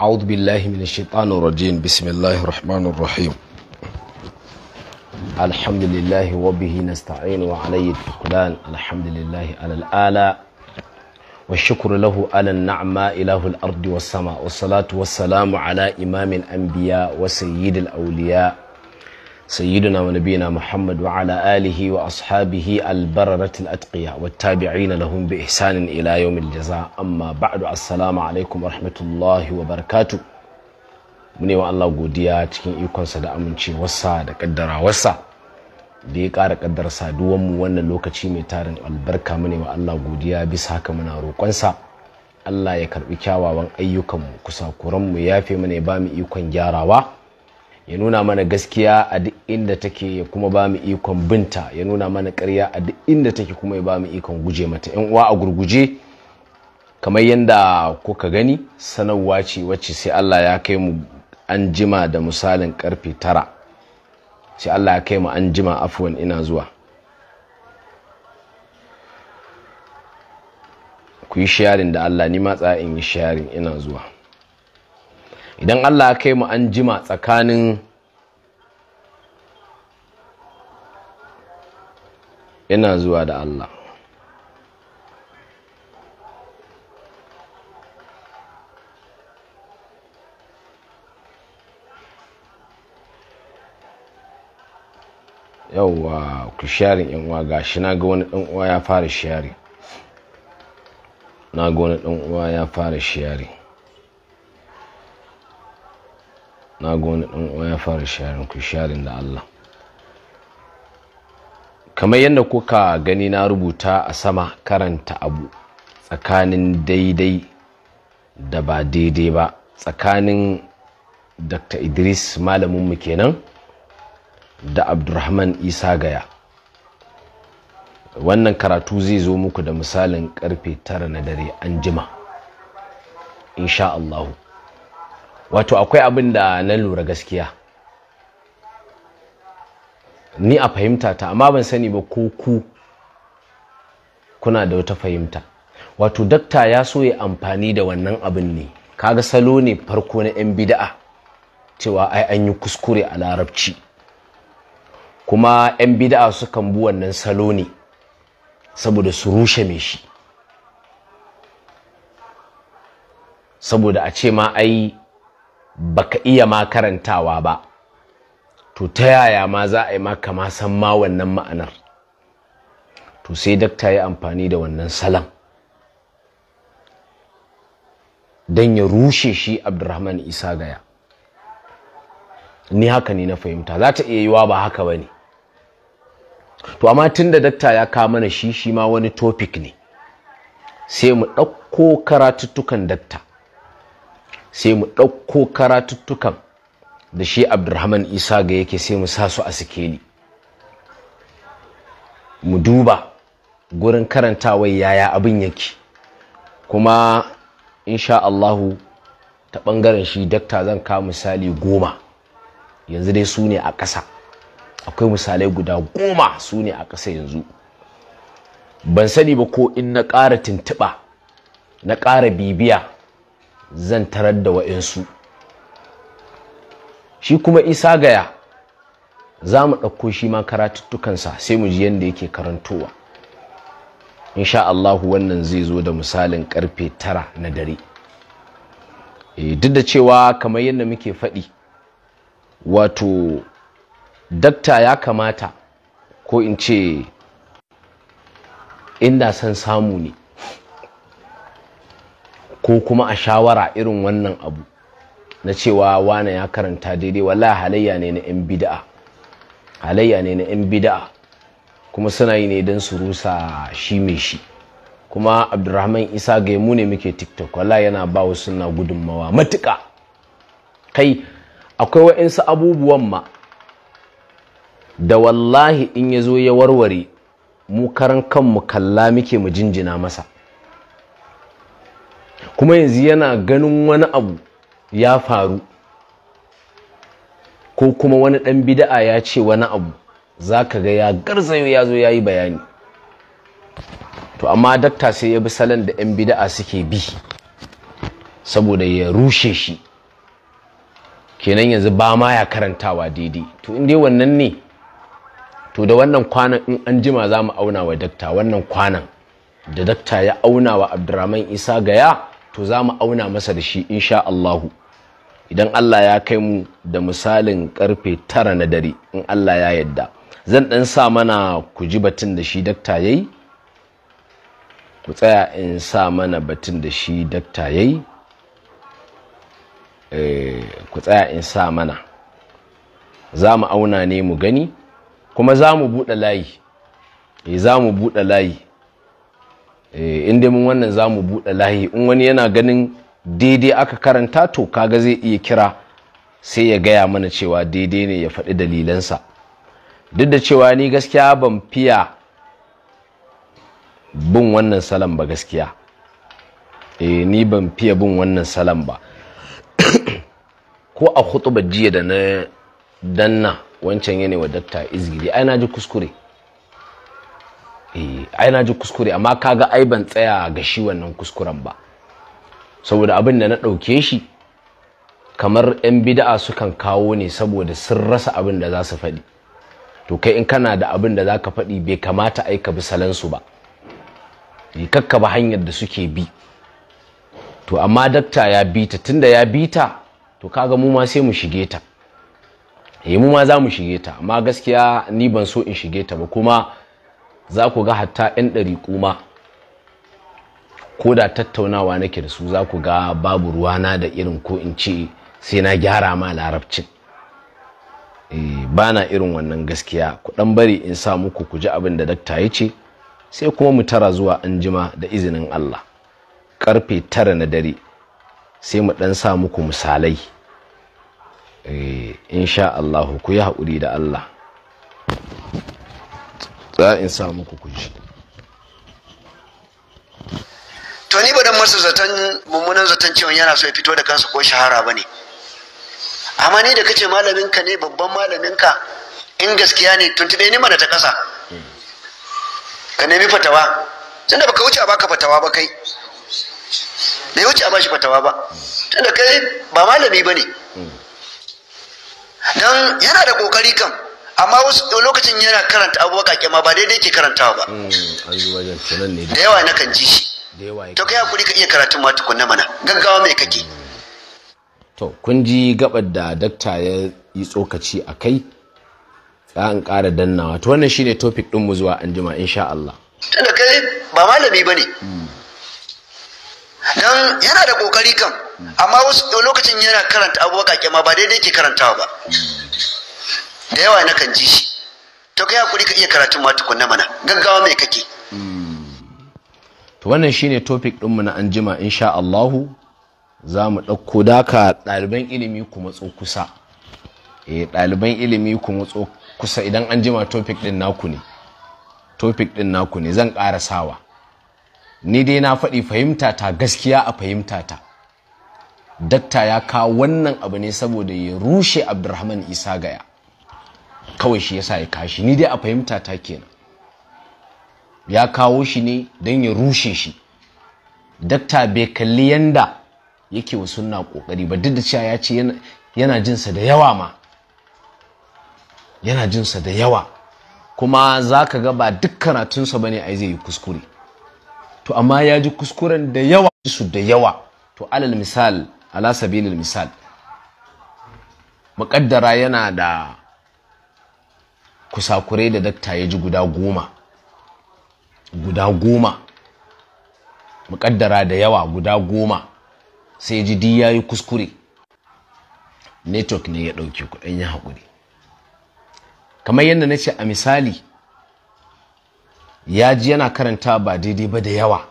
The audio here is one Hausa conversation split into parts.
أعوذ بالله من الشيطان الرجيم بسم الله الرحمن الرحيم الحمد لله وبه نستعين وعليه التقلان الحمد لله على الآلاء والشكر له على النعمة إله الأرض والسماء والصلاة والسلام على إمام الأنبياء وسيد الأولياء سيدنا ونبينا محمد وعلى آله وأصحابه البررة الأتقياء والتابعين لهم بإحسان إلى يوم الجزاء أما بعد السلام عليكم ورحمة الله وبركاته mune wa Allah godiya cikin ikonsa da amincewarsa da wasa? da ya ƙara kaddar saduwanmu wannan lokaci mai tarin albarka mune wa Allah godiya bisa haka muna roƙonsa Allah ya karɓi kyawawan ayyukanmu kusa kuranmu ya fi mana ya ba mu ikon gyarawa ya nuna mana gaskiya a duk inda take ya kuma ba mu ikon binta ya nuna mana karya a duk inda take kuma ya ba mu ikon guje mata yan uwa a gurguje kamar yadda kuka gani sanarwa ce wacce sai Allah ya kai mu an jima da misalin karfe tara sai Allah ya kai mu an jima afuwan ina zuwa ku yi sharing da Allah ni ma in yi sharing ina zuwa idan Allah ya kai mu an jima tsakanin yana zuwa da Allah yauwa ku sharin yan uwa gashi na ga wani dan uwa ya fara sharing na ga wani dan uwa ya fara sharing na ga wani ɗan uwa ya fara sharin ku sharin da Allah kamar yadda kuka gani na rubuta a sama karanta abu tsakanin daidai da ba daidai ba tsakanin dr idris malaminmu kenan da abdurrahman isa gaya wannan karatu zai zo muku da misalin karfe tara na dare an jima insha wato akwai abin da na lura gaskiya ni a fahimta ta amma ban sani ba ko ku kuna da wata fahimta wato dakta ya so ya amfani da wannan abin ne kaga salo ne farko na 'yan bida'a cewa ai an yi kuskure a larabci kuma 'yan bida'a sukan bi wannan salo ne saboda su rushe mai shi saboda a ce ma ai baka iya ma karantawa ba to ta yaya ma za a yi ma kama san ma wannan ma'anar to sai dakta ya amfani da wannan salam Dan ya rushe shi abdurrahman isa gaya ni haka ne na fahimta za ta iya yiwa ba haka ba ne to amma tun da dakta ya kawo mana shi shi ma wani topic ne sai mu ɗauko karatuttukan dakta sai mu ɗauko karatuttukan da shi abdurrahman isa ga yake sai mu sa su a sikeli mu duba gurin karantawar yaya abin yake kuma insha Allahu ta ɓangaren shi dakta zan kawo misali goma yanzu dai su ne a ƙasa akwai misalai guda goma su ne a ƙasa yanzu ban sani ba ko in na ƙara tuntuɓa na ƙara bibiya zan tarar da wa'insu shi kuma isa gaya za mu ɗauko shi ma karatuttukansa sai mu ji yadda yake karantowa insha Allahu wannan zai zo da misalin karfe tara na dare eh, duk da cewa kamar yadda muke faɗi wato dakta ya kamata ko in ce inda son samu ne ko kuma a shawara irin wannan abu na cewa wane ya karanta daidai wallahi halayya ne na 'yan bida'a halayya ne na 'yan bida'a kuma suna yi ne don su rusa shi mai shi kuma abdurrahman isa ga mu ne muke tiktok wallahi yana ba wa suna gudunmawa matuƙa kai akwai wa'insu abubuwan ma da wallahi in ya zo ya warware mu karan kanmu kalla muke mu jinjina masa kuma yanzu yana ganin wani abu ya faru ko kuma wani ɗan bida'a ya ce wani abu za ka ga ya garzayo ya zo ya yi bayani to amma dakta sai ya bi salon da 'yan bida'a suke bi saboda ya rushe shi kenan yanzu ba ma ya karantawa daidai to inda wannan ne to da wannan kwanan in an jima za mu auna wa dakta wannan kwanan da dakta ya auna wa abdurrahman isa gaya to za mu auna masa da shi insha Allahu idan Allah ya kai mu da misalin karfe tara na dare in Allah ya yadda zan dan sa mana ku ji batun da shi dakta ya yi, ku tsaya in sa mana batun da shi dakta ya yi eh, ku tsaya in sa mana za mu auna ne mu gani kuma za mu buɗe layi eh, za mu buɗe layi Eh, in dai mun wannan za mu buɗe layi in wani yana ganin daidai aka karanta to kaga zai iya kira sai ya gaya mana cewa daidai ne ya faɗi dalilansa duk da cewa ni gaskiya ban fiya bin wannan salam ba gaskiya eh ni ban fiya bin wannan salam ba ko a hutu jiya da na danna wancan yanewa datta izgiri ai na ji kuskure Eh, ai na ji kuskure amma kaga ai ban tsaya ga shi wannan kuskuren ba saboda abin da na ɗauke shi kamar 'yan bida'a sukan kawo ne saboda sun rasa abin da za su faɗi to kai in kana da abin da za ka faɗi bai kamata ai ka bi salansu ba eh, kakka ba hanyar da suke bi to amma dakta ya bi ta tunda ya bi ta to kaga mu ma sai mu shige ta eh mu ma za mu shige ta amma gaskiya ni ban so in shige ta ba kuma za ku ga hatta 'yan ɗari kuma ko da tattaunawa nake da su za ku ga babu ruwana da irin ko in ce sai na gyara ma larabcin eh, ba na irin wannan gaskiya ku ɗan bari in sa muku ku ji abin da dakta ya ce sai kuma mu tara zuwa anjima da izinin Allah karfe tara na dare sai mu ɗan sa muku misalai eh, insha Allah ku yi haƙuri da Allah Za in sa muku kunshi to ni ba dan masa zaton mummunan zaton cewa yana so ya fito da kansa ko shahara bane amma ni da kace malamin ka ne babban malamin ka in gaskiya ne tuntube ni mana ta kasa ka nemi fatawa tunda baka wuce a baka fatawa ba kai bai wuce a bashi fatawa ba tunda kai ba malami bane hmm. dan yana da kokari kan amma wasu lokacin yana karanta abubuwa kake ma ba daidai ke karantawa ba hmm, da yawa na kan ji shi to kai hakuri ka iya karatun ma tukunna mana gaggawa mai kake hmm. to kun ji gabar da dakta ya yi tsokaci a kai an ƙara dannawa to wannan shine topic mu zuwa anjima insha Allah tunda kai ba malami bane hmm. dan yana da kokari kan amma wasu lokacin yana karanta abubuwa kake ma ba daidai ke karantawa ba da yawa na kan ji shi to kai hakuri ka iya karatun ma tukunna mana gaggawa mai kake to wannan shine topic din mu na anjima insha Allah za mu ɗauko daka Daliban ilimi ku matso kusa eh daliban ilimi ku matso kusa idan an jima topic din naku ne topic din naku ne zan ƙara sawa ni dai na faɗi fahimta ta gaskiya a fahimta ta dakta ya kawo wannan abu ne saboda ya rushe abdurrahman isa gaya kawai shi yasa ya kashi ni dai a fahimta ta kenan ya kawo shi ne don ya rushe shi dakta bai kalli yanda yake wa sunna kokari ba duk da cewa ya ce yana jinsa da yawa ma yana jinsa da yawa kuma za ka ga ba duk karatunsa ba ne a zai yi kuskure to amma ya ji kuskuren da yawa su da yawa to alal misal ala sabilil misal muƙaddara yana da kusakurai da dakta ya ji guda goma guda goma muƙaddara da yawa guda goma sai ji di ya yi kuskure network ne ya ɗauke kuɗin ya haƙuri kamar yadda na ce a misali ya ji yana karanta ba daidai ba da yawa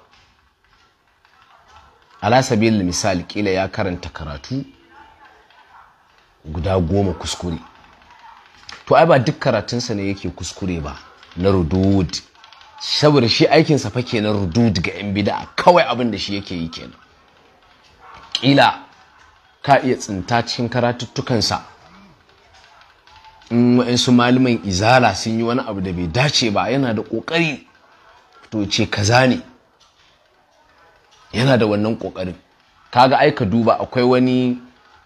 alasabiyar misali kila ya karanta karatu guda goma kuskure to ai ba duk karatunsa ne yake kuskure ba na rudud saboda shi aikinsa fa kenan rudud ga 'yan bida kawai abin da shi yake yi kenan ƙila ka iya tsinta cikin karatuttukansa in wa'insu malaman izala sun yi wani abu da bai dace ba yana da ƙoƙari to ce kaza ne yana da wannan ƙoƙarin kaga aika duba akwai wani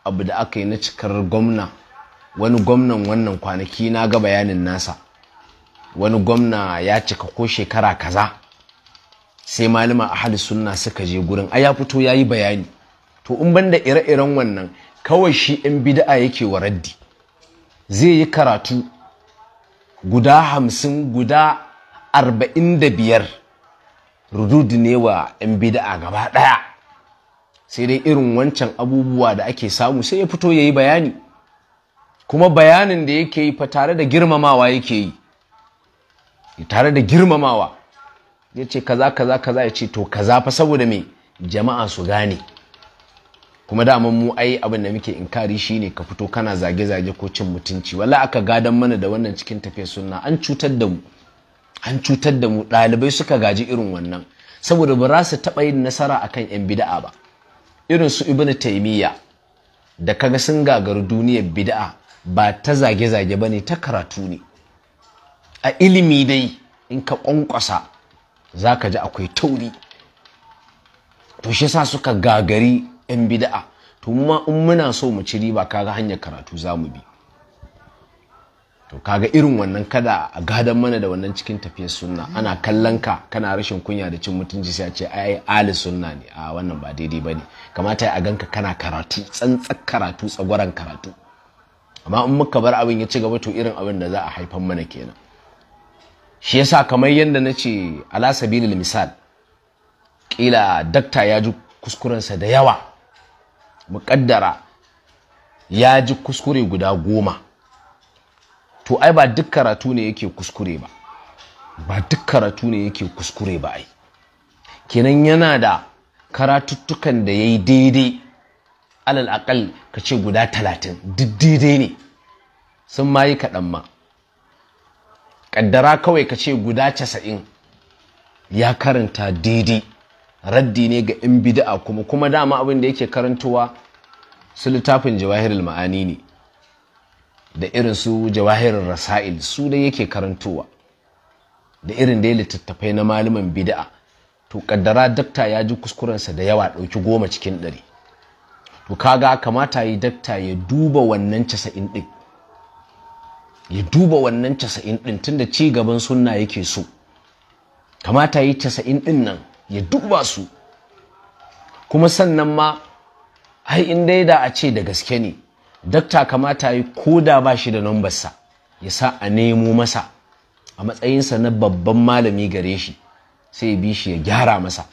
abu da aka yi na cikar gwamna wani gwamnan wannan kwanaki na ga bayanin nasa wani gwamna ya cika ko shekara kaza sai malama ahli sunna suka je gurin a ya fito ya yi bayani to in banda ire-iren wannan kawai shi in bida'a yake wa raddi zai yi karatu guda hamsin guda arba'in da biyar rudud ne wa 'yan bida'a gaba ɗaya sai dai irin wancan abubuwa da ake samu sai ya fito ya yi bayani kuma bayanin da yake yi fa tare da girmamawa yake yi tare da girmamawa ya ce kaza kaza kaza ya ce to kaza fa saboda me jama'a su gane kuma da mu ai abin da muke inkari shine ka fito kana zage-zage ko cin mutunci wala aka gadan mana da wannan cikin tafiyar sunna an cutar da mu an cutar da mu ɗalibai suka gaji irin wannan saboda ba za su taɓa yin nasara akan 'yan bida'a ba irin su ibnu taimiyya da kaga sun gagaru duniyar bida'a ba ta zage-zage ba ne ta karatu ne a ilimi dai in ka ƙwanƙwasa za ka ji akwai tauri to shi sa suka gagari 'yan bida'a to ma in muna so mu ci riba kaga hanyar karatu za mu bi to kaga irin wannan kada a gadon mana da wannan cikin tafiyar sunna ana kallon ka kana rashin kunya da cin mutunci sai a ce ai ali sunna ne a wannan ba daidai ba ne kamata a ganka kana karatu tsantsar karatu tsagwaran karatu amma in muka bar abin ya ci gaba to irin abin da za a haifan mana kenan shi yasa kamar yadda na ce ala sabilil misal kila dakta ya ji kuskurensa da yawa muƙaddara ya ji kuskure guda goma to ai ba duk karatu ne yake kuskure ba ba duk karatu ne yake kuskure ba ai kenan yana da karatuttukan da ya yi daidai alal akal ka ce guda talatin duk daidai ne sun ma yi kaɗan ma ƙaddara kawai ka ce guda casa'in ya karanta daidai raddi ne ga in bida'a kuma kuma dama abin da yake karantowa su littafin jawahirul ma'ani ne da irin su jawahirin rasa'il su da yake karantowa da irin da ya littattafai na malaman bida'a to ƙaddara dakta ya ji kuskurensa da yawa ɗauki goma cikin ɗari to kaga kamata yi dakta ya duba wannan casa'in ɗin ya duba wannan casa'in ɗin tunda ci gaban sunna yake so kamata yi casa'in ɗin nan ya duba su kuma sannan ma ai in dai da a ce da gaske ne dakta kamata yi ko da ba shi da nambarsa ya sa a nemo masa a matsayinsa na babban malami gare shi sai bi shi ya gyara masa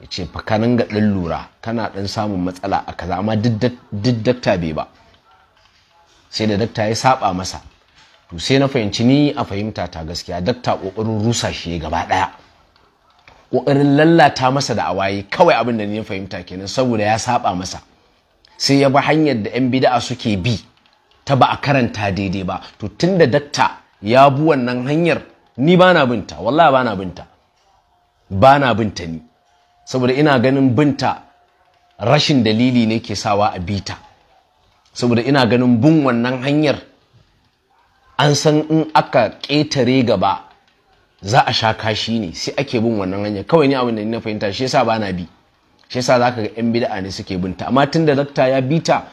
ya ce fa ga ɗan lura kana ɗan samun matsala a kaza amma duk dakta bai ba sai da dakta ya saba masa to sai na fahimci ni a fahimta ta gaskiya dakta ƙoƙarin rusa shi gaba ɗaya ƙoƙarin lallata masa da awaye kawai abin da ni fahimta kenan saboda ya saba masa sai ya bi hanyar da 'yan bida'a suke bi ta ba a karanta daidai ba to tunda dakta ya bi wannan hanyar ni ba binta wallahi ba binta ba binta ni saboda ina ganin binta rashin dalili ne ke sawa a bita saboda ina ganin bin wannan hanyar an san in aka ƙetare gaba za a sha kashi ne sai ake bin wannan hanyar kawai ne abin da na fahimta shi yasa bana bi shi yasa ka ga yan bida'a ne suke binta amma tun da dakta ya bita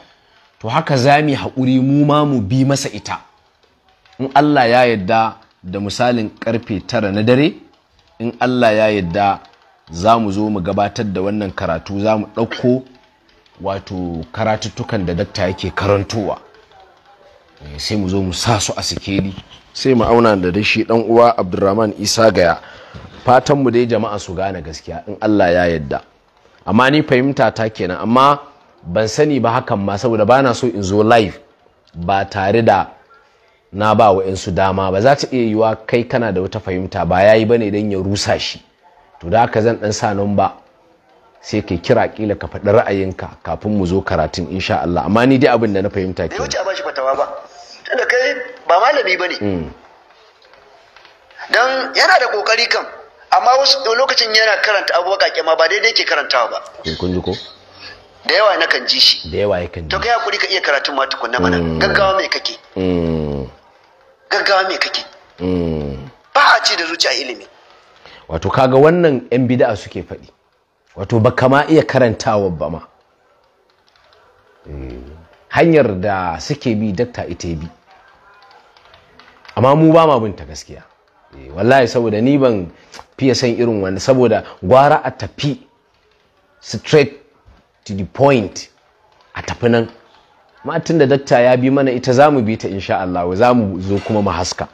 to haka za mu haƙuri mu ma mu bi masa ita in Allah ya yadda da misalin karfe tara na dare in Allah ya yadda za mu zo mu gabatar da wannan karatu za mu ɗauko wato karatuttukan da dakta yake karantowa eh, sai mu zo mu sa su a sikeli sai mu auna da shi ɗan uwa abdurrahman isa gaya fatan mu dai jama'a su gane gaskiya in allah ya yadda amma ni fahimta ta kenan amma ban sani ba hakan ma saboda bana so in zo live ba tare da na ba wa dama ba za ta iya yiwa kai kana da wata fahimta ba yayi ne dan ya rusa shi to da haka zan dan sa ba sai ka kira kila ka faɗi ra'ayinka kafin mu zo karatun insha Allah amma ni dai abin da na fahimta ke. wuce a bashi fatawa ba. Tunda kai ba malami bane. Hmm. Dan yana da kokari kan amma wasu lokacin yana karanta abu kake ma ba daidai ke karantawa ba. Kun ji ko? Da yawa na kan ji shi. Da yawa ya kan ji. To kai hakuri ka iya karatun ma tukunna mana hmm. gaggawa me kake? Hmm. Gaggawa me kake? Ba a ci da zuciya ilimi. wato kaga wannan 'yan bida'a suke faɗi wato ba kama iya karantawa ba ma eh, hanyar da suke bi dakta ita bi amma mu ba ma binta gaskiya eh, wallahi saboda ni ban fiye san irin wani saboda gwara a tafi straight to the point a tafi nan matin da dakta ya bi mana ita za mu bi ta insha Allah za mu zo kuma mu haska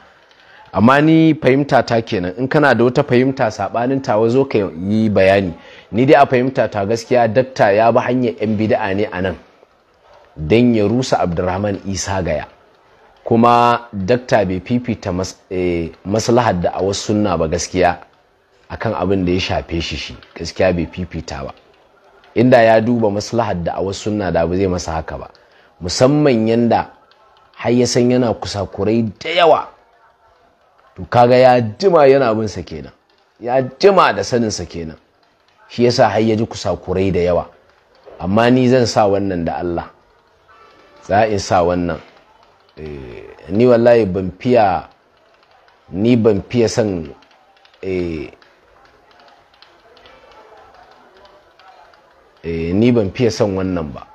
amma ni fahimta ta kenan in kana da wata fahimta sabanin tawa zo ka yi bayani ni dai a fahimta ta gaskiya dakta ya bi hanyar yan bida'a ne a nan don ya rusa abdurrahman isa gaya kuma dakta bai fifita eh, maslahar da a wasu sunna ba gaskiya akan abin da ya shafe shi shi gaskiya bai fifita ba inda ya duba maslahar da a wasu sunna da ba zai masa haka ba musamman yanda har ya san yana kusakurai da yawa to kaga ya jima yana bin sa kenan ya jima da sanin sa kenan shi yasa har ya ji kusakurai da yawa amma ni zan sa wannan da Allah za in sa wannan eh, ni wallahi ban fiya ni ban fiya son eh, eh, ni ban fiya son wannan ba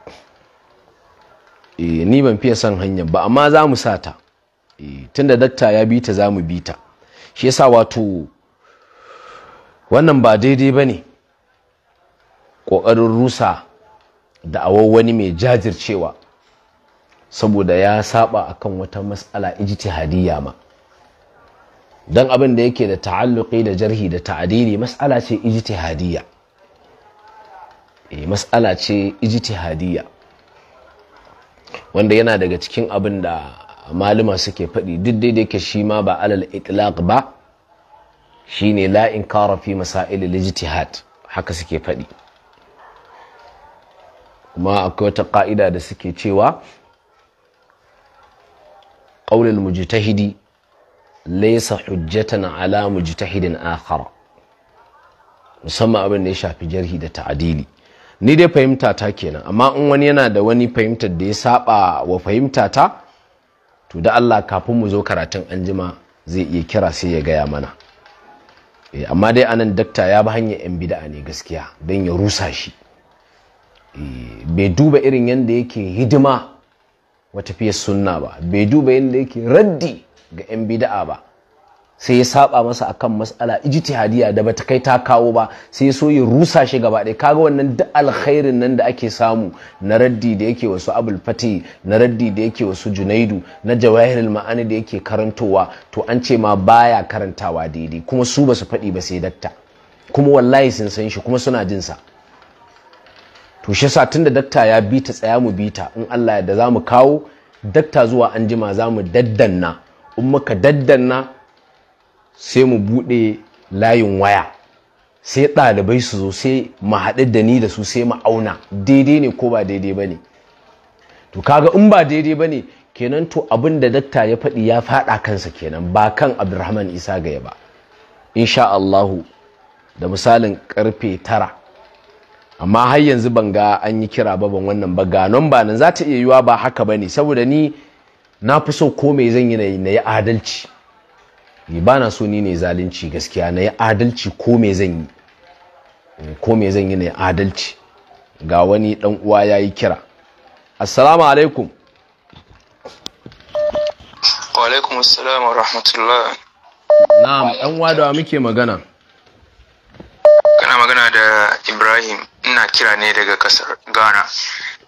ni ban fiya son hanyar ba amma za mu sa ta. Eh, tunda dakta ya bi ta za mu bi ta shi yasa wato wannan ba daidai ba ne ƙoƙarin rusa da awon wani mai jajircewa saboda ya saba kan wata matsala ijtihadiyya ma don abin da yake da taalluƙi da jarhi da ta'adili matsala ce ijtihadiyya eh, matsala ce ijtihadiyya wanda yana daga cikin abin da maluma suke faɗi duk daidai ke shi ma ba alal itlaq ba shine la in fi masail ijtihad haka suke faɗi kuma akwai wata ƙa'ida da suke cewa ƙaunar mujtahidi laisa hujjatan ala mujtahidin akhar musamman abin da ya shafi jarhi da ta'adili ni dai fahimta ta kenan amma in wani yana da wani fahimtar da ya saba wa fahimtata? to da Allah kafin mu zo karatun anjima zai iya kira sai ya gaya mana eh, amma dai anan dakta ya bi hanyar yan bida'a ne gaskiya don ya rusa shi eh, bai duba irin yadda yake hidima wata fiye sunna ba bai duba yadda yake raddi ga yan bida'a ba sai ya saba masa akan matsala ijtihadiyya da bata kai ta kawo ba sai so ya rusa shi gaba ɗaya kaga wannan duk alkhairin nan da ake samu na raddi da yake wasu abul fati na raddi da yake wasu junaidu na jawahirul ma'ani da yake karantowa to an ce ma baya karantawa daidai kuma su basu faɗi ba sai datta kuma wallahi sun san shi kuma suna jin sa to shi sa tunda dakta ya bi ta tsaya mu bi ta in Allah ya da zamu kawo dakta zuwa anjima zamu daddanna in muka daddanna sai mu buɗe layin waya sai ɗalibai su zo sai mu haɗu da ni da su sai mu auna daidai ne ko ba daidai ba ne to kaga in ba daidai ba ne kenan to abin da datta ya faɗi ya faɗa kansa kenan ba kan abdurrahman isa gaya ba insha allahu da misalin karfe tara amma har yanzu ban ga an yi kira ba ban wannan ba ga nan ba nan za ta iya yiwa ba haka ba ne saboda ni na fi so ko me zan yi na yi adalci ni eh, ba na so ni ne zalunci gaskiya na yi adalci ko me zan yi eh, ko me zan yi na yi adalci ga wani dan uwa ya yi kira assalamu alaikum wa alaikum assalam wa rahmatullah na'am dan uwa da muke magana kana magana da ibrahim ina kira ne daga kasar ghana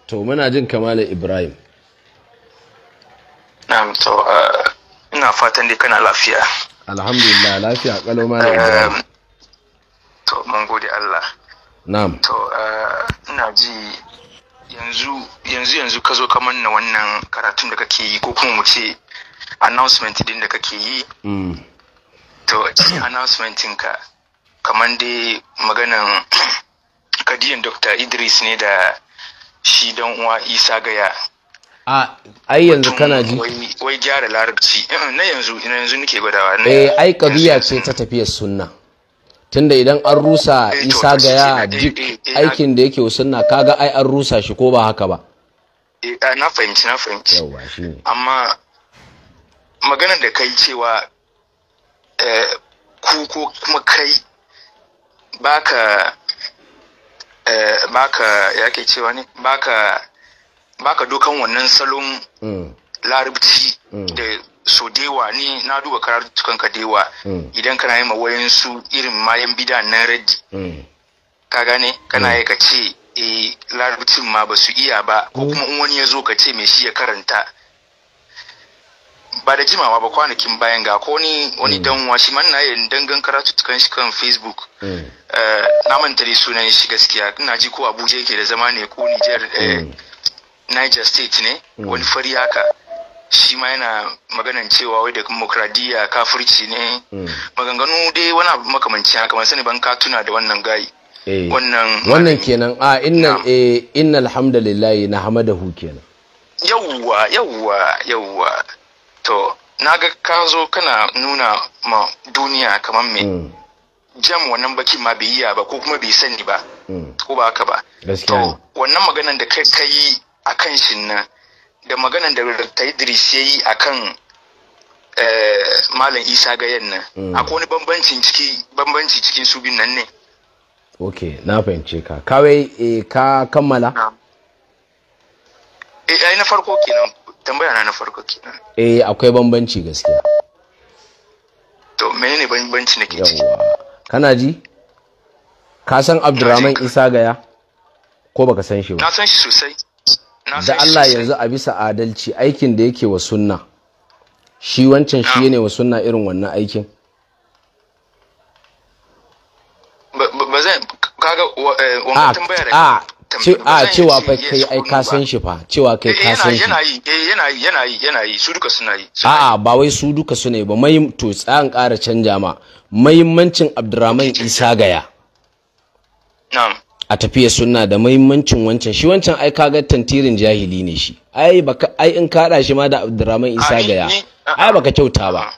to muna jin kamala ibrahim na'am to ah, ina fatan dai kana lafiya alhamdulillah lafiya kalau malam eh, to mun gode Allah na'am to eh, ina ji yanzu yanzu yanzu ka zo ka manna wannan karatun da kake yi ko kuma mu ce announcement din da kake yi mm. to announcement ka kamar dai maganan kadiyan dr idris ne da shi dan uwa isa gaya a ai yanzu kana ji wai gyara larabci na yanzu na yanzu nake gwadawa eh ai kabiya ce ta tafiyar sunna tunda idan an rusa eh, isa gaya duk eh, eh, aikin da yake sunna kaga ai an rusa shi ko ba haka ba Eh ah, na fahimci na fahimci amma maganar da kai cewa ku ko kuma kai baka baka ya ke cewa ne baka baka dukan wannan salon mm. larabci mm. da so dewa ni na duba tukan ka dewa mm. idan kana yi mawayin su irin mayan bida nan raddi ka gane kana yi ka ce e larabcin ma ba su iya ba ko kuma in wani ya zo ka ce me shi ya karanta ba da jimawa ba kwanakin bayan ga ko ni wani danwa shi man na yin dangan tukan shi kan facebook eh, na manta sunan shi gaskiya ina ji ko abuja yake da zama ne ko nijar eh, niger state ne mm. wani fari haka shi ma yana maganan cewa wai da demokradiyya kafirci ne mm. maganganu dai wani abu makamanci haka ban sani ban ka tuna da wannan gayi eh. wannan wannan kenan a ah, inna eh, inna alhamdulillahi na hamadahu kenan yawwa yawwa yawwa to naga ka zo kana nuna ma duniya kamar me mm. jam wannan baki ma bai yi ba ko kuma bai sani ba ko ba haka ba to wannan maganan da kai kai a kan shi nan da maganan da ta Idris ya yi a kan eh, Malam Isa gayan nan mm. akwai wani bambancin ciki bambanci cikin su nan ne ok na fahimce ka kawai eh, ka kammala eh na farko kenan tambaya na na farko kenan eh akwai bambanci gaskiya to menene bambanci nake ciki kana ji ka san Abdurrahman Isa gaya ko baka san shi ba na san shi sosai da Allah yanzu a bisa adalci aikin da yake wa sunna shi wancan shi ne wa sunna irin wannan aikin ba kaga a eh, ah, ah, ah, cewa fa kai ai ka san shi fa cewa kai eh, ka san shi eh, yana yi yana yi yana yi su duka suna yi a'a ba wai su duka su ne ba mai to tsayan ƙara canja ma mahimmancin Abdurrahman Isa Gaya na'am a tafiya sunna da mahimmancin wancan shi wancan ai kaga tantirin jahili ne shi ai baka ai in kada shi ma da Abdurrahman Isa gaya ai baka kyauta ba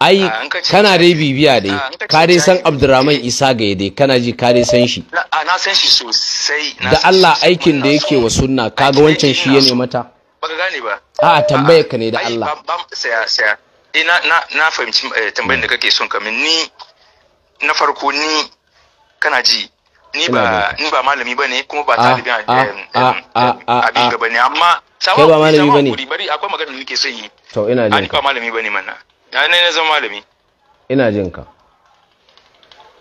ai kana dai bibiya dai ka dai san Abdurrahman eh. Isa gaya dai kana ji ka dai san shi na san shi sosai da Allah aikin da yake wa sunna kaga wancan shi ya ne mata baka gane ba a tambayar ka ne da Allah ai eh, na na na fahimci eh, tambayar da kake son kamin ni na farko ni kana ji ni ba ni ba malami bane kuma ba ah, talibin ah, ah, abin gaba ne amma sawa ba malami bane kuri bari akwai magana nake son yi to ina jin ka ba malami bane mana na ne na zama malami ina jin ka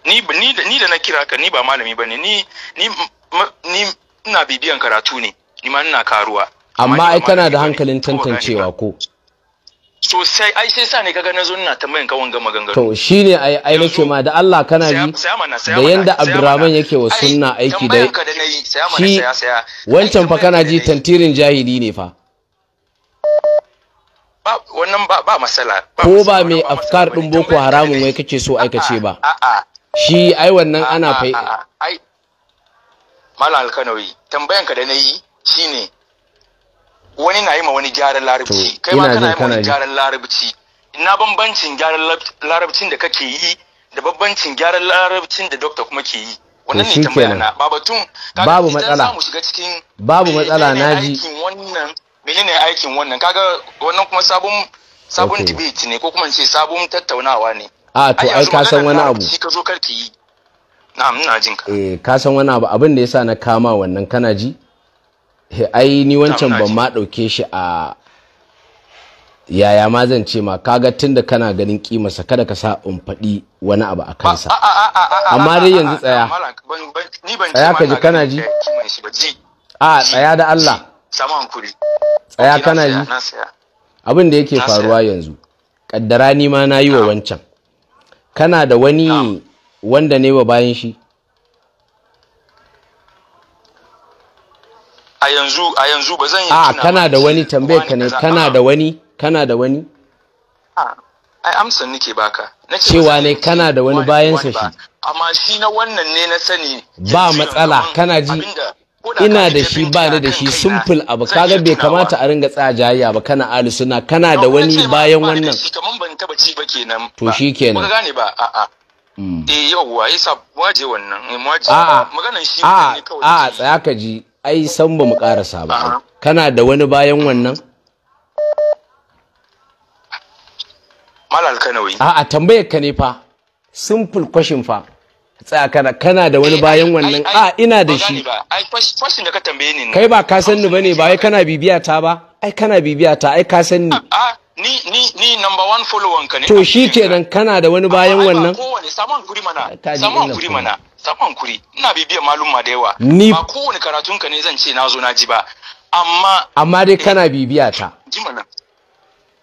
ni ni ni da na kira ka ni ba malami bane ni ni ni ina bibiyan karatu ne ni ma ina karuwa amma ai kana da hankalin tantancewa ko sosai ai sai sa ne kaga nazo ina tambayan ka wanga maganganu to shine ai ai nake ma da Allah kana bi da yanda Abdurrahman yake wa sunna aiki da shi wancan fa kana ji tantirin jahili ne fa wannan ba ba masala ko ba mai afkar din boko haramun wai kake so aikace ba shi ai wannan ana fa ai malam alkanawi tambayan ka da nayi shine wani na yi ma wani gyaran larabci kai ma kana yi ma wani gyaran larabci ina bambancin gyaran larabcin da kake yi da bambancin gyaran larabcin da dokta kuma ke yi wannan ne tambaya na babatun babu matsala babu matsala naji wannan menene aikin wannan kaga wannan kuma sabon sabon debate ne ko kuma ce sabon tattaunawa ne a ah, to ai ka san wani abu shi ka zo karki na'am ina jin ka eh ka san wani abu abin da yasa na kama wannan kana ji he ai ni wancan ban ma ɗauke shi a yaya ma zan ce ma kaga tunda kana ganin kimarsa kada ka sa in faɗi wani abu a kansa amma dai yanzu tsaya tsaya ka ji kana ji a tsaya da Allah tsaya kana ji abin da yake faruwa yanzu kaddara ni ma na yi wa wancan kana da wani wanda ne wa bayan shi a yanzu a yanzu ba zan yi a kana da wani tambayar ka ne kana da wani kana da wani ai amsa nake baka cewa ne kana da wani bayan sa shi amma shi na wannan ne na sani ba matsala kana ji ina da shi ba ni da shi simple abu kaga bai kamata a ringa tsaya jayayya ba kana ali suna kana da wani bayan wannan kaman ban taba ci ba kenan to shikenan ka gane ba a a'a mm. eh yauwa yasa waje wannan eh waje maganar shi ne kawai a a tsaya ka ji ai san ba mu karasa ba kana da wani bayan wannan malal kanawi a'a tambayar ka ne fa simple question fa tsakana kana da wani eh, bayan wannan a ina da shi kai ba ka san ni bane ba ai kana bibiya ta ba ai kana bibiya ta ai ka san ni ah, ni ni ni number one follower ka ne to shi kenan kana da wani bayan wannan saman guri mana saman guri mana saman kuri ina bibiyar malumma da yawa ni ba kowane karatun ka ne zan ce na zo na ji ba amma amma dai eh, kana bibiya ta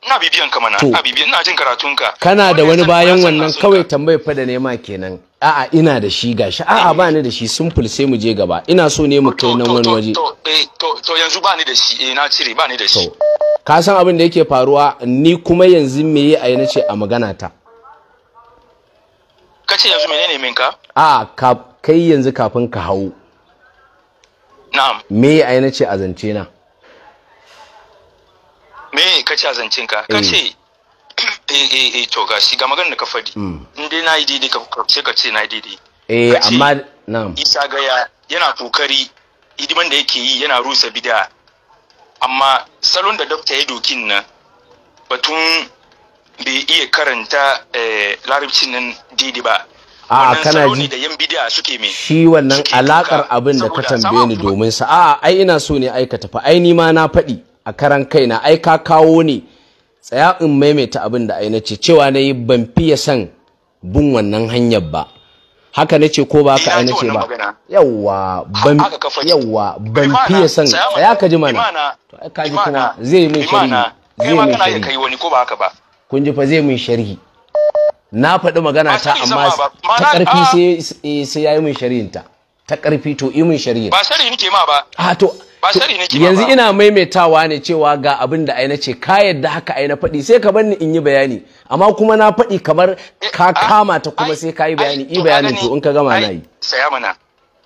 ina bibiyan ka mana ina bibiyan ina jin karatun ka kana da wani bayan wannan kawai tambayar fa da nema kenan a'a ina da shi gashi a'a ba ni da shi simple sai mu je gaba ina so ne mu kai nan wani waje eh, to to yanzu ba ni da shi eh na cire ba ni da shi ka san abin da yake faruwa ni kuma yanzu me yi a yana ce a magana ta kace yanzu menene minka a kai yanzu kafin ka hau Me me ai nace a zance na me ka ce a zancen ka ka eh. ce eh, eh eh to shi ga maganar da ka fadi hmm. in dai na yi daidai ka ce ka ce na yi daidai eh amma na'am isa gaya yana kokari hidiman da yake yi yana rusa bid'a amma salon da dokta ya dokin nan batun bai iya karanta eh, larabcin nan daidai ba a kana ji shi wannan alakar abin da ka tambaye ni domin sa a ai ina so ne aika ka tafi ai ni ma na faɗi a karan kaina ai ka kawo ne tsaya in maimaita abin da ai nace cewa na yi ban fiye san bin wannan hanyar ba haka nace ko ba ka ai nace ba yawwa ban yawa ban fiye san tsaya ka ji mana to ai ka ji kuma zai yi min sharhi zai min sharhi kun ji fa zai min sharhi na faɗi magana ta amma ta ƙarfi ah. sai ya yi min shari'inta ta ƙarfi to yi min shari'in ba shari'in ke ma ba a ah, to yanzu ina maimaitawa ne cewa ga abin da ai ce ka yadda haka ai na faɗi sai ka bar ni in yi bayani amma kuma na faɗi kamar eh, ka ah, kama ta kuma sai ka yi bayani i bayanin to in ka gama na yi saya mana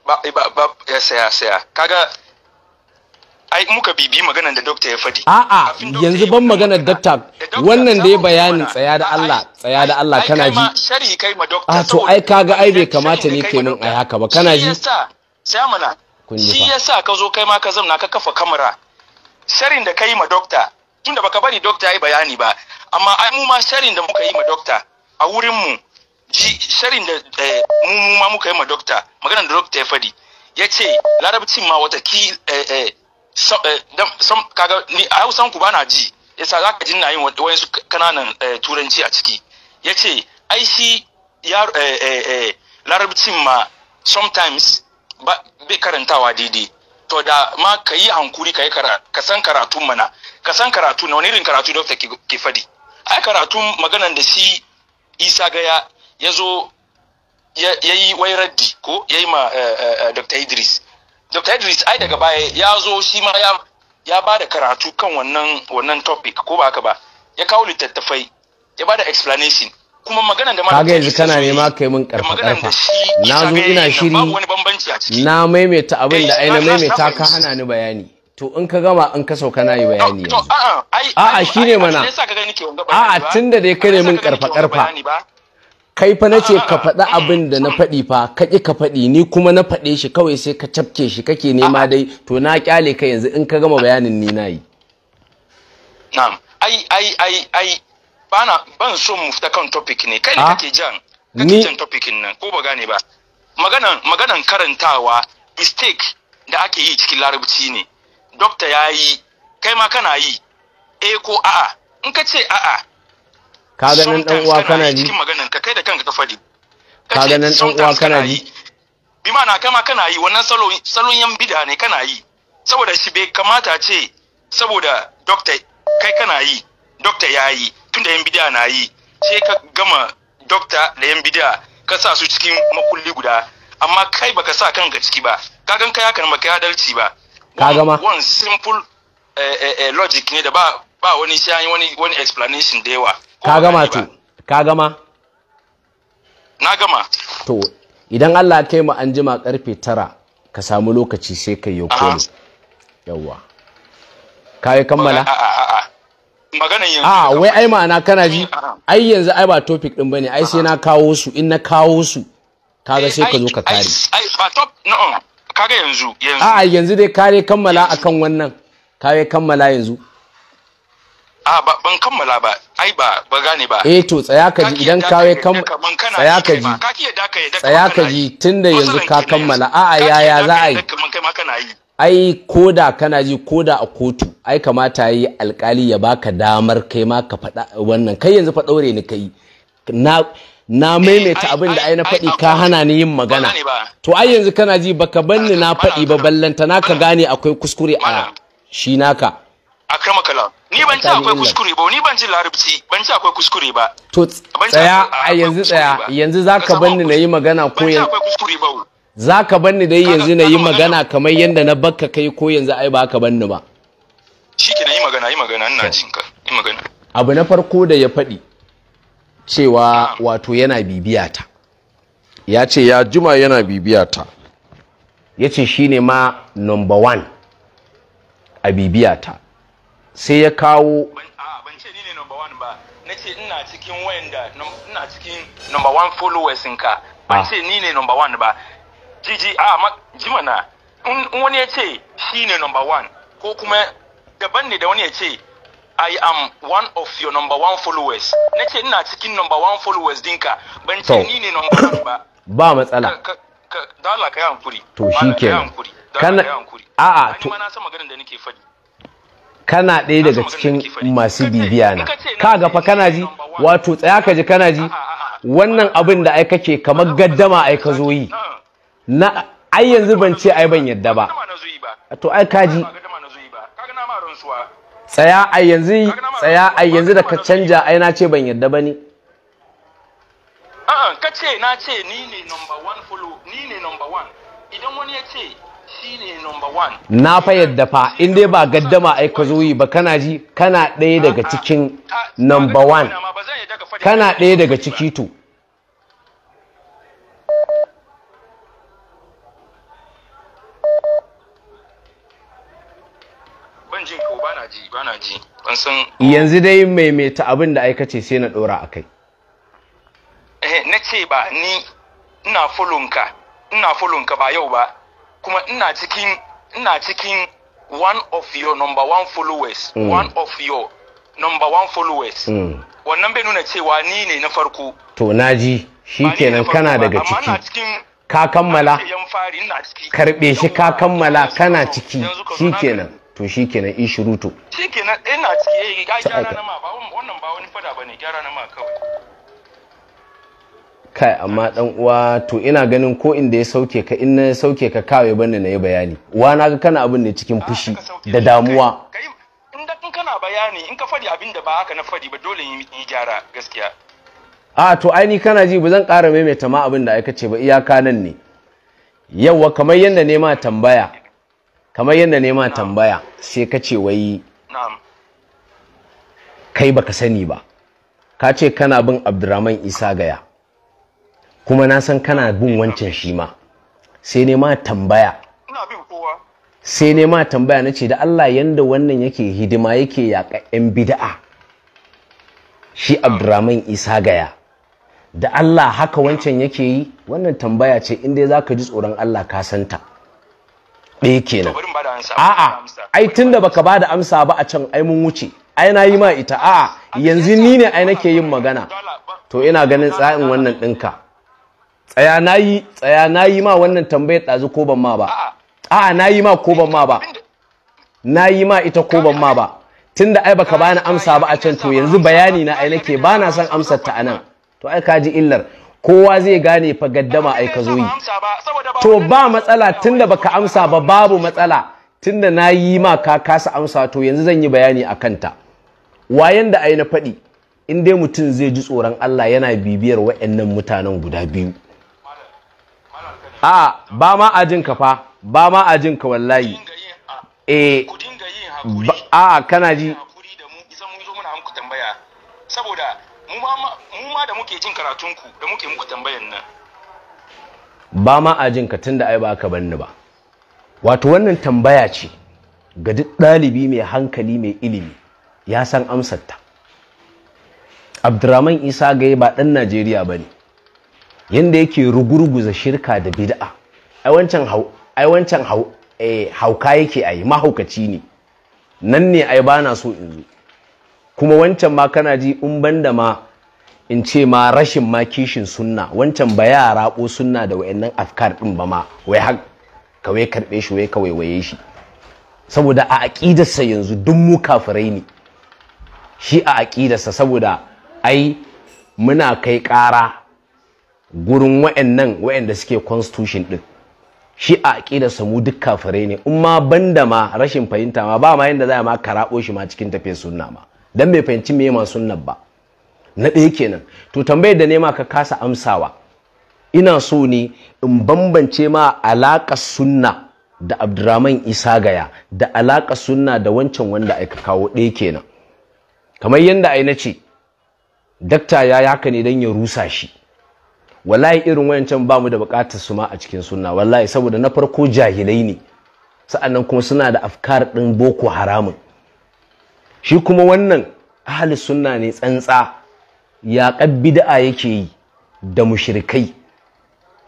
ba ba saya saya kaga ai muka bibi maganar da dokta ya fadi a'a yanzu ban maganar dokta wannan da ya bayani tsaya da Allah tsaya da Allah kana ji a to ai kaga ai bai kamata ne kenan ai haka ba kana ji sai mana shi yasa ka zo kai ma ka zamna ka kafa kamera sharin da kai ma dokta tunda baka bari dokta yayi bayani ba amma ai mu ma sharin da muka yi ma dokta a wurin mu ji sharin da eh, mu ma muka yi ma dokta maganar da dokta ya fadi ya ce larabcin ma wata ki eh, eh, Eh, kaga ni a hausan ku bana ji yasa za ka ji na yin wayansu kananan eh, turanci a ciki ya ce ai shi eh, larabcin ma sometimes bai karantawa daidai to da ma ka yi hankuri ka yi ka san karatun mana ka san karatu na wani irin karatu dokta ke fadi ai karatun maganan da shi isa gaya ya zo ya yi wai raddi ko ya yi ma dr idris Dr. Idris ai daga baya ya zo shi ma ya ya ba da karatu kan wannan wannan topic ko ba haka ba ya kawo littattafai ya ba da explanation kuma maganar da kaga yanzu kana nema kai mun karfa karfa na zo ina shiri na maimaita abin da eh, aina maimaita ka hana ni bayani to in ka gama in ka sauka na yi bayani yanzu a'a ne mana a'a tunda dai kare mun karfa karfa kai fa nace ka ah, ah, faɗi ah. abin da na faɗi fa ka ƙi ka faɗi ni kuma na faɗe shi kawai sai ka cafke shi kake nema dai to na ƙyale ka yanzu in ka gama bayanin ni na yi ai ai ai ai bana ban so mu fita kan topic ne kai ne kake jan kake jan topic nan ko ba gane ba maganan maganan karantawa mistake da ake yi cikin larabci ne doctor ya yi kai ma kana yi eh ko a'a in ka ce a'a ka ganin dan uwa kana ji cikin maganan ka kai da kanka ka fadi ka ganin dan uwa kana ji bi ma na kama kana yi wannan salon salon yan bid'a ne kana yi saboda shi bai kamata ce saboda doctor kai kana yi doctor ya yi tunda yan bid'a na yi sai ka gama doctor da yan bid'a ka sa su cikin makulli guda amma kai baka sa kanka ciki ba ka gan kai hakan maka adalci ba ka gama one simple eh, eh, eh, logic ne da ba ba wani sai wani wani explanation da yawa ka gama to ka gama na gama to idan Allah kai mu an jima karfe tara ka samu lokaci sai ka yi kolo yawa ka yi kammala maganan a ah, wai ai ma'ana kana ji ai yanzu ai ba topic din bane ai sai na kawo su in na kawo su kaga eh, sai ka zo ka kare ai ba top no kaga yanzu yanzu a yanzu dai kare kammala akan wannan kare kammala yanzu a ban kammala ba ai ba ba gane ba eh to tsaya ka ji idan ka wai kan tsaya ka ji tsaya ka ji tunda yanzu ka kammala a a yaya za a yi ai koda kana ji koda a kotu ai kamata yi alkali ya baka damar kai ma ka faɗa wannan kai yanzu fa ɗaure ni kai na na eh, maimaita abin da ai na faɗi ka hana ni yin magana to ai yanzu kana ji baka banni na faɗi ba ballanta naka gane akwai kuskure a shi naka kalam ni ban ci akwai kuskure ba ni ban ci larabci ban ci akwai kuskure ba to tsaya a yanzu tsaya yanzu zaka banni na yi magana ko yanzu zaka banni dai yanzu na yi magana kamar yanda na bakka kai ko yanzu ai ba ka banni ba shike na yi magana yi magana ina jin ka yi magana abu na farko da ya faɗi cewa ah. wato yana bibiya ta ya ce ya juma yana bibiya ta ya ce shine ma number one a bibiya ta sai ya kawo ban ce ni ne number one ba na ce ina cikin wayanda ina cikin number one followers ka ban ah. ce ni ne number one ba jiji a ma jimana in wani ya ce shi ne number one ko kuma daban ne da wani ya ce I am one of your number one followers na ce ina cikin number one followers dinka ban ce ni ne number one ba ba matsala dala ka yi hankuri to shi ke kana a'a to ni ma na san maganar da nake faɗi kana ɗaya daga cikin masu bibiya na kaga fa kana ji wato tsaya ka ji kana ji wannan abin da ai kake kamar gaddama ai ka zo yi na ai yanzu ban ce ai ban yadda ba to ai ka ji tsaya ai yanzu tsaya ai yanzu da ka canja ai na ce ban yadda ba ne a'a ka ce na ce ni ne number one follow ni ne number one idan wani ya ce na fa yadda fa in dai ba gaddama ai ka zo yi ba kana ji kana ɗaya daga cikin number one kana ɗaya daga ciki to yanzu dai maimaita abin da aikace sai na ɗora a kai eh, na ce ba ni ina fulunka ina fulunka ba yau ba kuma ina cikin ina cikin one of your number one followers mm. one of your number one followers mm. wannan bai nuna cewa ni ne na farko to naji shikenan kana daga ciki ka kammala karbe shi ka kammala kana ciki shikenan to shikenan in shiruto shikenan ina ciki eh gyara na ma ba wannan ba wani fada bane gyara na ma kawai kai amma dan uwa to ina ganin ko inda ya sauke ka in na sauke ka kawai banda na yi bayani wa na ga kana abin ne cikin ah, fushi da damuwa in kana bayani in ka fadi abin da ba haka na fadi ba dole yi gyara gaskiya a to ai ni kana ji ba zan ƙara maimaita ma abin da aka ce ba iyaka nan ne yauwa kamar yadda nema tambaya kamar yadda nema tambaya sai ka ce wai kai baka sani ba ka ce kana bin abdurrahman isa gaya kuma na san kana bin wancan shi ma sai ne ma tambaya sai ne ma tambaya na ce da Allah yanda wannan yake hidima yake yaƙa 'yan bida'a shi abdurrahman isa gaya da Allah haka wancan yake yi wannan tambaya ce inda za ka ji tsoron Allah ka santa ɗaya kenan a'a ai tunda baka ba da amsa ba a can ai mun wuce ai na yi ma ita a'a yanzu ni ne ai nake yin magana to ina ganin tsa'in wannan ɗinka tsaya nayi tsaya nayi ma wannan tambayar dazu ko ban ma ba a'a nayi ma ko ban ma ba nayi ma ita ko ban ma ba tunda ai baka bani amsa ba a can to yanzu bayani na ai nake na son amsar ta anan to ai ka ji illar kowa zai gane fa gaddama ai ka zo yi to ba matsala tunda baka amsa ba babu matsala tunda na yi ma ka kasa amsa to yanzu zan yi bayani a kanta wayan da ai na faɗi in dai mutum zai ji tsoron Allah yana bibiyar wa'annan mutanen guda biyu a ba ma a jin ka fa ba ma a jin ka wallahi eh a kana ji saboda mu ma da muke jin karatunku da muke muku tambayan nan ba ma a jin ka tunda ai ba ka banni ba wato wannan tambaya ce ga duk ɗalibi mai hankali mai ilimi ya san amsar ta abdurrahman isa gaye ba ɗan najeriya ba ne yanda yake rugurguza shirka da bid'a ai wancan hau eh hauka yake ai mahaukaci ne nan ne ai bana so in zo kuma wancan ma kana ji in banda ma in ce ma rashin ma kishin sunna wancan ba yara ko sunna da wayannan afkar din ba ma wai har kawai karbe shi wai kawai waye shi saboda a sa yanzu duk mu kafirai ne shi a sa saboda ai muna kai ƙara gurin wa'annan wa'anda suke constitution din shi a aƙida samu duk kafirai ne in ma banda ma rashin fahimta ma ba ma yanda za ma karaɓo shi ma cikin tafiyar sunna ma dan bai fahimci me ma sunna ba na ɗaya kenan to tambayar da nema ka kasa amsawa ina so ne in bambance ma alaƙar sunna da abdurrahman isa gaya da alaƙar sunna da wancan wanda aka kawo ɗaya kenan kamar yadda ai na ce dakta ya yaka ne dan ya rusa shi wallahi irin wayancan ba mu da buƙatar su ma a cikin sunna wallahi saboda na farko jahilai ne sa'annan kuma suna da afkar ɗin boko haramun shi kuma wannan ahli sunna ne tsantsa ya da'a yake yi da mushrikai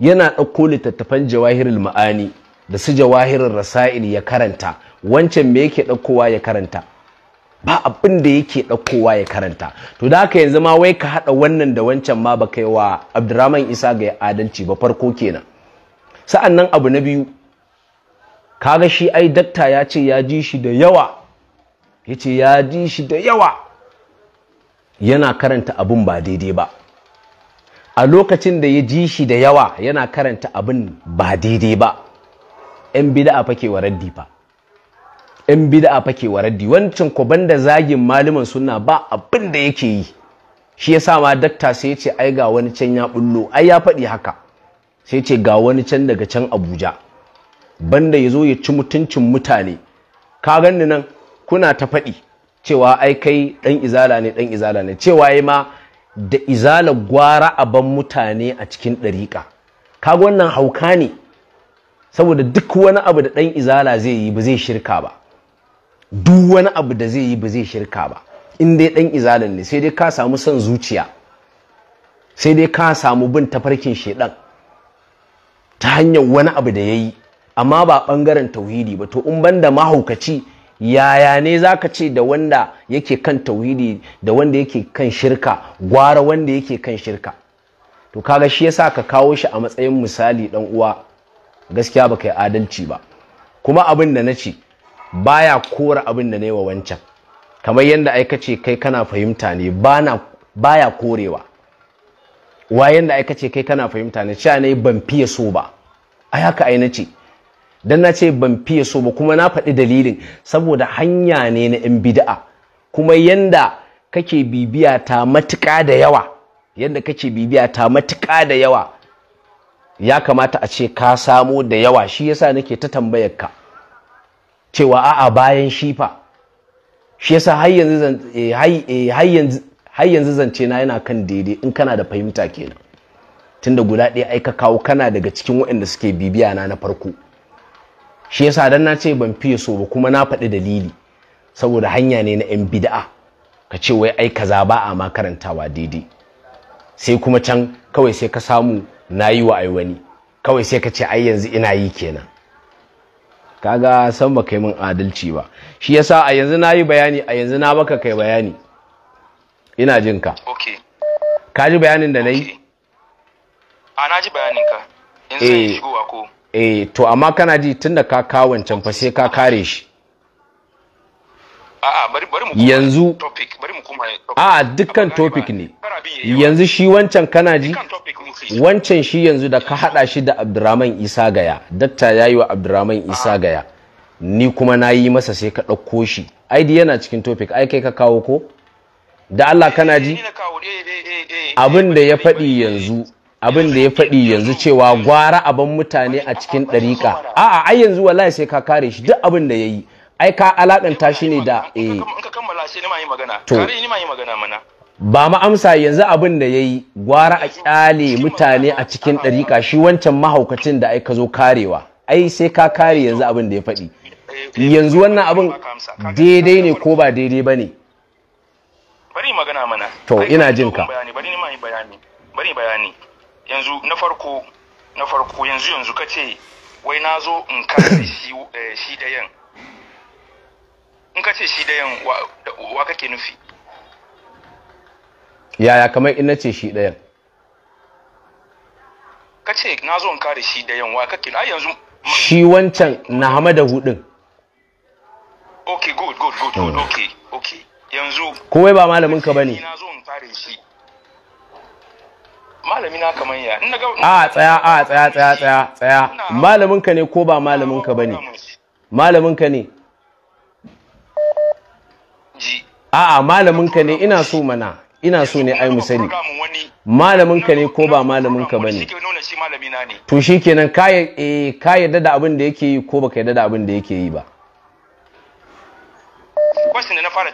yana ɗauko littattafan jawahirul ma'ani da su jawahirin rasa'il ya karanta wancan me yake ɗaukowa ya karanta ba abin da yake ɗaukowa ya karanta to da haka yanzu ma wai ka haɗa wannan da wancan ma ba kai wa abdurrahman isa ga ya adalci ba farko kenan sa'an nan abu na biyu kaga shi ai dakta ya ce ya ji shi da yawa ya ce ya ji shi da yawa yana karanta abin ba daidai ba a lokacin da ya ji shi da yawa yana karanta abin ba daidai ba 'yan bida a wa raddi fa yan bid'a fake wa wancan ko da zagin malaman sunna ba abin da yake yi shi yasa ma dakta sai ce ai ga wani can ya bullo ai ya faɗi haka sai ce ga wani can daga can Abuja banda ya zo ya ci mutuncin mutane ka ganni nan kuna ta faɗi cewa ai kai ɗan izala ne ɗan izala ne cewa ya ma da izala gwara a ban mutane a cikin ɗariƙa kaga wannan hauka ne saboda duk wani abu da ɗan izala zai yi ba zai shirka ba duk wani abu da zai yi ba zai shirka ba in dai ɗan izalin ne sai dai ka samu son zuciya sai dai ka samu bin tafarkin shaidan ta hanyar wani abu da ya yi. amma ba ɓangaren tauhidi ba to in banda mahaukaci yaya ne zaka ce da wanda yake kan tauhidi da wanda yake kan shirka gwara wanda yake kan shirka to kaga shi yasa ka kawo shi a matsayin misali dan uwa gaskiya baka yi adalci ba kuma abin da na ce baya kora abin da na wa wancan kamar yadda ai kace kai kana fahimta ne bana baya korewa wa yanda ai kace kai kana fahimta ne sha ne ban fiye so ba ai haka ai ce." dan na ce ban fiye so ba kuma na faɗi dalilin saboda hanya ne na yan bid'a kuma yanda kake bibiya ta matuƙa da yawa yadda kake bibiya ta matuƙa da yawa ya kamata a ce ka samo da yawa shi yasa nake ta tambayar ka cewa a'a bayan shifa shi yasa har yanzu eh, eh, har yanzu zance na yana kan daidai in kana da fahimta kenan tunda guda ɗaya aika kawo kana daga cikin waɗanda suke bibiya na na farko shi yasa dan na ce ban fiye so ba kuma na faɗi dalili saboda hanya ne na 'yan bid'a ka ce wai ai kaza ba a makarantawa daidai sai kuma can kawai sai ka samu na yi wa ai wani kawai sai ka ce ai yanzu ina yi kenan kaga san ba kai min adalci ba shi yasa a yanzu na yi bayani a yanzu na baka kai bayani ina jin ka ka ji bayanin da na yi a na ji bayanin ka in zai eh. shigowa ko eh to amma kana ji tunda ka kawancan fa sai ka kare shi yanzu a dukkan topic ne yanzu shi wancan kana ji wancan shi yanzu da ka hada shi da abdurrahman isa gaya datta ya yi wa abdurrahman isa gaya ni kuma na yi masa sai ka ɗauko shi id yana cikin topic ai kai ka kawo ko da allah eh, kana eh, ji eh, abin da ya faɗi yanzu abin da ya faɗi yanzu cewa gwara abin mutane a cikin ɗarika. a'a ai yanzu wallahi sai ka kare shi duk abin da ya yi ai ka alakanta shi ne da eh in ka kammala sai ni ma yi magana kare ni ma yi magana mana ba ma amsa yanzu abin da yayi gwara a kyale mutane a cikin dariƙa shi wancan mahaukacin da ai ka zo karewa ai sai ka kare yanzu abin da ya faɗi eh, eh, eh, yanzu wannan abin daidai ne ko ba daidai ba ne bari magana mana to ina jin ka bari ni ma yi bayani bari bayani yanzu na farko na farko yanzu yanzu kace wai na zo in kare shi shi da yan in ka ce shi dayan wa kake nufi yaya kamar in na ce shi dayan ka ce na zo in kare shi dayan wa kake ai yanzu shi wancan na hamada hudin okay good good good good okay okay yanzu kowai ba malamin ka bane na zo in kare shi malami na kaman ya in a tsaya a tsaya tsaya tsaya tsaya malamin ka ne ko ba malamin ka bane malamin ka ne a'a malamin ka ne ina so mana ina so ne ai musani. malamin ka ne ko ba malamin ka bane to shikenan ka eh ka yadda da abin da yake yi ko baka yadda da abin da yake yi ba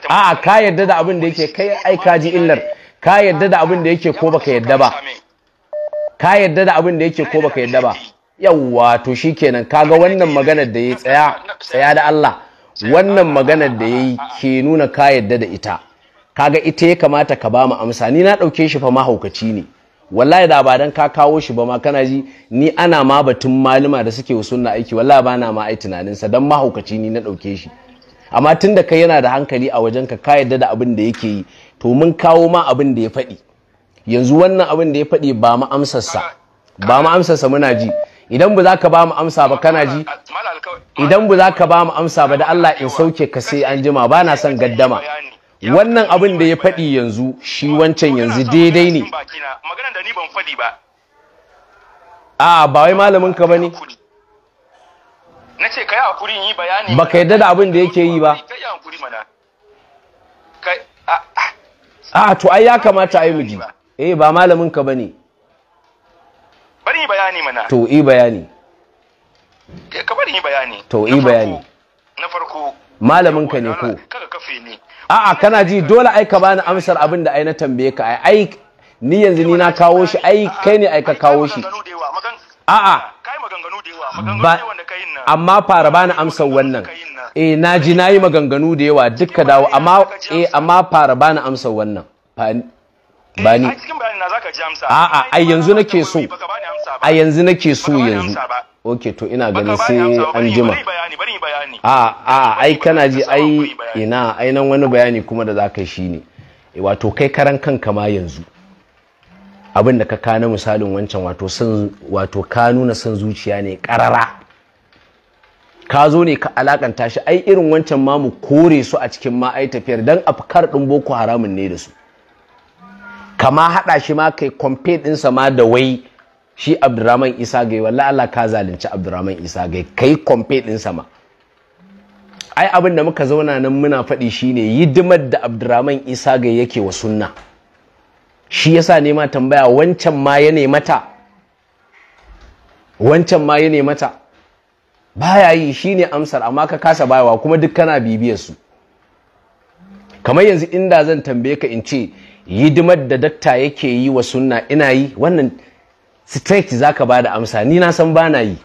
a'a ka yadda da abin da yake kai ai ka ji illar ka yadda da abin da yake ko baka yadda ba ka yadda da abin da yake ko baka yadda ba yawwa to shikenan kaga wannan maganar da ya tsaya tsaya da Allah wannan maganar da yayi ke nuna ka yadda da ita kaga ita ya kamata ka ba mu amsa ni na ɗauke shi fa mahaukaci ne wallahi da ba dan ka kawo shi ba ma kana ji ni ana ma batun maluma da suke sunna aiki wallahi ba na ma ai tunaninsa dan mahaukaci ni na ɗauke shi amma tun da kai yana da hankali a wajen ka yadda da abin da yake yi to mun kawo ma abin da ya faɗi yanzu wannan abin da ya faɗi ba mu ba mu amsarsa muna ji idan ba za ka ba mu amsa ba kana ji idan ba za ka ba mu amsa ba da Allah in sauke ka sai an jima ba na son gaddama wannan abin da ya faɗi yanzu shi wancan yanzu daidai ne a ba wai malamin ka bane nace kai hakuri yi bayani baka yadda da abin da yake yi ba a to ai ya kamata ai miji eh ba malamin ka bane bari bayani mana to yi bayani eh, ka bari yi bayani to yi bayani na farko malamin ka ne ko kaga kafe ne a'a kana ji dole ai ka bani amsar abin da ai na tambaye ka ai ni yanzu ni na kawo shi ai kai ne ai ka kawo shi a'a ba amma fara bani amsar wannan eh na ji na yi maganganu da yawa dukka dawo amma eh amma fara bani amsar wannan Eh, ba ni a'a ai yanzu nake so a yanzu nake so yanzu oke to ina ganin sai an jima a a ai kana ji ai ina ainihin wani bayani kuma da zaka shi ne eh, wato kai karan kanka ma yanzu abin da ka kana misalin wancan wato san wato ka nuna san zuciya ne karara ka zo ne ka alakanta shi ai irin wancan ma mu kore su a cikin ma tafiyar dan afkar din boko haramun ne da su kama haɗa shi ma kai compare ɗinsa ma da wai shi abdurrahman isa gai walla Allah ka zalunci abdurrahman isa gai kai compare ɗinsa ma ai abin da muka zauna nan muna faɗi shine hidimar da abdurrahman isa gai yake wa sunna shi yasa ne ma tambaya wancan ma ya ne mata wancan ma ya ne mata baya yi shine amsar amma ka kasa bayawa kuma duk kana bibiyar su kamar yanzu inda zan tambaye ka in ce hidimar da dakta yake yi wa sunna ina yi wannan straight zaka ba da amsa ni na san bana yi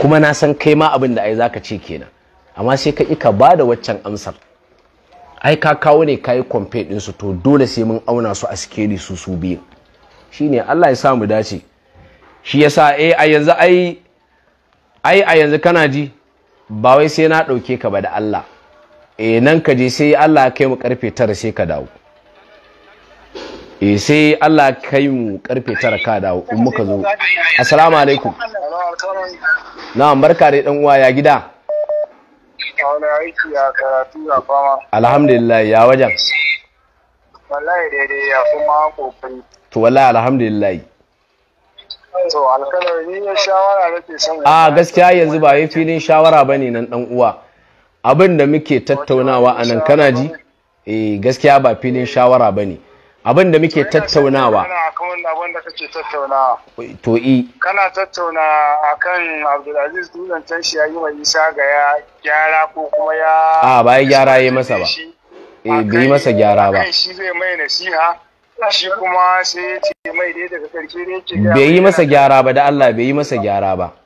kuma na san kai ma abin da ai ka ce kenan amma sai ka ika ba da waccan amsar ai ka kawo ne ka yi kwamfe ɗinsu, to dole sai mun auna su a sikeli su su biyu ne, Allah ya sa mu dace shi sa eh a yanzu ai a yanzu kana ji ba wai sai na ɗauke ka ba da Allah E nan ka je sai Allah ya kai mu karfe tara sai ka dawo eh sai Allah kai mu karfe tara ka dawo in muka zo assalamu alaikum na'am barka dai dan uwa ya gida alhamdulillah ya wajen wallahi daidai ya kuma kokari to wallahi alhamdulillah to ni ne shawara nake son a gaskiya yanzu ba yi filin shawara bane nan dan uwa abin da muke tattaunawa a nan kana ji eh gaskiya ba filin shawara bane abin da muke tattaunawa to i kana tattauna akan abdulaziz dutsen shi ya yi wa isa ga ya gyara ko kuma ya a ba gyara ya masa ba eh bai gyara ba shi zai mai nasiha shi kuma sai ya ce mai dai daga karshe ne yake bai yi masa gyara ba da Allah bai yi masa gyara ba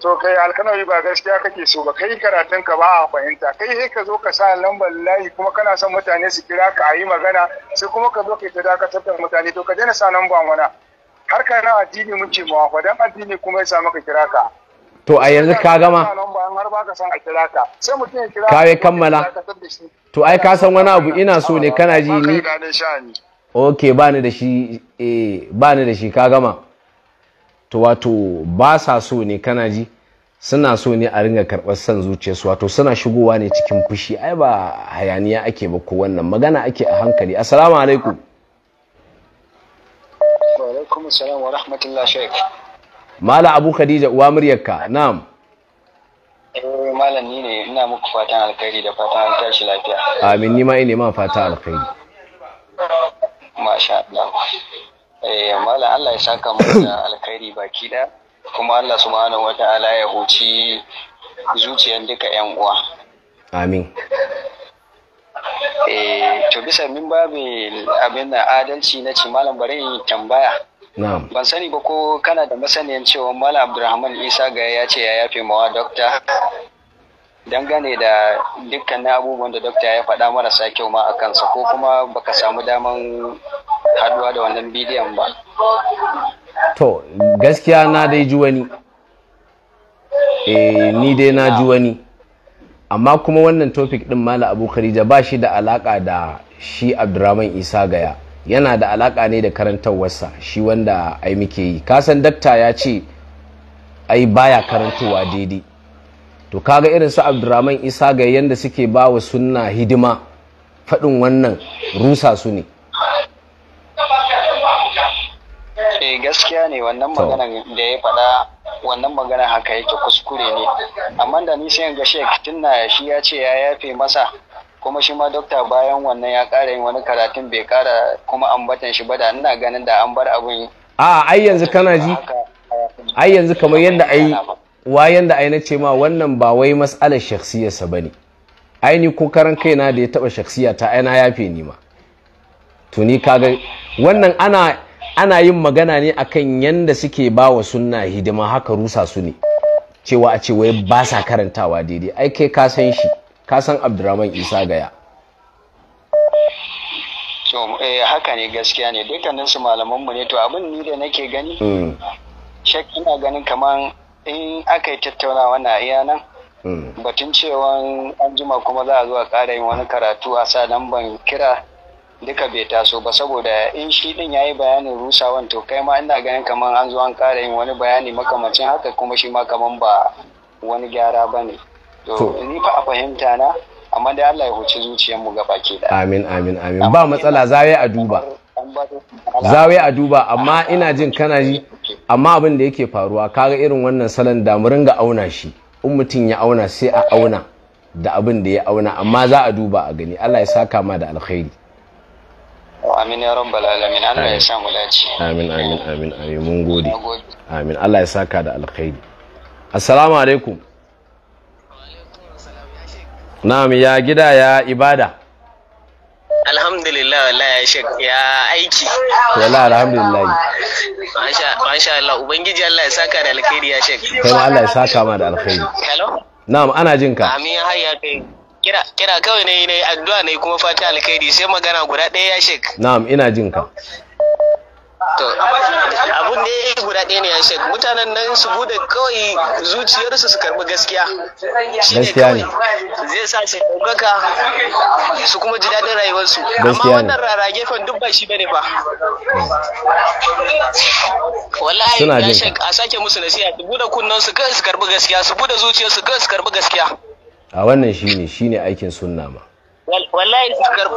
to kai alkanawi ba gaskiya kake so ba kai karatun ka ba a fahimta kai sai ka zo ka sa lambar layi kuma kana son mutane su kira ka yi magana sai kuma ka zo kai ta dakatar da mutane to ka daina sa lambar wana har ka na addini muke mawafa dan addini kuma ya sa maka kira ka to a yanzu ka gama ka yi kammala to ai ka san wani abu ina so ne kana ji ni ok bani da shi eh ba ni da shi ka gama to wato ba sa so ne kana ji suna so ne a ringa karɓar son zuciyarsu wato suna shigowa ne cikin fushi ai ba hayaniya ake ba ko wannan magana ake a hankali assalamu alaikum wa mala abu khadija uwa muryarka na'am eh malam ni ne ina muku fatan alkhairi da fatan an tashi lafiya amin ni ma ina ma fatan alkhairi masha Allah eh Allah ya saka mu da alkhairi baki da kuma Allah wata ala ya huci zuciyar duka yan uwa amin eh to bisa min babu abin da adalci na ci malam bare tambaya ban sani ba ko kana da masaniyan cewa Mallam Abdulrahman Isa ga ya ce ya yafe mawa dokta dangane da dukkanin abubuwan da dokta ya faɗa marasa kyau ma a kansa ko kuma baka samu daman haduwa da wannan bidiyon ba to gaskiya na dai ji wani eh ni dai na ji wani amma kuma wannan topic din mala abu Khadija ba shi da alaka da shi abdurrahman isa gaya yana da alaka ne da karantarwarsa shi wanda ai muke yi kasan dakta ya ce ai baya karantowa daidai to kaga irin su abdurrahman isa ga yanda suke ba wa sunna hidima faɗin wannan rusa su ne eh, gaskiya ne wannan maganar da ya faɗa wannan maganar haka yake kuskure ne amma da ni sai ga shek tunna shi ya ce ya yafe masa kuma shi ma dokta bayan wannan ya ƙara yin wani karatun bai ƙara kuma ambatan shi ba da ina ganin da an bar abin a ai yanzu kana ji ai yanzu kamar yadda ai wayan da aina ce ma wannan ba wai mas'alar shakhsiyarsa ba ne aini ko karan kaina da ya taɓa shakhsiya ta aina yafe ni ma to ni kaga wannan ana ana yin magana ne akan yanda suke ba wa sunna hidima haka rusa su ne cewa a ce wai ba sa karantawa daidai ai kai ka san shi ka san abdurrahman isa gaya to eh haka ne gaskiya ne dukkanin su malaman mu ne to abin ni da nake gani mm. shek ina ganin kaman in aka yi tattaunawa na iya hmm. batun cewa an jima kuma za a zuwa ƙara yin wani karatu a sa lamban kira duka bai taso ba saboda in shi din ya yi bayanin rusawan to kai ma ina ganin kamar an zo an ƙara yin wani bayani makamacin haka kuma shi ma kamar ba wani gyara ba ne to ni fa a fahimta na amma dai Allah ya huce zuciyarmu gaba ke da amin amin amin ba matsala za a duba zawiya a duba amma ina jin kana ji amma abin da yake faruwa kaga irin wannan salon da mu ringa auna shi in mutum ya auna sai a auna da abin da ya auna amma za a duba a gani Allah ya saka ma da alkhairi amin ya rabbal alamin Allah ya sa mu dace amin amin amin amin mun gode amin Allah ya saka da alkhairi assalamu alaikum na'am ya gida ya ibada alhamdulillah wallahi shek ya aiki wallahi alhamdulillah masha Allah ubangiji Allah ya saka da alkhairi ya shek kai ma Allah ya saka ma da alkhairi hello na'am ana jin ka amin har ya kai kira kira kawai ne ne addu'a ne kuma fata alkhairi sai magana guda ɗaya ya shek na'am ina jin ka to abun da ya guda ɗaya ne ya shek mutanen nan su bude kawai zuciyarsu su karbi gaskiya shine kawai zai sa su ɗaukaka su kuma ji daɗin rayuwarsu amma wannan rara gefen duk ba shi ba ne ba wallahi ya shek a sake musu nasiha su bude kunnan su kawai su karbi gaskiya su bude zuciyarsu kawai su karbi gaskiya a wannan shine shine aikin sunna ma wallahi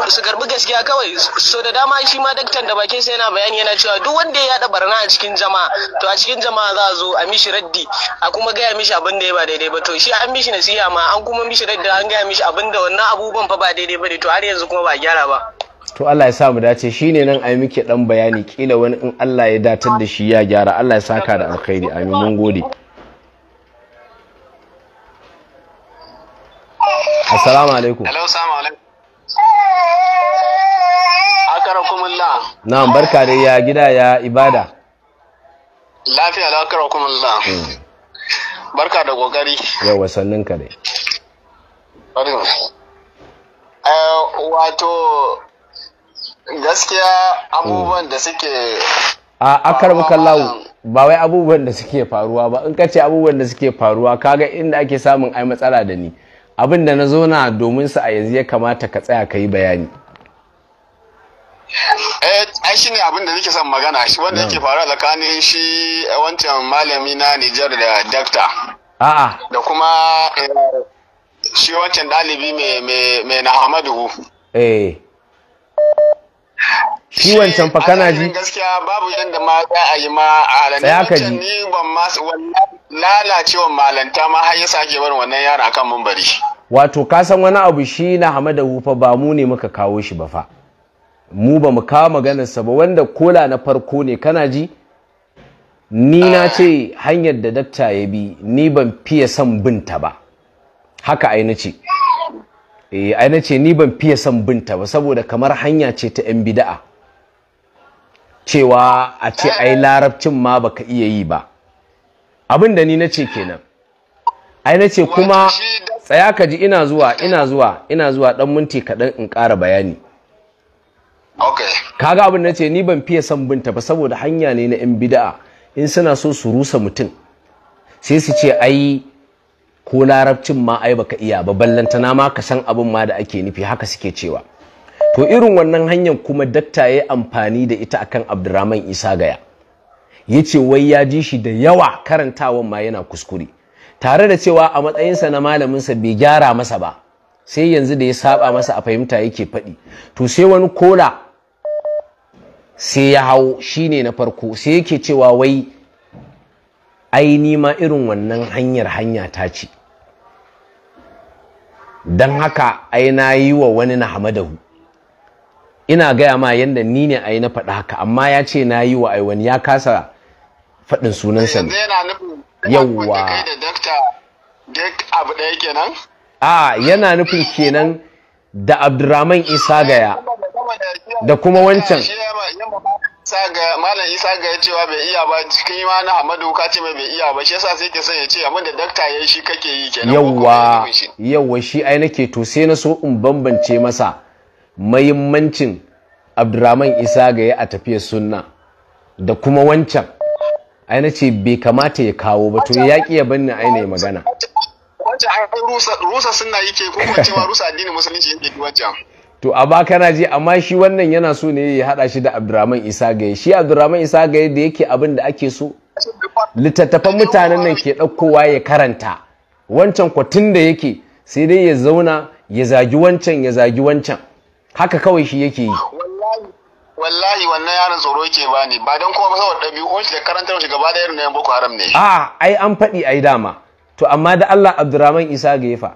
su karbi gaskiya kawai so da dama shi ma daktan da bakin sa yana bayani yana cewa duk wanda ya yada barna a cikin jama'a to a cikin jama'a za a zo a mishi raddi a kuma gaya mishi abin da ya ba daidai ba to shi an mishi nasiha ma an kuma mishi raddi an gaya mishi abin da wannan abubuwan fa ba daidai ba ne to har yanzu kuma ba gyara ba to Allah ya sa mu dace shine nan ai muke dan bayani kila wani in Allah ya datar da shi ya gyara Allah ya saka da alkhairi amin mun gode assalamu alaikum hello assalamu alaikum Na na'am barka da ya gida ya ibada lafiya da akarakumullah hmm. barka da kokari yawa sannin ka dai eh, wato gaskiya abubuwan hmm. da suke a akar makallawu ba wai abubuwan da suke faruwa ba in ka ce abubuwan da suke faruwa kaga inda ake samun ai matsala da ni abin da na zo na domin su a yanzu ya kamata ka tsaya ka yi bayani eh, ai shi ne abin da nake son magana shi wanda yake faruwa tsakanin shi eh, wancan malami na Nijar da dakta a'a da kuma eh, shi wancan ɗalibi mai na Hamadu eh shi wancan fa kana ji gaskiya babu yadda ma za a yi ma a halin ni ban ma lalacewan malanta ma har ya sake barin wannan yara akan mumbari wato ka san wani abu shi na hamada hufa ba mu ne muka kawo shi ba fa mu ba mu kawo sa ba wanda kola na farko ne kana ji ni na ce ah. hanyar da datta ya bi ni ban fiye son binta ba haka ai na ce eh ai ce ni ban fiye son binta ba saboda kamar hanya ce ta yan bida'a cewa a ce ai larabcin ma baka iya yi ba abin da ni nace kenan ai ce kuma tsaya ka ji ina zuwa ina zuwa ina zuwa dan minti kaɗan in ƙara bayani kaga abin nace ni ban fiye son binta ba saboda hanya ne na yan bida'a in suna so su rusa mutum sai su ce ai ko larabcin ma ai baka iya ba ballantana ma ka san abin ma da ake nufi haka suke cewa to irin wannan hanyar kuma dakta ya amfani da ita akan abdurrahman isa gaya ya ce wai ya ji shi da yawa karantawan ma yana kuskure tare da cewa a matsayinsa na malaminsa bai gyara masa ba sai yanzu da ya saba masa a fahimta yake faɗi to sai wani kola sai ya hau shine na farko sai yake cewa wai ai nima ma irin wannan hanyar hanya ta ce don haka ai na yi wa wani na hamadahu ina gaya ma yadda ni ne ai na faɗa haka amma ya ce na yi wa ai wani ya kasa faɗin sunansa ne yawwa a yana nufin kenan da abdurrahman isa gaya da kuma wancan malam isa ga cewa bai iya ba cikin ma na hamadu ka ce mai bai iya ba shi yasa sai ke son ya ce amma da dakta ya shi kake yi kenan yawwa yawwa shi ai nake to sai na so in bambance masa mahimmancin abdurrahman isa ga ya a tafiyar sunna da kuma wancan ai nace ce bai kamata ya kawo ba to ya ƙi ya banni ai ne magana wancan ai rusa sunna yake ko kuma cewa rusa addinin musulunci yake wancan to a ba na je amma shi wannan yana so ne ya hada shi da abdurrahman isa gaye shi abdurrahman isa gaye da yake abin da ake so littattafan mutanen nan ke ɗaukowa ya karanta wancan kwatin da yake sai dai ya zauna ya zagi wancan ya zagi wancan haka kawai shi yake yi wallahi wannan yaron tsoro yake bani ba don kuma saboda ɗabi'un shi da karantar shi gaba da irin na yan boko haram ne a ai an faɗi ai dama to amma da Allah Abdurrahman Isa ga fa?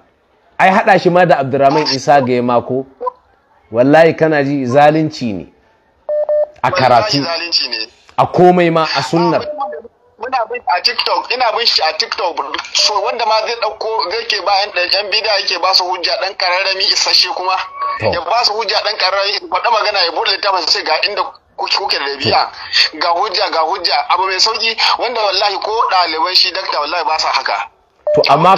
ai hada shi ma da Abdurrahman Isa ga ma ko wallahi kana ji zalunci ne a karatu a komai ma a sunnar muna bin a TikTok ina bin shi a TikTok so wanda ma zai dauko yake bayan da yan bidiyo yake ba su hujja dan kararrami isasshe kuma ya ba su hujja dan kararrami faɗa magana ya bude littafin sai ga inda kuke da biya ga hujja ga hujja abu mai sauki wanda wallahi ko ɗaliban shi dakta wallahi ba sa haka to amma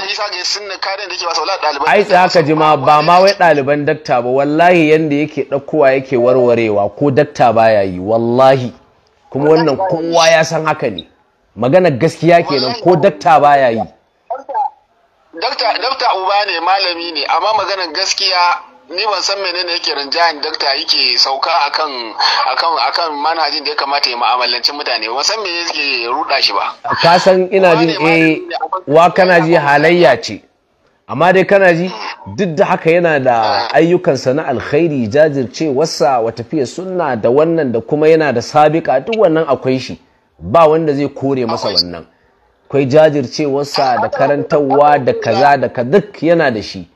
ai tsaka jima ba ma wai ɗaliban dakta ba wallahi yanda yake ɗaukowa yake warwarewa ko dakta baya yi wallahi kuma wannan kowa ya san haka ne magana gaskiya kenan ko dakta baya yi dakta uba ne malami ne amma maganar gaskiya ni ban san menene yake rinjayen dakta yake sauka akan akan akan manhajin da ya kamata ya mu'amalanci mutane ban san me yake ruda shi ba ka san ina jin eh wa kana ji halayya ce amma dai kana ji duk da haka yana da hmm. ayyukansa na alkhairi jajirce wasa wa tafiya sunna da wannan da kuma yana da sabika duk wannan akwai shi ba wanda zai kore masa wannan akwai jajircewarsa da karantarwa da kaza da ka duk yana da shi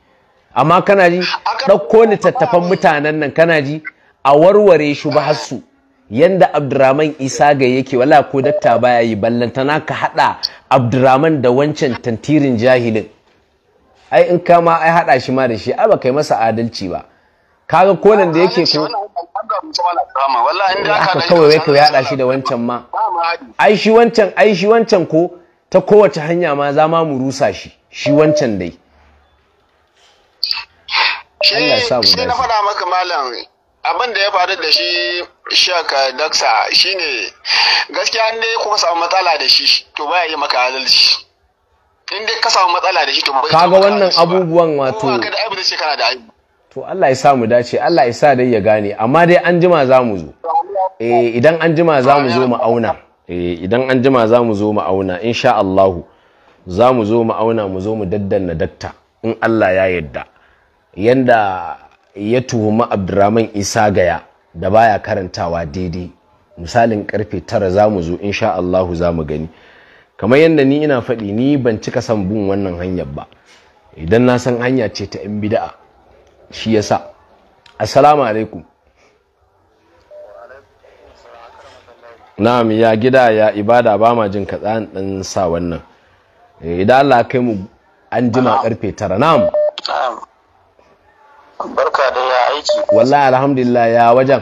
amma kana ji ɗauko littattafan mutanen nan kana ji a warware shi ba su yanda abdurrahman isa ga yake wala ko dakta baya yi ballantana ka haɗa abdurrahman da wancan tantirin jahilin ai in ka ma ai haɗa shi ma da shi ba kai masa adalci ba kaga kolan da yake ko aka kawai wai kawai haɗa shi da wancan ma ai shi wancan ai shi wancan ko ta kowace hanya ma za ma mu rusa shi shi wancan dai shi na faɗa maka malam abin da ya faru da shi shaka daksa shine gaskiya inda dai kuma samu matsala da shi to baya yi maka adalci in dai ka samu matsala da shi to baya kaga wannan abubuwan wato ka da abu da shekara da aibu to Allah ya sa mu dace Allah ya sa dai ya gane amma dai an jima za mu zo eh idan an jima za mu zo mu auna eh idan an jima za mu zo mu auna insha Allah za mu zo mu auna mu zo mu daddanna dakta in Allah ya yarda yanda ya tuhuma abdurrahman isa gaya da baya karantawa daidai misalin karfe tara za mu zo insha allahu za mu gani kamar yadda ni ina faɗi ni ban cika san bin wannan hanyar ba idan na san hanya ce ta 'yan bida'a shi ya sa, assalamu alaikum na'am ya gida ya ibada ba ma jin katsan ɗan sa wannan eh, idan Allah kai mu an jima karfe tara nam. na'am barka da ya aiki wallahi alhamdulillah ya wajen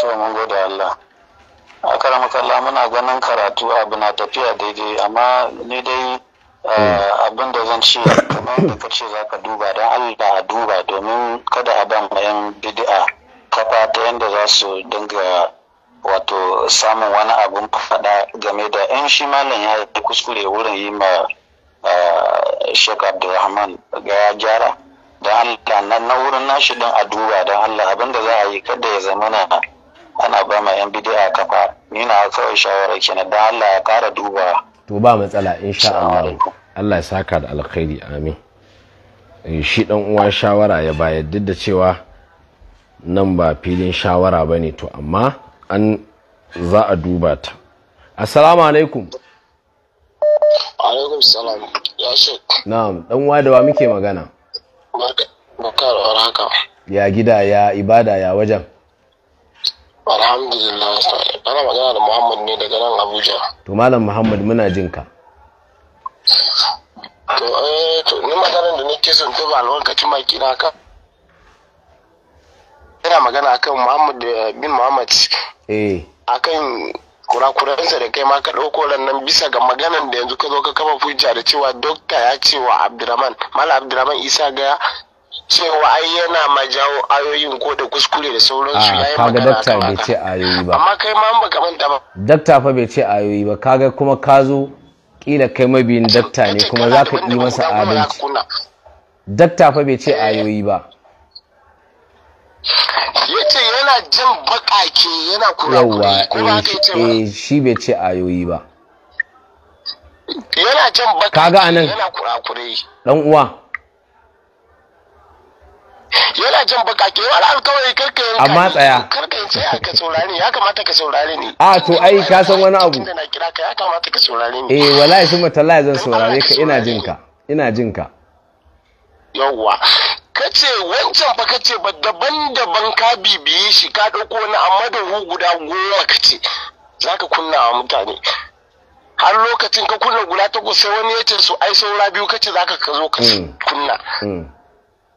to mun gode Allah a karamata muna ganin karatu abu na tafiya daidai amma ni dai eh, hmm. abin da zan ce kamar da ka ce za ka duba don Allah a duba domin kada a ban mayan bid'a kafa ta yadda za su dinga wato samun wani abun faɗa game da yan shi malam ya kuskure wurin yi ma da eh, Abdulrahman ga gyara. da Allah na wurin nashi din a duba don Allah abin da za a yi kada ya zama na ana ba ma yan bidiya kafa ni na kawai shawara kenan don Allah ya kara duba to ba matsala insha Allah Allah ya saka da alkhairi amin eh, shi dan uwa shawara ya bayar duk da cewa nan ba filin shawara ba ne to amma an za a duba ta assalamu alaikum alaikum salam ya shek na'am dan wa da wa muke magana haka ya gida ya ibada ya wajen alhamdulillah magana da muhammad ne daga nan abuja to malam muhammad muna jin to eh, nake son magana akan eh, bin muhammad eh akan kurakuransa da kai ma ka ɗauko rannan bisa ga maganan da yanzu ka zo ka kama hujja da cewa dokta ya ce wa abdurrahman mala abdurrahman isa gaya cewa ai yana ma jawo ayoyin ko da kuskure da sauransu ah, ya yi kaga dakta bai ce ayoyi ba amma kai ma baka manta ba dakta fa bai ce ayoyi ba kaga kuma ka zo kila kai mabiyin dakta ne kuma za ka yi masa adalci dakta fa bai ce eh. ayoyi ba yace yana jan bakake yana kurakure yawa eh, eh shi bai ce ayoyi ba yana jan bakake kaga anan yana kurakure dan uwa yana jan bakake wala alkawari karka yanka amma tsaya karka yanka sai aka saurare ya kamata ka saurare ne. a ah, to ai ka san wani abu da na kira ka ya kamata ka saurare ne. eh wallahi sun mutalla zan saurare ka ina jin ka ina jin ka yawwa kace wancan fa kace ba daban-daban ka bibiye shi ka ɗauko wani amma da hu guda goma kace zaka kunna wa mutane har lokacin ka kunna guda takwas sai wani ya ce su ai saura biyu kace zaka ka zo ka hmm. kunna hmm.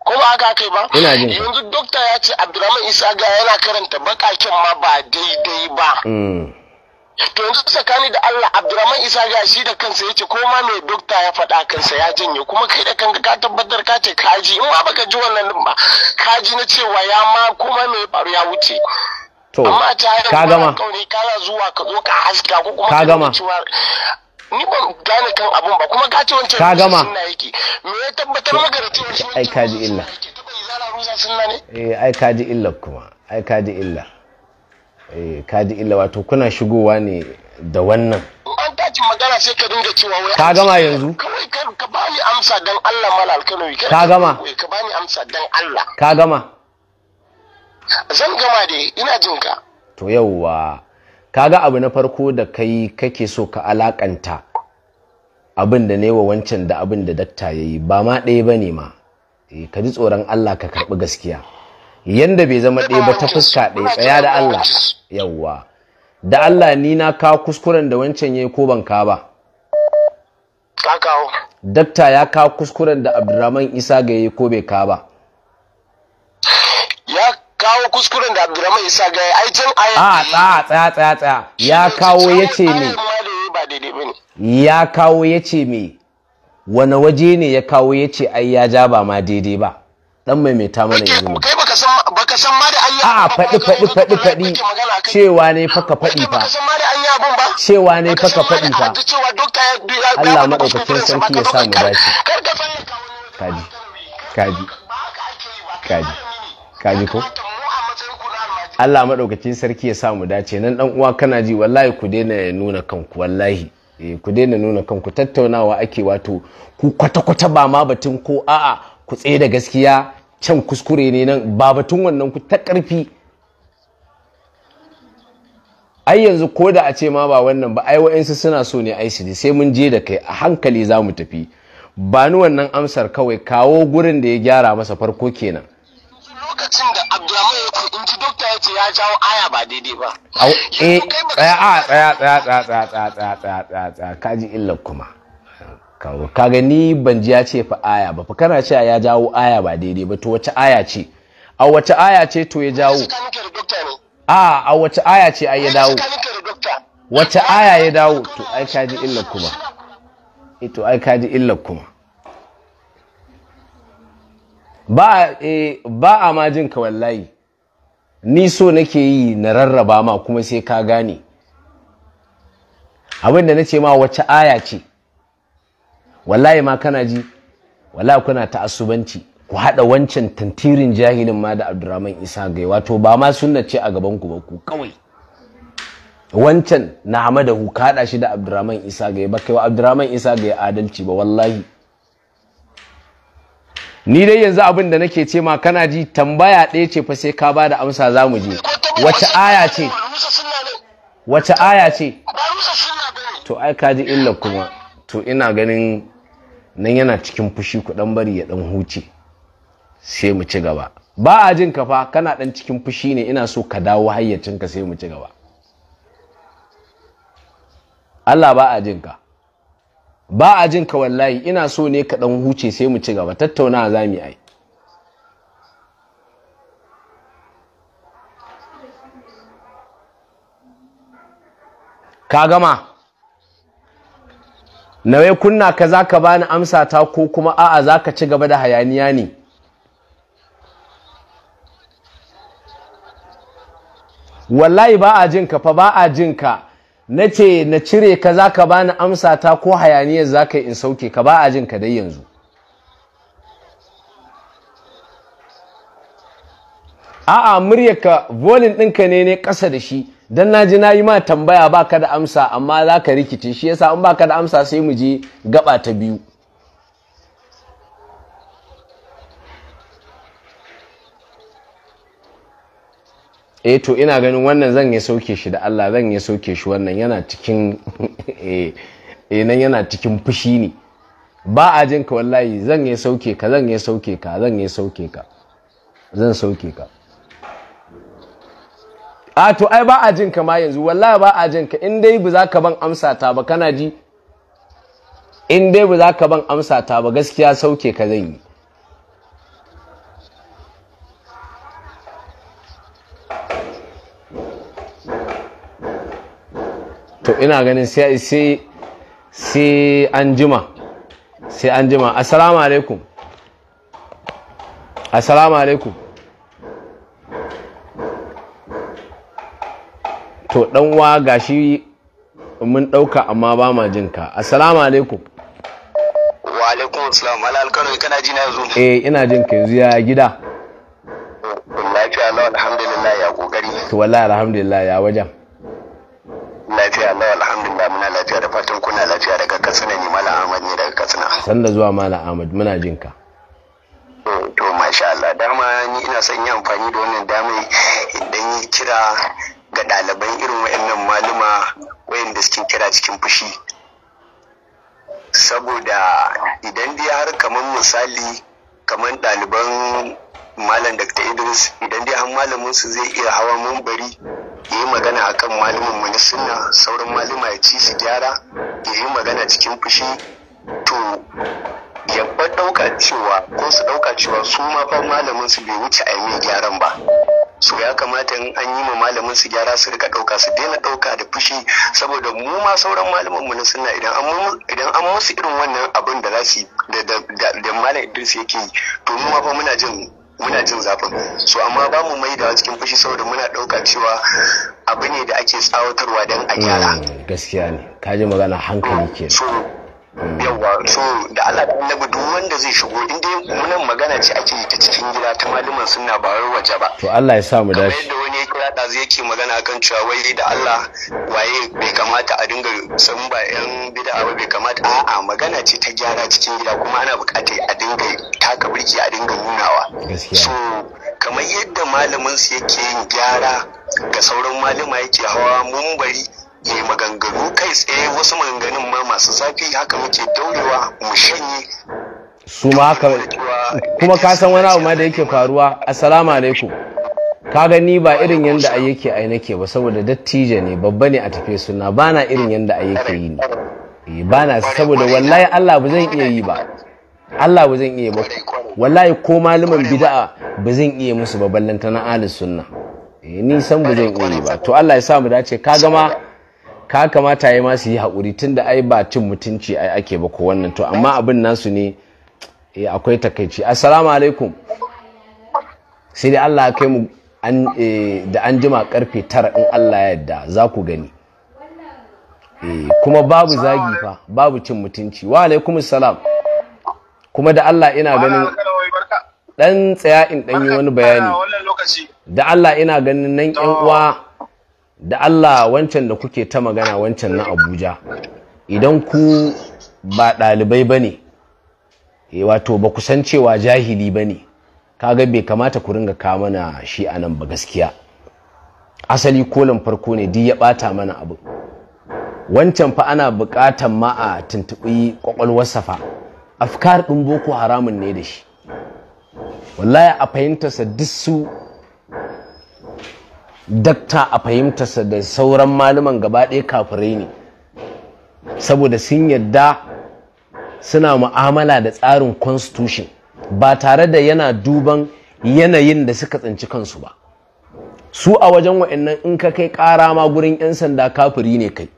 Ko ba haka kai ba yanzu dokta ya ce abdulrahman isa ga yana karanta bakaken ma ba daidai ba hmm. to yanzu tsakani da Allah Abdurrahman Isa ga shi da kansa yace ko ma mai dokta ya faɗa kansa ya janye kuma kai da kanka ka tabbatar ka ce kaji in ma baka ji wannan din ba kaji na cewa ya ma kuma mai faru ya wuce to amma ta ka gama kana zuwa ka zo ka haska ko kuma ka gama ni ban gane kan abun ba kuma ka ce wancan ka gama me ya tabbatar maka da cewa shi ai kaji illa eh, ai kaji illa kuma ai kaji illa Eh, kaji illa wato kuna shigowa ne da wannan an taci magana sai ka dinga cewa wai ka gama yanzu kawai ka bani amsa dan Allah malal kanoyi ka gama ka bani amsa dan Allah ka gama zan gama dai ina jin ka to yauwa kaga abu na farko da kai kake so ka alakanta abin da ne wa wancan da abin da dakta yayi ba ma ɗaya bane ma eh, ka ji tsoron Allah ka karɓi gaskiya yanda bai zama ɗaya ba ta fuska ɗaya tsaya da Allah yawwa da Allah ni na kawo kuskuren da wancan yayi ko ban ka ba dakta ya kawo kuskuren da Abdurrahman Isa ga yayi ko bai ka ba ya kawo kuskuren da Abdurrahman Isa ga ai can ayi a tsaya tsaya tsaya tsaya ya kawo yace me ya kawo yace me wani waje ne ya kawo yace ai ya ja ba ma daidai ba dan maimaita mana yanzu ne baka san ma da a'a faɗi faɗi faɗi faɗi cewa ne faka faɗi fa cewa ne faka faɗi fa Allah madaukakin sarki ya sa mu dace kaji kaji kaji kaji ko Allah madaukakin sarki ya sa mu dace nan dan uwa kana ji wallahi ku daina nuna kanku wallahi eh, ku daina nuna kanku tattaunawa ake wato ku kwata-kwata ba ma batun ko a'a ku tsaye da gaskiya can kuskure ne nan ba batun wannan ku ta ƙarfi ai yanzu ko da a ce ma ba wannan ba ai wa'insu suna so ne ai su sai mun je da kai a hankali za mu tafi ba ni wannan amsar kawai kawo gurin da ya gyara masa farko kenan lokacin da abdulrahman ya ku inji dokta ya ce ya jawo aya ba daidai ba A, eh tsaya tsaya tsaya tsaya tsaya tsaya tsaya tsaya kaji illar kuma kawo kaga ni ban ji ya ce fa aya ba fa kana cewa ya jawo aya ba daidai ba to wace aya ce a wace aya ce to ya jawo a a wace aya ce ai ya dawo wace aya ya dawo to ai ka ji illar kuma eh, to ai ka ji illar kuma ba eh ba a ma jin ka wallahi ni so nake yi na rarraba ma kuma sai ka gane abin da nace ma wace aya ce wallahi ma kana ji wallahi kuna ta'assubanci ku haɗa wancan tantirin jahilin ma da abdurrahman isa wato ba ma sunna ce a gaban ku ba ku kawai wancan na hamadahu ku haɗa shi da abdurrahman isa gai ba kai wa abdurrahman isa gai adalci ba wallahi ni dai yanzu abin da nake ce ma kana ji tambaya ɗaya ce fa sai ka ba da amsa za mu je wace aya ce wace aya ce to ai ka ji illa kuma to ina ganin nan yana cikin fushi ku dan bari ya dan huce sai mu ci gaba ba a jin ka fa kana dan cikin fushi ne ina so ka dawo hayyacinka sai mu ci gaba Allah ba a jin ka ba a jin ka wallahi ina so ne ka dan huce sai mu ci gaba tattauna za mu yi ka gama nawai kunna ka za ka bani amsa ta ko kuma a'a za ka ci gaba da hayaniya ne wallahi ba a jinka fa ba a jinka na ce na cire ka za ka bani amsa ta ko hayaniyar za ka yi in sauke ka ba a jinka dai yanzu a'a muryarka volin ɗinka ne ne ƙasa da shi dan na ji na yi ma tambaya ba ka da amsa amma za ka rikice shi yasa in ba ka da amsa sai mu je gaba ta biyu e to ina ganin wannan zan yi sauke shi da Allah zan yi sauke shi wannan yana cikin eh, eh nan yana cikin fushi ne ba a jinka wallahi zan yi sauke ka zan yi sauke ka zan yi sauke ka zan sauke ka a to ai ba a jin ka ma yanzu wallahi ba a jin ka in dai ba za ka ban amsa ta ba kana ji in dai ba za ka ban amsa ta ba gaskiya sauke ka zan yi to ina ganin sai sai sai an jima sai an jima assalamu alaikum assalamu alaikum to ɗanwa gashi mun ɗauka amma ba ma jinka assalamu alaikum wa alaikum assalam ala alkano kana ji na yanzu eh ina jin ka yanzu ya gida lafiya Allah alhamdulillah ya kokari to wallahi alhamdulillah ya wajen lafiya Allah alhamdulillah muna lafiya da fatan kuna lafiya daga Katsina ne mala Ahmad ne daga Katsina sanda zuwa malam Ahmad muna jin ka to masha Allah dama ni ina son yi amfani da wannan dama idan yi kira ga ɗaliban irin wayannan maluma wayanda suke kira cikin fushi saboda idan dai har kamar misali kamar ɗaliban malam dr idris idan dai har malamin su zai iya hawa mumbari ya yi magana akan malamin mu na sunna sauran malama ya ci su gyara ya yi magana cikin fushi to ya ɗauka cewa ko su ɗauka cewa su ma fa malamin su bai wuce a yi gyaran ba su ya kamata an yi ma malamin su gyara su rika dauka su daina dauka da fushi saboda mu ma sauran malaman na sunna idan an musu irin wannan abin da zasu su da da malam Idris yake yi to mu ma fa muna jin muna jin zafin so amma ba mu mai da cikin fushi saboda muna ɗauka cewa abu ne da ake tsawatarwa dan a gyara hmm, gaskiya ne ka ji magana hankali ke so Yawwa, so da Allah da annabi duk wanda zai shigo in dai munan magana ce ake ta cikin gida ta malaman sunna ba wai waje ba to Allah ya sa mu dashi kamar yadda wani ya kira da zai yake magana akan cewa wai da Allah waye bai kamata a dinga san ba yan bid'a ba bai kamata a'a magana ce ta gyara cikin gida kuma ana buƙatar a dinga taka birki a dinga nunawa so kamar yadda malamin su yake yin gyara ga sauran malama yake hawa mun bari ya yi maganganu kai tsaye wasu maganganun ma masu zafi haka muke daurewa mu shanye su ma haka kuma ka san wani abu ma da yake faruwa assalamu alaikum ka gani ba irin yanda a yake a nake ba saboda dattijo ne babba ne a tafe suna ba na irin yanda a yake yi ne eh, ba na saboda wallahi Allah ba zan iya yi ba Allah ba zan iya ba wallahi ko malaman bid'a ba zan iya musu ba na ahlus sunna eh, ni san ba zan iya ba to Allah ya sa mu dace ka gama ka kamata ya ma su yi haƙuri da ai ba cin mutunci ai ake ba ko wannan to amma abin nasu ne eh, akwai takaici assalamu alaikum sai dai Allah kai mu eh, da an jima karfe tara in Allah ya yarda za ku gani eh, kuma babu zagi fa babu cin mutunci wa alaikum salam kuma da Allah ina ganin dan tsaya in dan yi wani bayani da Allah ina ganin nan yan uwa da Allah wancan da kuke ta magana wancan na Abuja idan ku ba ɗalibai ba ne eh, wato ba ku san cewa jahili ba ne kaga bai kamata ku ringa ka mana shi a nan ba gaskiya asali kolin farko ne duk ya ɓata mana abu wancan fa ana buƙatan ma a tuntuɓi ƙwaƙwalwarsa fa afkar ɗin boko haramun ne da shi wallahi a fahimtarsa duk su dakta a fahimtarsa da sauran malaman gaba ɗaya kafirai ne saboda sun yadda suna mu'amala da tsarin constitution ba tare da yana duban yanayin da suka tsinci kansu ba su a wajen wa'annan in ka kai ƙara ma gurin 'yan sanda kafiri ne kai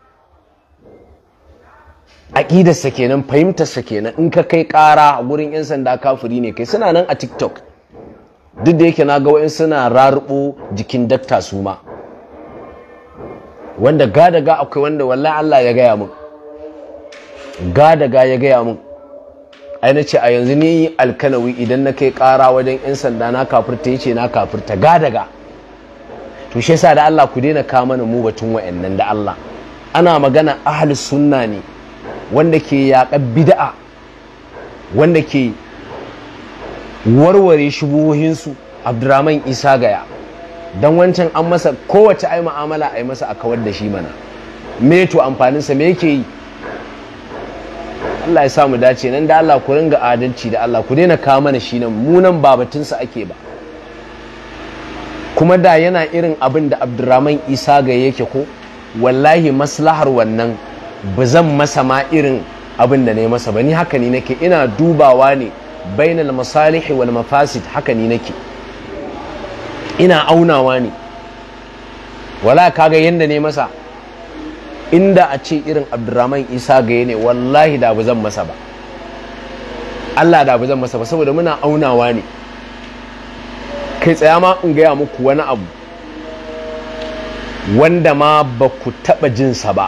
aƙidarsa kenan fahimtarsa kenan in ka kai ƙara gurin 'yan sanda kafiri ne kai suna nan a tiktok duk da yake na ga wa'in suna rarubo jikin dakta su ma wanda ga daga akwai wanda wallahi Allah ya gaya mun ga daga ya gaya mun ai na ce a yanzu ni alkanawi idan na kai kara wajen yan sanda na kafirta yace na kafirta ga daga to shi yasa da Allah ku daina ka mana mu batun wa'annan da Allah ana magana ahlus sunna ne wanda ke yaƙa bid'a wanda ke warware shubuhohinsu abdurrahman isa gaya don wancan an masa kowace ai ma'amala a masa a kawar da shi mana me to amfaninsa me yake yi Allah ya samu dace nan da Allah ku ringa adalci da Allah ku daina kawo mana shi nan mu nan ba batunsa ake ba kuma da yana irin abin da abdurrahman isa gaya yake ko wallahi maslahar wannan ba zan masa ma irin abin da na yi masa ba ni haka ne nake ina dubawa ne bainal masalihi wani mafasid haka ni nake ina aunawa ne wala kaga yadda ne masa inda a ce irin abdurrahman isa gaye ne wallahi da ba zan masa ba allah da zan masa ba saboda muna aunawa ne kai tsaya ma in gaya muku wani abu wanda ma ba ku taɓa jinsa ba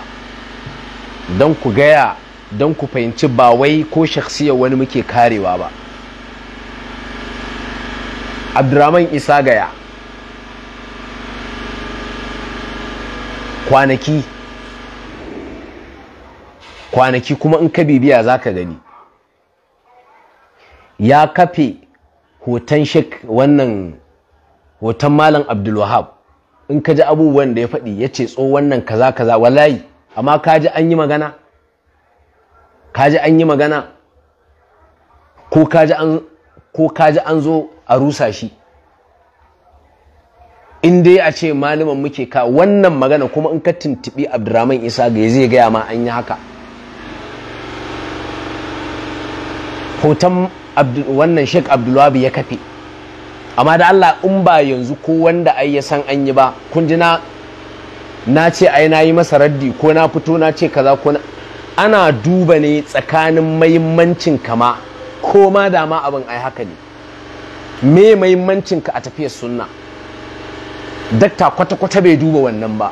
don ku gaya don ku fahimci ba wai ko shaksiyar wani muke karewa ba abdurrahman isa gaya kwanaki kwanaki kuma in ka bibiya zaka gani ya kafe hoton shek wannan hoton malam abdulwahab in ka ji abubuwan da ya faɗi ya ce tso wannan kaza kaza walayi amma ka ji an yi magana ka ji an yi magana ko ka ji an zo a rusa shi in dai a ce malaman muke ka wannan magana kuma in ka tuntubi abdurrahman isa ga zai gaya ma an yi haka hoton wannan sheik abdulwabi ya kafe amma da allah in ba yanzu ko wanda ai ya san an yi ba kun na ce ai na yi masa raddi ko na fito na ce kaza ko na ana duba ne tsakanin mahimmancin kama ko ma dama abin ai haka ne me mahimmancin ka a tafiyar sunna dakta kwata-kwata bai duba wannan ba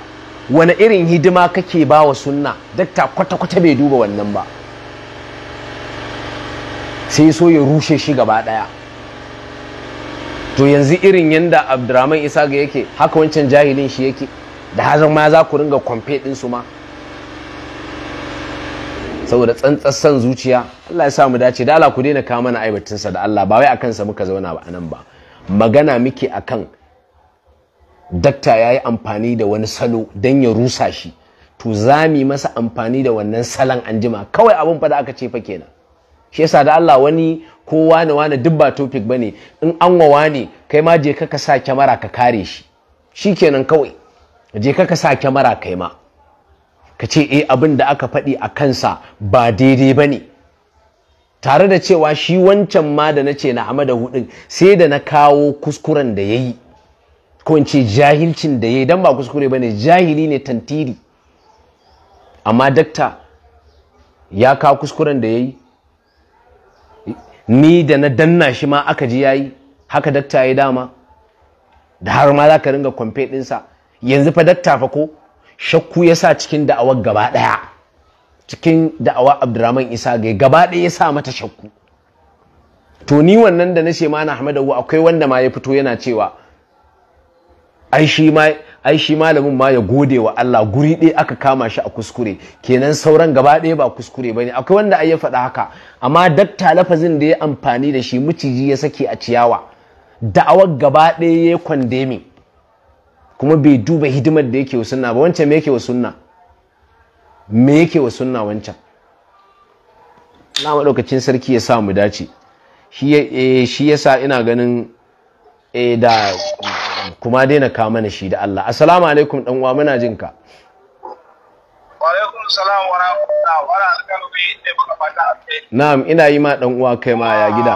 wani irin hidima kake ba wa sunna dakta kwata-kwata bai duba wannan ba sai so ya rushe shi gaba daya to yanzu irin yanda abdurrahman isa ga yake haka wancan jahilin shi yake da hazan ma za ku ringa kwamfe ɗinsu ma saboda tsantsar san zuciya Allah ya sa mu dace da Allah ku daina kawo mana aibatinsa da Allah ba wai akan sa muka zauna ba anan ba magana muke akan dakta ya yi amfani da wani salo dan ya rusa shi to zami masa amfani da wannan salon anjima kawai abin fa da aka ce fa kenan shi yasa da Allah wani ko wani wani duk ba topic bane in an wa kai ma je ka ka sa kyamara ka kare shi shikenan kawai je ka ka sa kyamara kai ma ka ce e abin da aka faɗi a kansa ba daidai ba ne tare da cewa shi wancan ma da na ce na amada hudun sai da na kawo kuskuren da ya yi ko jahilcin da ya yi don ba kuskure ba ne jahili ne tantiri amma dakta ya kawo kuskuren da ya yi ni da na danna shi ma aka ji ya yi haka dakta ya yi dama da har ma za ka ringa kwamfe ɗinsa yanzu fa dakta fa ko shakku ya sa cikin da'awar gaba ɗaya cikin da'awa abdurrahman isa gai gaba ɗaya ya sa mata shakku to ni wannan da na ce ma na Ahmadu akwai wanda ma ya fito yana cewa ai shi malamin ma ya gode wa Allah guri ɗaya aka kama shi a kuskure kenan sauran gaba ɗaya ba kuskure ba ne. akwai wanda ai ya faɗa haka amma dakta lafazin da ya amfani da shi maciji ya saki a ciyawa da'awar gaba ɗaya ya kwandemi kuma bai duba hidimar da yake wa sunna ba wancan me yake wa sunna me yake wa sunna wancan na maɗaukacin sarki ya sa mu dace shi ya eh, sa ina ganin eh, da kuma daina ka mana shi da Allah assalamu alaikum dan uwa muna jin ka wa alaikum salam wa rahmatullahi wa barakatuh ne baka fata na'am ina yi ma dan uwa kai ma ya gida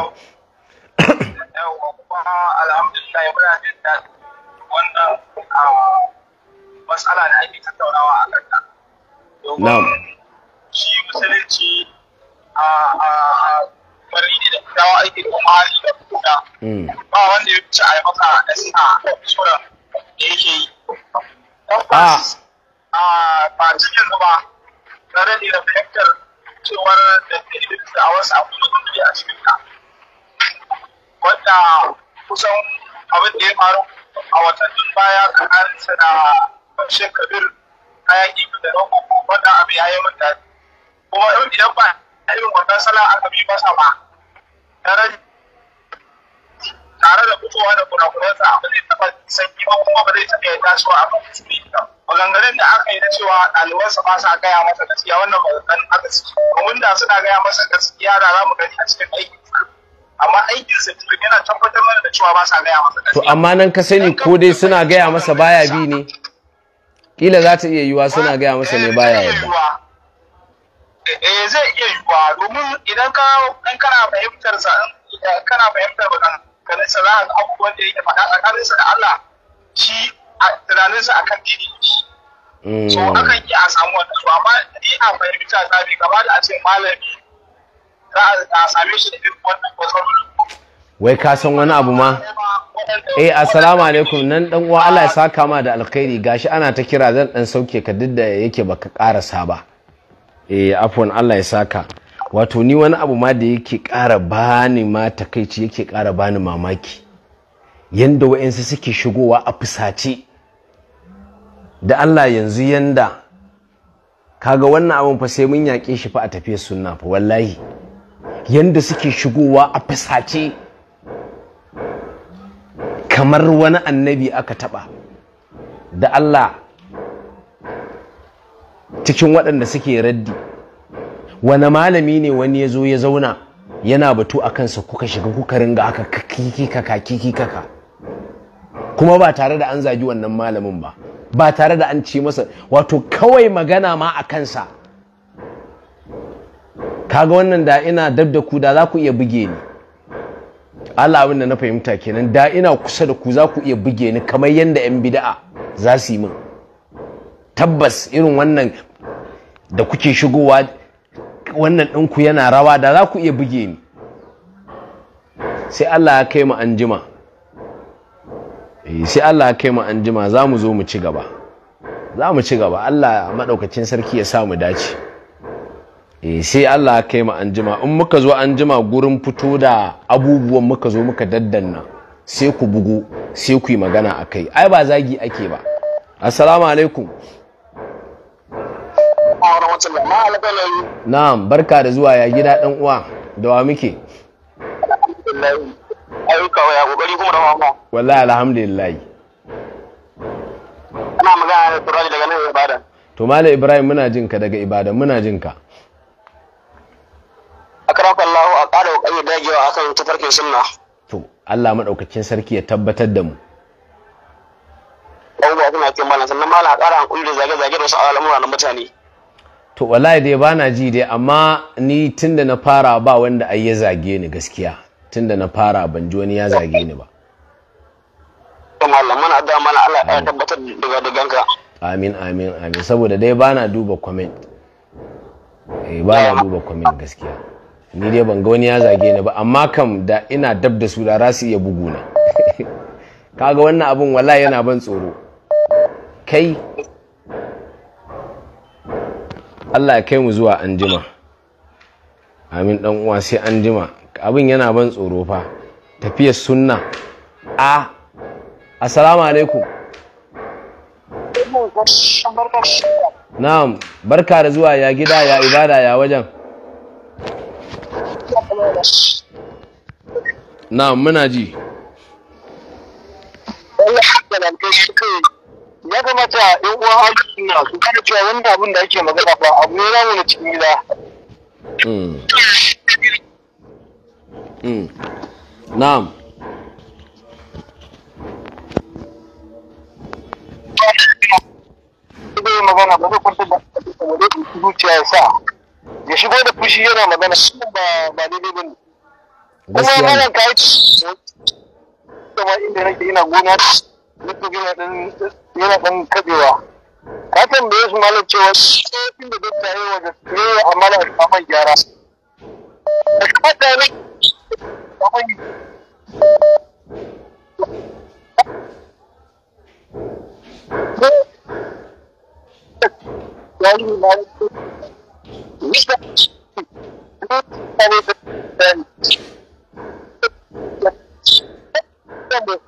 alhamdulillah muna jin wannan matsala da ake tattaunawa a kanta. Domin shi musulunci a bari ne da dawa ake kuma hari da kuka. Ba wanda ya ci a yi maka nasiha da shura da yake yi. Ah. Tabbas ba cikin ba tare da fahimtar cewar da ilimin da wasu abubuwan da a cikin ka. Wanda kusan abin da ya faru a watannin baya an sana Bashir Kabir kayan ibi da nan koko wanda abu ya yi min daɗi. Kuma idan ba a yi wannan sala aka bi masa ba. Tare da fitowa da kurakuransa abu zai taɓa sanyi ba kuma ba zai taɓa ya tasowa a kan musulmi maganganun da aka yi na cewa ɗalibansa ba sa gaya masa gaskiya wannan maganganun aka ciki domin da suna gaya masa gaskiya da za mu gani a cikin aikinsa amma aikin sa yana tabbatar mana da cewa ba sa gaya masa to amma nan ka sani ko dai suna gaya masa baya bi ne kila za ta iya yiwa suna gaya masa ne eh, baya yadda eh zai iya yiwa domin idan ka dan kana fahimtar sa kana fahimtar ba kana sallah abubuwan da yake faɗa tsakanin sa da Allah shi tunanin sa akan dini so mm. akan yi a samu wannan amma ni a fahimta ta gaba da a ce malami wai kasan san wani abu ma eh assalamu alaikum nan dan uwa Allah ya saka ma da alkhairi gashi ana ta kira zan dan sauke ka duk da yake baka karasa ba eh afwan Allah ya saka wato ni wani abu ma da yake kara bani ma takeici yake kara bani mamaki yanda wa'ansu suke shigowa a fusace da Allah yanzu yanda kaga wannan abun fa sai mun yaƙe shi fa a tafiyar sunna fa wallahi yanda suke shigowa a fasace kamar wani annabi aka taba da Allah cikin waɗanda suke raddi wani malami ne wani ya zo ya zauna yana batu a kansa kuka shiga kuka ringa aka kiki kaka kiki kaka kuma ba tare da an zagi wannan malamin ba ba tare da an ci masa wato kawai magana ma a kansa kaga wannan da ina dab da ku da za ku iya buge ni Allah abin da na fahimta kenan da ina kusa da ku za ku iya buge ni kamar yadda 'yan bida'a za su yi min tabbas irin wannan da kuke shigowa wannan ɗinku yana rawa da za ku iya buge ni sai Allah ya kai mu anjima eh, sai Allah ya kai mu anjima za mu zo mu ci gaba za mu ci gaba Allah maɗaukacin sarki ya sa mu dace Eh, sai Allah ya kai mu anjima in muka zo anjima gurin fito da abubuwan muka zo muka daddanna sai ku bugu sai ku yi magana a kai ai ba zagi ake ba assalamu alaikum na'am barka da zuwa ya gida dan uwa da wa muke ayyuka ya kokari kuma da wallahi alhamdulillah ana magana da Turaji daga nan Ibadan to Malam Ibrahim muna jinka daga Ibadan muna jinka dagewa akan tafarkin sunna to Allah madaukakin sarki ya tabbatar da mu ba suna cikin malam sannan malam ƙara an da zage-zage da wasu al'amura na mutane to wallahi dai ba na ji dai amma ni tunda na fara ba wanda ai ya zage ni gaskiya tunda na fara ban ji wani ya zage ni ba malam mana addu'a malam Allah ya tabbatar daga daganka amin amin amin saboda dai ba na duba comment eh ba na duba comment gaskiya ni dai ban ga wani ya zage ni ba amma kam da ina dab da su da za su iya na kaga wannan abin wala yana ban tsoro kai Allah ya kai mu zuwa anjima amin dan uwa sai anjima abin yana ban tsoro fa tafiyar sunna a assalamu alaikum na'am barka da zuwa ya gida ya ibada ya wajen na muna ji ya kamata yan uwa aiki na su kada cewa wanda abin da ake magana ba abu ne namu na cikin gida hmm. Hmm. na'am magana ba zai kwantar da zuciya ya sa ya shigo da fushi yana magana su ba ba daidai bane kuma malam kai da ma inda nake ina gona nake gina dan yana dan kabewa ka tambaye su malam cewa inda dokta yayi wa da yi amma da amman gyara kada ne amman Thank you.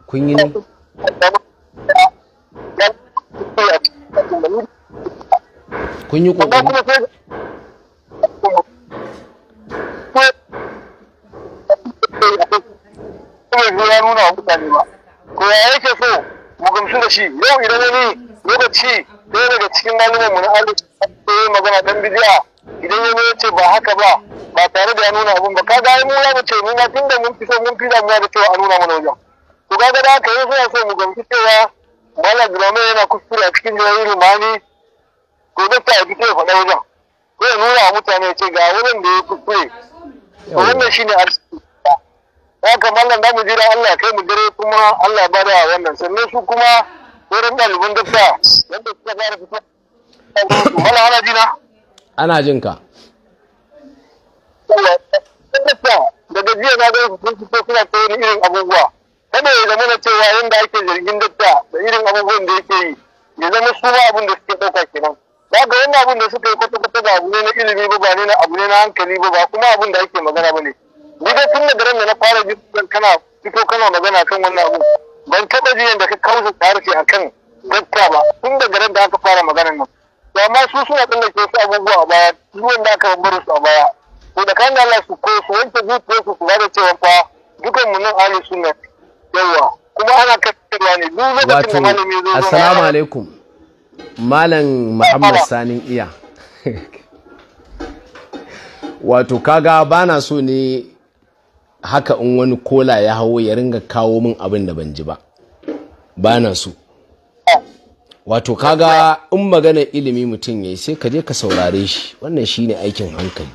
Queen kun yi ƙoƙari ya nuna mutane ba ko ya yake so mu gamsu da shi yau idan wani lokaci ɗaya daga cikin malumanmu na arziki ya magana ɗan bidiya idan ya zo ce ba haka ba ba tare da ya nuna abun ba ka ga mu ya ce mu na tunda mun fi so mun fi damuwa da cewa a nuna mana wajen to ga gada ka yi zuwa so mu gamsu cewa mala grame yana kuskure a cikin jihohin rumani Ko da ta fito ya faɗa wajen ko ya nuna mutane ce ga wurin da ya kuskure to wannan ne arziki ya kamar da mu jira Allah kai mu dare kuma Allah ba da wannan sannan su kuma wurin ɗaliban dokta wanda suka fara fito. Mala ana jina. ana jin ka daga jiya na gani sun fito suna ta wani irin abubuwa kada ya zama na cewa yadda ake zargin dakta da irin abubuwan da yake yi ya zama su ma abin da suke ɗauka kenan ba ga wannan abin da suka yi kwata-kwata ba abu ne na ilimi ba ba ne na abu ne na hankali ba ba kuma abin da ake magana ba ne ni da tun da daren da na fara ji kana fito kana magana kan wannan abu ban taɓa ji yadda ka kausa harshe akan dakta ba tun da daren da aka fara maganar nan da ma su suna ke su abubuwa a baya ciwon da aka bar su a baya to da kan Allah su ko su wanke zuciya su kula da cewa fa dukan mu nan ahli sunna yawa kuma ana kasarwa ne duk lokacin da malami zo assalamu alaikum malam muhammad sanin iya wato kaga bana so ne haka in wani kola ya hawo ya ringa kawo min abin da ban ji ba bana so ah. wato kaga in magana ilimi mutum ya yi sai ka je ka saurare shi wannan shine aikin hankali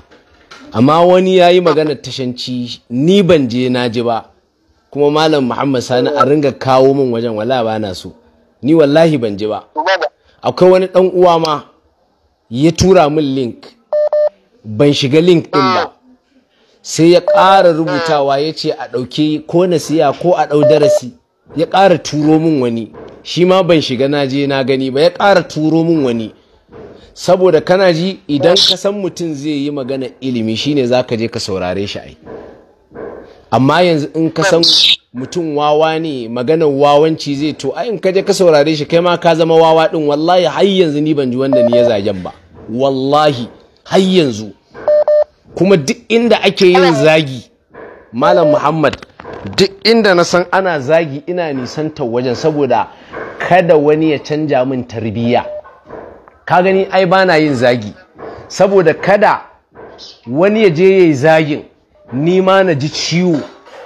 amma wani ya yi magana tashanci ni ban je na ji ba kuma malam muhammad sani a ringa kawo min wajen wala ba na so ni wallahi ban ji ba akwai wani dan uwa ma ya tura min link ban shiga link din ba sai ya ƙara rubutawa ya ce a ɗauke ko nasiya ko a ɗau darasi ya ƙara turo min wani shi ma ban shiga na je na gani ba ya ƙara turo min wani saboda kana ji idan ka san mutum zai yi magana ilimi shine za ka je ka saurare shi ai amma yanzu in ka san mutum wawa ne maganar wawanci zai to ai in ka je ka saurare shi kai ma ka zama wawa din wallahi har yanzu ni ban ji wanda ni ya zagen ba wallahi har yanzu kuma duk inda ake yin zagi malam muhammad duk inda na san ana zagi ina nisan ta wajen saboda kada wani ya canja min tarbiyya ka gani ai bana yin zagi saboda kada wani ya je ya yi zagin ni ma na ji ciwo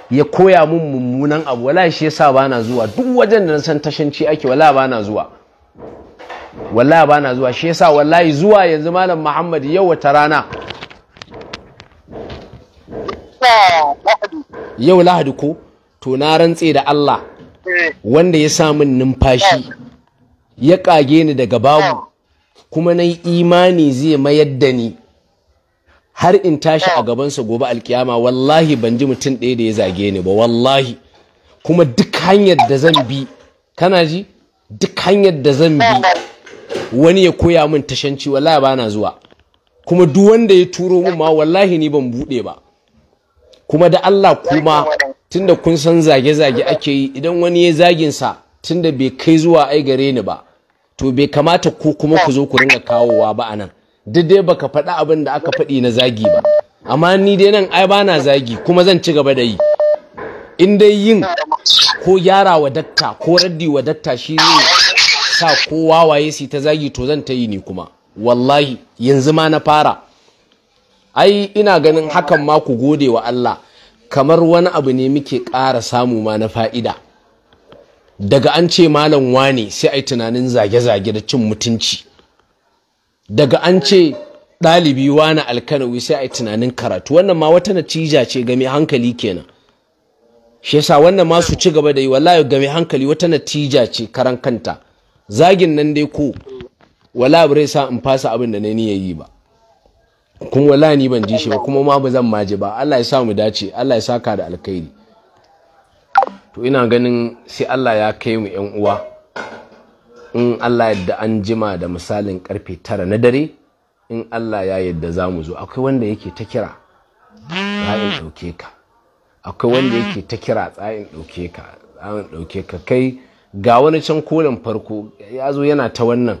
ya koya min mummunan abu wala shi yasa bana zuwa duk wajen da na san tashanci ake wala bana zuwa wala bana zuwa shi yasa wallahi zuwa yanzu malam Muhammad yau wata rana yau lahadi ko to na rantse da Allah wanda ya sa min numfashi ya kage ni daga babu kuma na yi imani zai mayar da ni har in tashi a gabansa gobe alkiyama wallahi ban ji mutum ɗaya da ya zage ni ba wallahi kuma duk hanyar da zan bi kana ji duk hanyar da zan bi wani ya koya min tashanci wallahi ba na zuwa kuma duk wanda ya turo min ma wallahi ni ban buɗe ba kuma da Allah kuma tunda kun san zage-zage ake yi idan wani ya zagin sa tunda bai kai zuwa ai gare ni ba to bai kamata ko kuma ku zo ku ringa kawowa ba anan duk dai baka faɗi abin da aka faɗi na zagi ba amma ni dai nan ai bana zagi kuma zan ci gaba da yi in dai yin ko gyara wa datta ko raddi wa datta shi ne sa kowa waye su ta zagi to zan ta yi ni kuma wallahi yanzu ma na fara ai ina ganin hakan ma ku gode wa Allah kamar wani abu ne muke ƙara samu ma na fa'ida daga an ce malam wane sai ai tunanin zage-zage da cin mutunci daga an ce ɗalibi wani alkanawi sai ai tunanin karatu wannan ma wata natija ce game hankali kenan shi yasa wannan ma su ci gaba da yi wallahi game hankali wata natija ce karan kanta zagin nan dai ko wallahi bare sa in fasa abin da na niyya yi ba kun wala ni ban ji shi ba kuma ma ba zan maji ba Allah ya sa mu dace Allah ya saka da alkhairi to ina ganin sai Allah ya kai mu yan uwa in Allah yadda an jima da misalin karfe tara na dare in Allah ya yadda za mu zo akwai wanda yake ta kira tsayin ɗauke ka akwai wanda yake ta kira tsayin ɗauke ka tsayin ɗauke ka kai ga wani can kolin farko ya zo yana ta wannan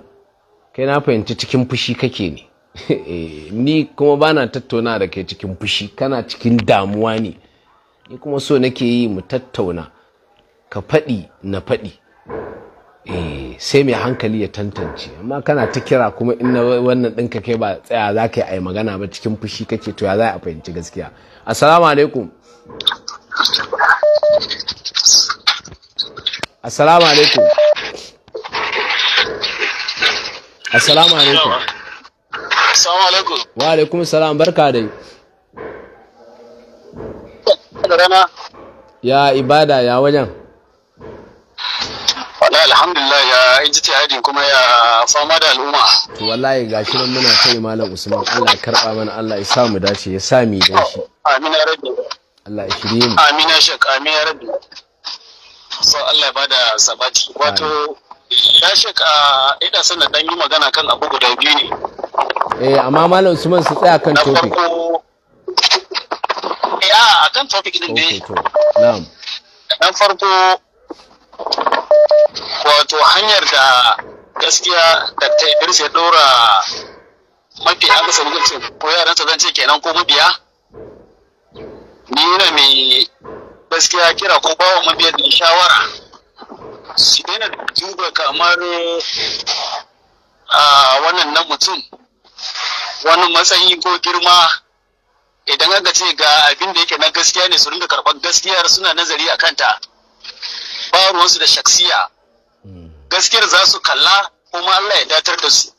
kai na fahimci cikin fushi kake ne Eh, ni kuma bana tattauna da kai cikin fushi kana cikin damuwa ne ni kuma so nake yi mu tattauna ka faɗi na faɗi eh, sai mai hankali ya tantance amma kana ta kira kuma in wannan ɗinka kai ba tsaya za ka yi magana ba cikin fushi kake to ya za a fahimci gaskiya assalamu alaikum assalamu alaikum assalamu alaikum Assalamu alaikum. Wa alaikum salam barka dai. Ya ibada ya wajen. Wala alhamdulillah ya ijtihadin kuma ya fama da al'umma. To wallahi gashi nan muna kai malam Usman Allah karba mana Allah ya samu dace ya sami dace. Amin ya rabbi. Allah ya shirye mu. Amin ya shak amin ya rabbi. So Allah ya bada sabati. Wato Ya shek a ina son na dan yi magana kan abu guda biyu ne. Eh amma Malam Usman su tsaya kan topic. Na farko Ya eh, a kan topic din dai. Na'am. Na farko wato hanyar da gaskiya Dr. Idris ya dora mafi akasari zan ce ko yaransa zan ce kenan ko mabiya ni na mai gaskiya kira ko bawa mabiya shawara yana duba kamar ah, wannan na mutum wani matsayi ko girma idan aka ce ga abin da yake na gaskiya ne su rinka karɓar gaskiyar suna nazari a kanta ba ruwansu da shaksiya gaskiyar za su kalla kuma Allah ya datar da su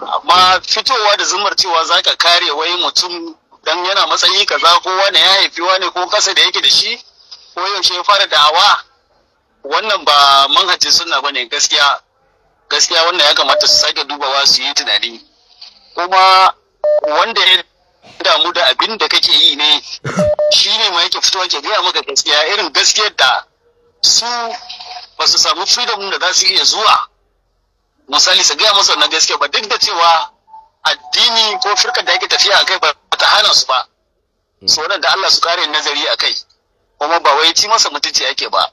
amma fitowa da zumar cewa za ka kare wai mutum dan yana matsayi kaza ko wani ya haifi wani ko kasa da yake da shi ko yaushe ya fara da'awa wannan ba manhajin suna bane gaskiya gaskiya wannan ya kamata su sake dubawa su yi tunani kuma wanda ya damu da abin da kake yi ne shi ne ma yake fitowa ke gaya maka gaskiya irin gaskiyar da su ba su samu freedom da za su iya zuwa misali su gaya masa na gaskiya ba duk da cewa addini ko firkar da yake tafiya a kai ba ta hana su ba so da Allah su kare nazari a kai kuma ba wai ci masa mutunci ake ba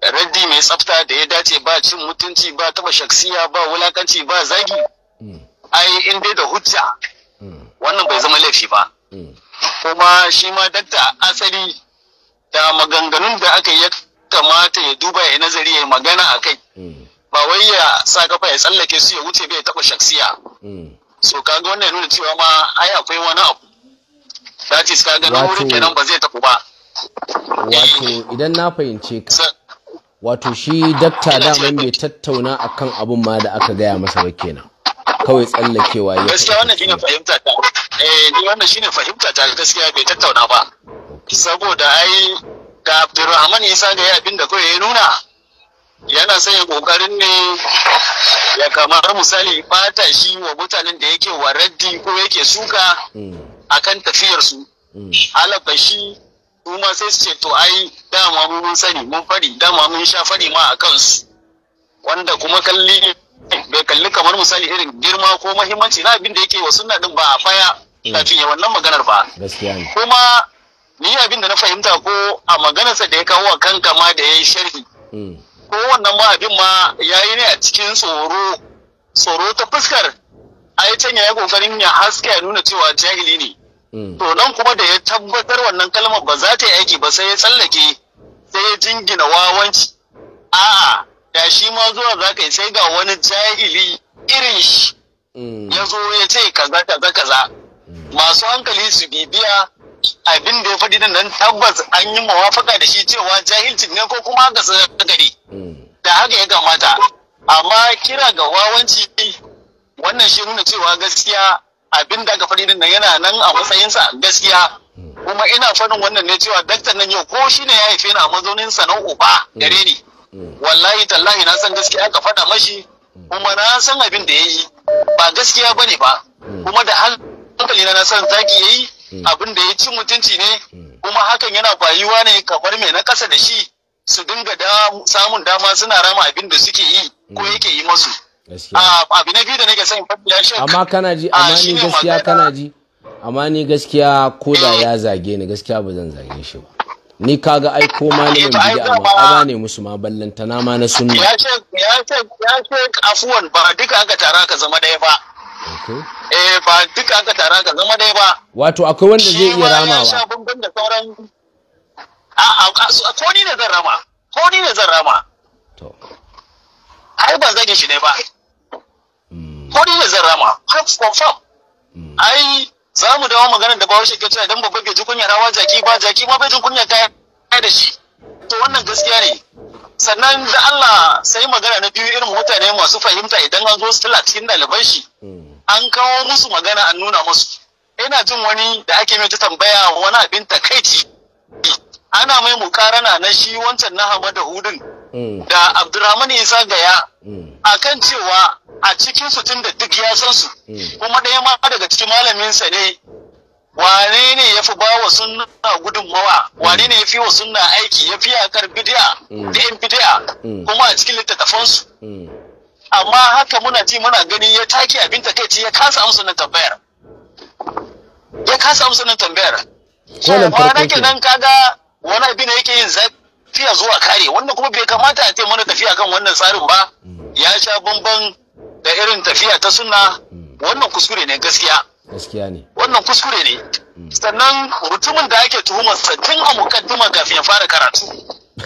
raddi mai tsafta da ya dace ba cin mutunci ba taba shaksiya ba wulakanci ba zagi hmm. ai in dai da hujja hmm. wannan bai zama laifi ba hmm. kuma shi ma dakta asali da maganganun da aka yi kamata ya duba ya nazari ya magana a kai ba wai ya sa kafa ya tsallake su ya wuce bai taba shaksiya so kaga wannan ya nuna cewa ma ai akwai wani abu that is kaga nan wurin kenan ba zai tafi ba wato idan na fahimce ka wato shi dakta daman bai tattauna akan abun ma da aka gaya masa ba kenan kawai tsallakewa ya gaskiya wannan shine fahimta ta eh ni wannan shine fahimta ta gaskiya bai tattauna ba saboda ai da Abdulrahman Isa ga ya abinda kawai ya nuna yana son ya kokarin ne ya kamar misali bata shi wa mutanen da yake wa raddi ko yake suka mm. akan tafiyar su mm. alabashi Kuma sai su ce to ai dama mu mun sani mun fari dama mun sha fari ma a kansu wanda kuma kalli bai kalli kamar misali irin girma ko mahimmanci na abin da yake wa sunna din ba a faya mm. kafin ya wannan maganar ba kuma ni abin da na fahimta ko a maganarsa da ya kawo a kanka ma da ya yi sharhi mm. ko wannan ma abin ma ya yi ne a cikin tsoro tsoro ta fuskar a ya canya ya kokarin ya haske ya nuna cewa jahili ne Mm. to nan kuma da ya tabbatar wannan kalmar ba za ta yi aiki ba sai ya tsallake sai ya jingina wawanci a'a da shi ma zuwa za ka yi sai ga wani jahili irin shi mm. ya zo ya ce kaza kaza kaza mm. masu hankali su bibiya abin da ya faɗi da nan tabbas an yi mawafaka da shi cewa jahilcin ne ko kuma haka sun gari da haka ya kamata amma kira ga wawanci wannan shi nuna cewa gaskiya abin da aka faɗi din nan yana nan a matsayinsa gaskiya kuma ina faɗin wannan ne cewa daktar nan yau ko shi ne ya haife ni a mazaunin sa na uba gare ni wallahi tallahi na san gaskiya aka faɗa mashi kuma na san abin da ya yi ba gaskiya ba ne ba kuma da hankali na san zaki ya yi abin da ya ci mutunci ne kuma hakan yana bayuwa ne kamar mai na ƙasa da shi su dinga samun dama suna rama abin da suke yi ko yake yi masu. Ah, abu na biyu da nake son fadiya shi amma kana ji ah, amma ni gaskiya kana ji amma ni gaskiya ko da ya zage ni gaskiya ba zan zage shi ba ni kaga ai ko malamin eh, bid'a ma ba ne musu ma ballanta na ma na sunna ya ce ya ce ya ce afuwan ba duka aka tara ka zama daya ba eh ba duka aka tara ka zama daya ba wato akwai wanda zai iya ramawa shi bamban da sauran a ko ni ne zan rama ko ni ne zan rama to ai ba zage shi ne ba ko dai zan rama confirm hmm. ai za mu dawo maganar da bawo ke cewa idan babban bai ji kunya rawa jaki ba jaki ma bai ji kunya kaya da shi to wannan gaskiya ne sannan da Allah sai magana na biyu irin mutane masu fahimta idan an zo su tala cikin ɗaliban shi hmm. an kawo musu magana an nuna musu ina jin wani da ake mai ta tambaya wani abin takaici ana mai mukarana na shi wancan na Hama da Hudun Mm. Da abdurrahman isa gaya mm. akan cewa a cikin su tun da duk ya san su mm. kuma ɗaya ma daga cikin malaminsa ne wane ne ya fi bawa sunna gudunmawa wane ne ya fi wa sunna aiki ya fi yakar bidiya da yan bidiya kuma a cikin littattafansu amma haka muna ji muna gani ya take abin takaici ya kasa amsa na tambayar ya kasa amsa na tambayar kenan kaga wani abin da yake yin zafi tafiya zuwa kare wanda kuma bai kamata a ce mana tafiya kan wannan tsarin ba mm. ya sha bamban da irin tafiya ta suna. Mm. wannan kuskure ne gaskiya gaskiya ne wannan kuskure ne mm. sannan mutumin da ake tuhumar sa tun a mukaddima kafin ya fara karatu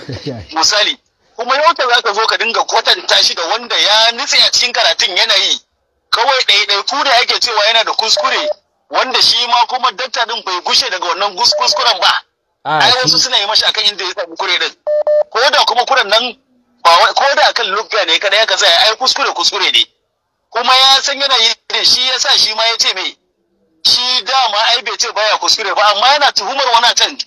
misali kuma yau ta zaka zo ka dinga kwatanta shi da wanda ya nutse a cikin karatun yana yi kawai ɗaiɗaiku da ake cewa yana da kuskure wanda shi ma kuma din bai gushe daga wannan kuskuren ba Ah, ai wasu suna yi mashi akan inda ya samu kure din ko da kuma kuren nan ba wai ko da kan lugga ne kada ya kaza ai kuskure kuskure ne kuma ya san yana yi da shi ya sa shi ma ya ce mai shi dama ai bai ce baya kuskure ba amma yana tuhumar wani atan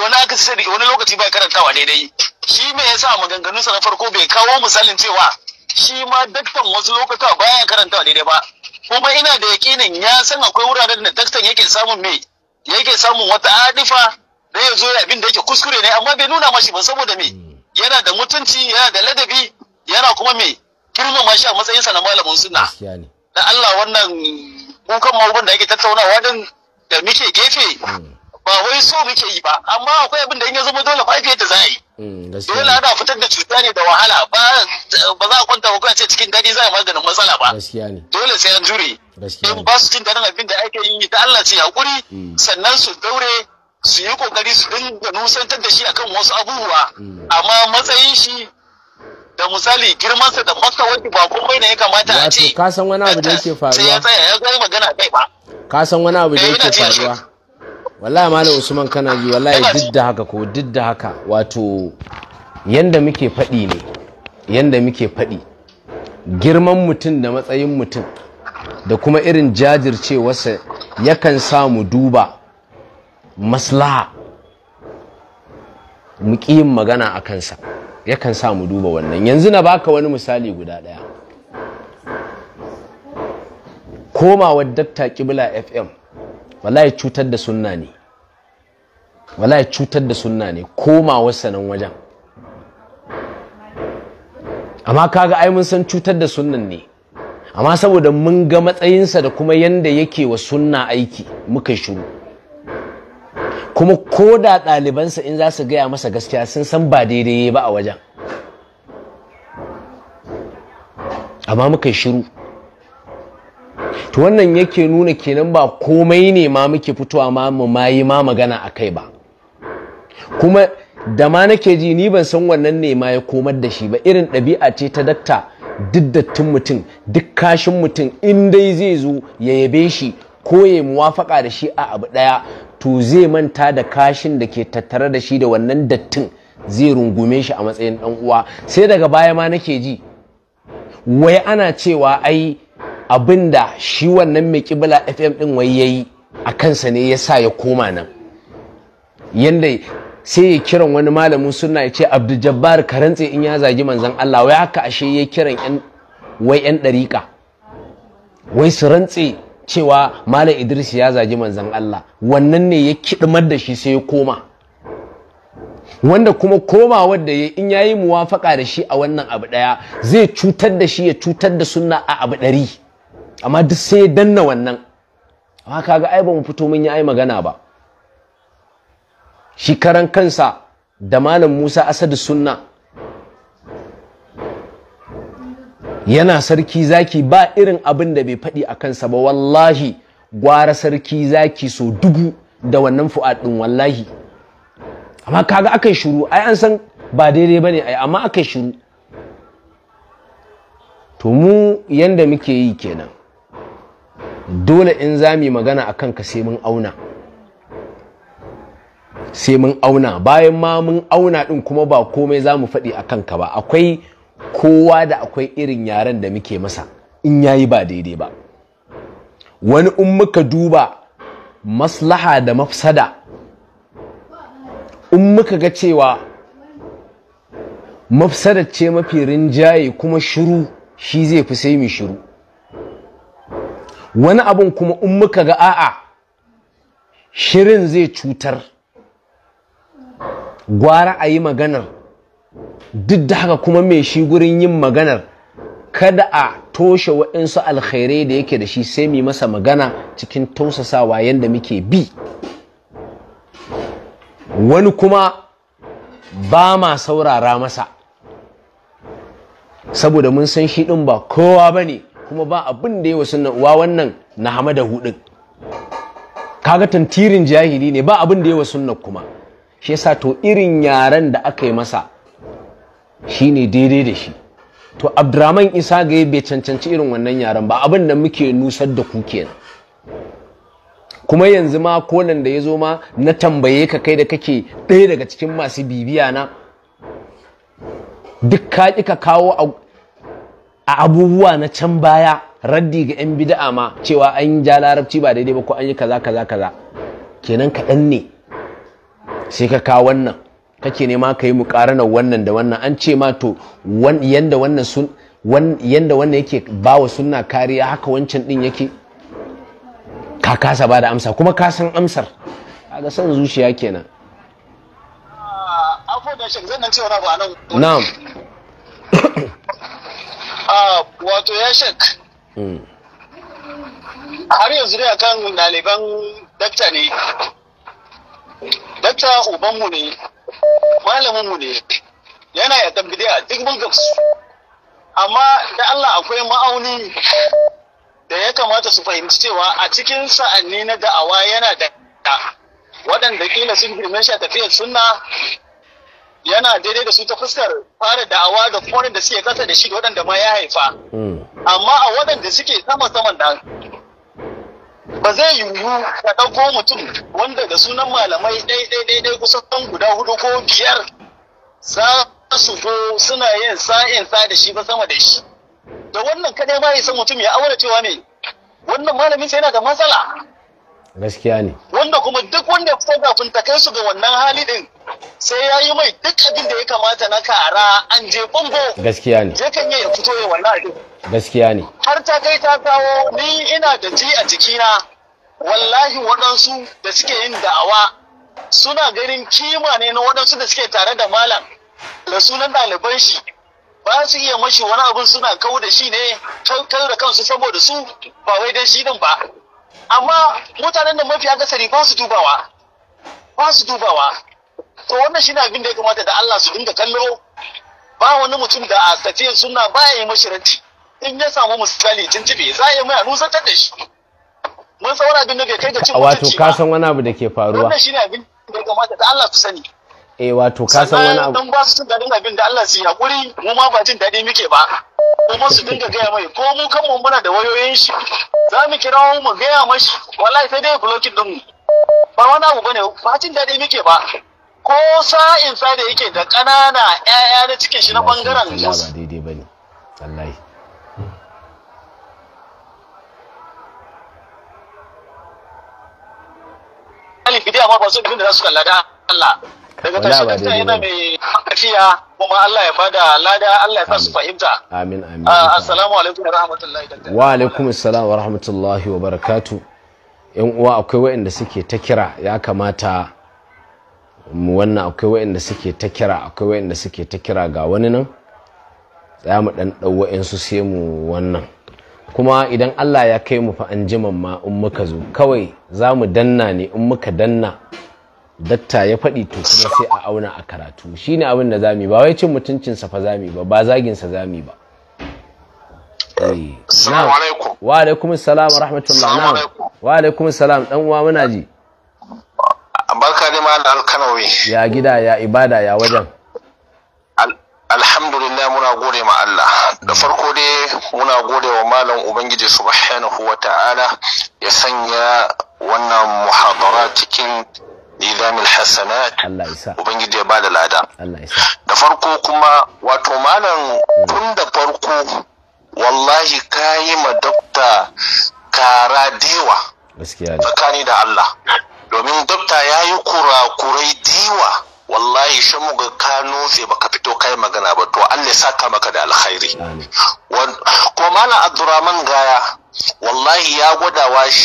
wani aka sani wani lokaci bai karantawa daidai shi me yasa maganganunsa na farko bai kawo misalin cewa shi ma daktan wasu lokuta baya karantawa daidai ba kuma ina da yakinin ya san akwai wuraren da daktan yake samun me yake samun wata adifa da ya zo abin da yake kuskure ne amma bai nuna mashi ba saboda me hmm. yana da mutunci yana da ladabi yana kuma me girmama shi a sa na malamin sunna da Allah wannan kukan ban da ake tattaunawa din da muke gefe hmm. ba wai so muke yi ba amma akwai abin da in ya zama dole fafiyar da za a yi hmm, dole ana fitar da cuta ne da wahala ba za a kwanta ba ce cikin daɗi za a maganin matsala ba dole sai an jure in ba su jin daɗin abin da ake yi da Allah ce hakuri sannan su daure su yi kokari su dinga nusantar da shi akan wasu abubuwa amma matsayin shi da misali girmansa da wani ba komai ne ya kamata a ce ka san wani abu da yake faruwa sai ya tsaya ya ga magana kai ba ka san wani abu da eh, yake faruwa wallahi malam usman kana ji wallahi duk da haka ko duk da haka wato yanda muke faɗi ne yanda muke faɗi girman mutum da matsayin mutum da kuma irin jajircewarsa yakan sa mu duba maslaha mu yin magana a kansa yakan sa mu duba wannan yanzu na baka wani misali guda ɗaya komawar dakta kibla fm wallahi cutar da sunna ne wallahi cutar da sunna ne komawar sanan wajen amma kaga ai mun san cutar da sunnan ne amma saboda mun ga matsayinsa da kuma yanda yake wa sunna aiki muka shiru kuma ko da ɗalibansa in za su gaya masa gaskiya sun san ba daidai ba a wajen amma muka shiru to wannan yake nuna kenan ba komai ne ma muke fitowa ma mu ma yi ma magana a kai ba kuma da ma nake ji ni ban san wannan ne ma ya komar da shi ba irin ɗabi'a ce ta datta duk dattin mutum duk kashin mutum in dai zai zo ya yabe shi ko ya muwafaka da shi a abu ɗaya to zai manta da kashin da ke tattare da shi da wannan dattin zai rungume shi a matsayin dan uwa sai daga baya ma nake ji wai ana cewa ai abinda shi wannan mai kibla fm ɗin wai yayi a kansa ne yasa ya koma nan yanda sai ya kiran wani malamin sunna ya ce abdul ka rantse in ya zagi manzan Allah wai haka ashe ya kiran wai yan ɗariƙa wai su rantse cewa malam idris ya zagi manzan allah wannan ne ya kidmar da shi sai ya koma wanda kuma koma da ya in yayi muwafaka da shi a wannan abu daya zai cutar da shi ya cutar da sunna a abu ɗari amma duk sai ya danna wannan amma kaga ai ba mu fito mun yi ai magana ba shi karan kansa da malam musa asadu sunna yana sarki zaki ba irin abin da bai faɗi a kansa ba wallahi gwara sarki zaki so dubu da wannan fu'ad ɗin wallahi amma kaga aka yi shuru ai an san ba daidai ba ne ai amma aka shuru to mu yanda muke yi kenan dole in za mu magana a kanka sai mun auna sai mun auna bayan ma mun auna ɗin kuma ba komai za mu faɗi a kanka ba akwai kowa da akwai irin yaren da muke masa in yayi ba daidai ba wani in muka duba maslaha da mafsada in muka ga cewa mafsada ce mafi rinjaye kuma shiru shi zai fi sai mu shiru wani abun kuma in muka ga a'a shirin zai cutar gwara a yi maganar duk da haka kuma mai shi gurin yin maganar kada a toshe waɗansu alkhairai da yake da shi sai mu masa magana cikin tausasawa yadda muke bi wani kuma ba ma saurara masa saboda mun san shi ɗin ba kowa ba ne kuma ba abin da yi wasu wa wannan na hamada hudu kaga tantirin jahili ne ba abin da yi wa kuma shi yasa to irin yaren da aka yi masa shine daidai da shi to abdurrahman isa ya bai cancanci irin wannan yaren ba abin da muke nusar da ku kenan kuma yanzu ma konan da ya zo ma na tambaye ka kai da kake ɗaya daga cikin masu bibiya na duk ka ka kawo a abubuwa na can baya raddi ga 'yan bida'a ma cewa an ja larabci ba daidai ba ko an yi kaza kaza kaza kenan kaɗan ne sai ka kawo wannan ne ma ka yi muƙaranar wannan da wannan an ce ma to yadda wannan sun yanda wannan yake ba wa suna kariya haka wancan din yake ka kasa ba da amsa kuma ka san amsar ga san zuciya kenan na'am wato ya shek hmm. har yanzu dai akan ɗaliban dakta ne dakta ubanmu ne malaminmu ne yana ya a duk mun gamsu amma da Allah akwai ma'auni da ya kamata su fahimci cewa a cikin sa'anni na da'awa yana da waɗanda kila sun girman shi a tafiyar sunna yana daidai da su ta fuskar fara da'awa da kwanin da suke kasa da shi da waɗanda ma ya haifa hmm. amma a waɗanda suke sama saman nan ba zai yiwu ka ɗauko mutum wanda da sunan malamai ɗai-ɗai-ɗai kusan guda hudu ko biyar za su zo suna yin sa'in da shi ba sama da shi da wannan kaɗai ma san mutum ya aure cewa ne. wannan malamin sai yana da matsala gaskiya ne wanda kuma duk wanda ya fito kafin ta kai su ga wannan hali din sai ya yi mai duk abin da ya kamata na kara an je bango gaskiya ne je kan ya fito ya wannan abin gaskiya ne har ta kai ta kawo ni ina da ji a jikina wallahi waɗansu da suke yin da'awa suna ganin kima ne na waɗansu da suke tare da malam da sunan ɗaliban shi ba su iya mashi wani abin suna kawo da shi ne kankan da kansu saboda su ba wai dan shi ba amma mutanen da mafi akasari ba su dubawa ba su dubawa to wannan shine abin da ya kamata da Allah su dinga kallo ba wani mutum da a tafiyar suna ba ya yi mashiranci in ya samu misali tuntube za a yi mai nusantar da shi mun saura abin da bai kai da cin wato ka san wani abu da ke faruwa wannan shine abin da ya kamata da Allah su sani eh wato ka san wani abu dan ba su cin dadin abin da Allah su hakuri mu ma ba jin dadi muke ba kuma su dinga gaya mai ko mu kanmu muna da wayoyin shi za mu kira mu gaya mashi wallahi sai dai blocking din mu ba wani abu bane ba jin dadi muke ba ko sa'insa da yake da ƙanana 'ya'ya na cikin shi na ɓangaren ba Allah daga tashi da yana mai hakatiya kuma Allah ya bada lada Allah ya su fahimta amin ah, amin assalamu alaikum wa rahmatullahi wa rahmatullahi wa barakatuh yan uwa akwai waɗanda suke ta kira ya kamata wannan akwai wa'inda suke ta kira akwai wa'inda suke ta kira ga wani nan za mu dan dau wa'insu sai mu wannan kuma idan Allah ya kai mu fa an jiman ma in muka zo kawai za mu danna ne in muka danna datta ya faɗi to kuma sai a auna a karatu shine abin da zamu ba wai cin mutuncinsa fa zamu ba ba zaginsa zamu ba eh, Assalamu alaikum. Wa alaikum assalam wa barakatuh Wa alaikum assalam dan uwa muna ji. barka da malam alkanawi ya gida ya ibada ya wajen alhamdulillah muna gode ma Allah da farko dai muna gode wa malam ubangiji subhanahu wa ta'ala ya sanya wannan muhadara cikin nizamil hasanat ubangiji ya ba da lada da farko kuma wato malam tun da farko wallahi kayi ma dokta kara dewa tsakani da Allah domin dokta ya yi kurakurai diwa wallahi shi mu ga ka nutse baka fito kai magana ba to Allah ya saka maka da alkhairi ko malam Abdurrahman Gaya wallahi ya wa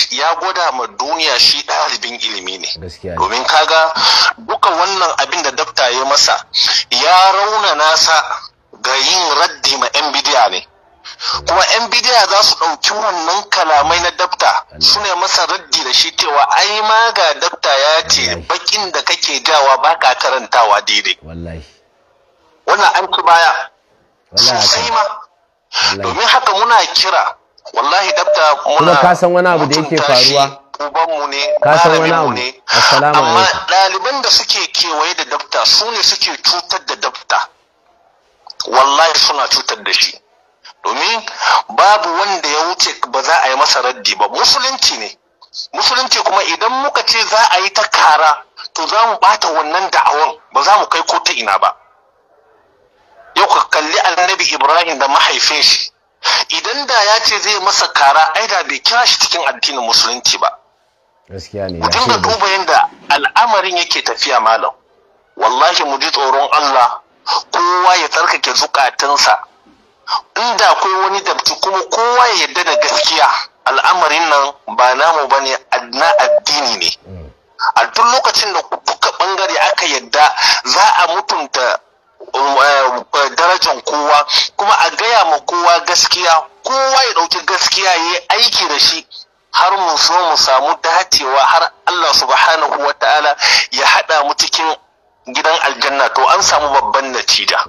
ya gwada ma duniya shi ɗalibin ilimi ne domin kaga duka wannan abin da dokta ya masa ya raunana sa ga yin raddi ma 'yan bidiya ne kuma yan bidiya za su ɗauki wannan kalamai na dabta suna masa raddi da shi cewa ai ma ga dabta ya ce bakin da kake jawa ba ka karantawa daidai wannan an ci baya sosai ma domin haka muna kira wallahi dabta muna ka san wani abu da yake faruwa ubanmu ne malaminmu ne amma ɗaliban da suke kewaye da dabta su ne suke cutar da dabta wallahi suna cutar da shi domin babu wanda ya wuce ba za a yi masa raddi ba musulunci ne musulunci kuma idan muka ce za a yi ta kara to za mu bata wannan da'awan ba za mu kai ko ta ina ba yau ka kalli annabi ibrahim da mahaifin shi idan da ya ce zai masa kara ai da bai kira shi cikin addinin musulunci ba gaskiya ne mutum da duba yadda al'amarin yake tafiya malam wallahi mu ji tsoron allah kowa ya tsarkake zukatansa inda akwai wani dabci kuma kowa ya yarda da gaskiya al'amarin nan ba namu ba ne na addini ne mm. a duk lokacin da duka bangare aka yarda za a mutunta um, eh, um, eh, darajan kowa kuma a gaya ma kowa gaskiya kowa ya ɗauki gaskiya ya yi aiki da shi har mu so mu samu dacewa har Allah subhanahu wa ta'ala ya haɗa mu cikin gidan aljanna to an samu babban natija.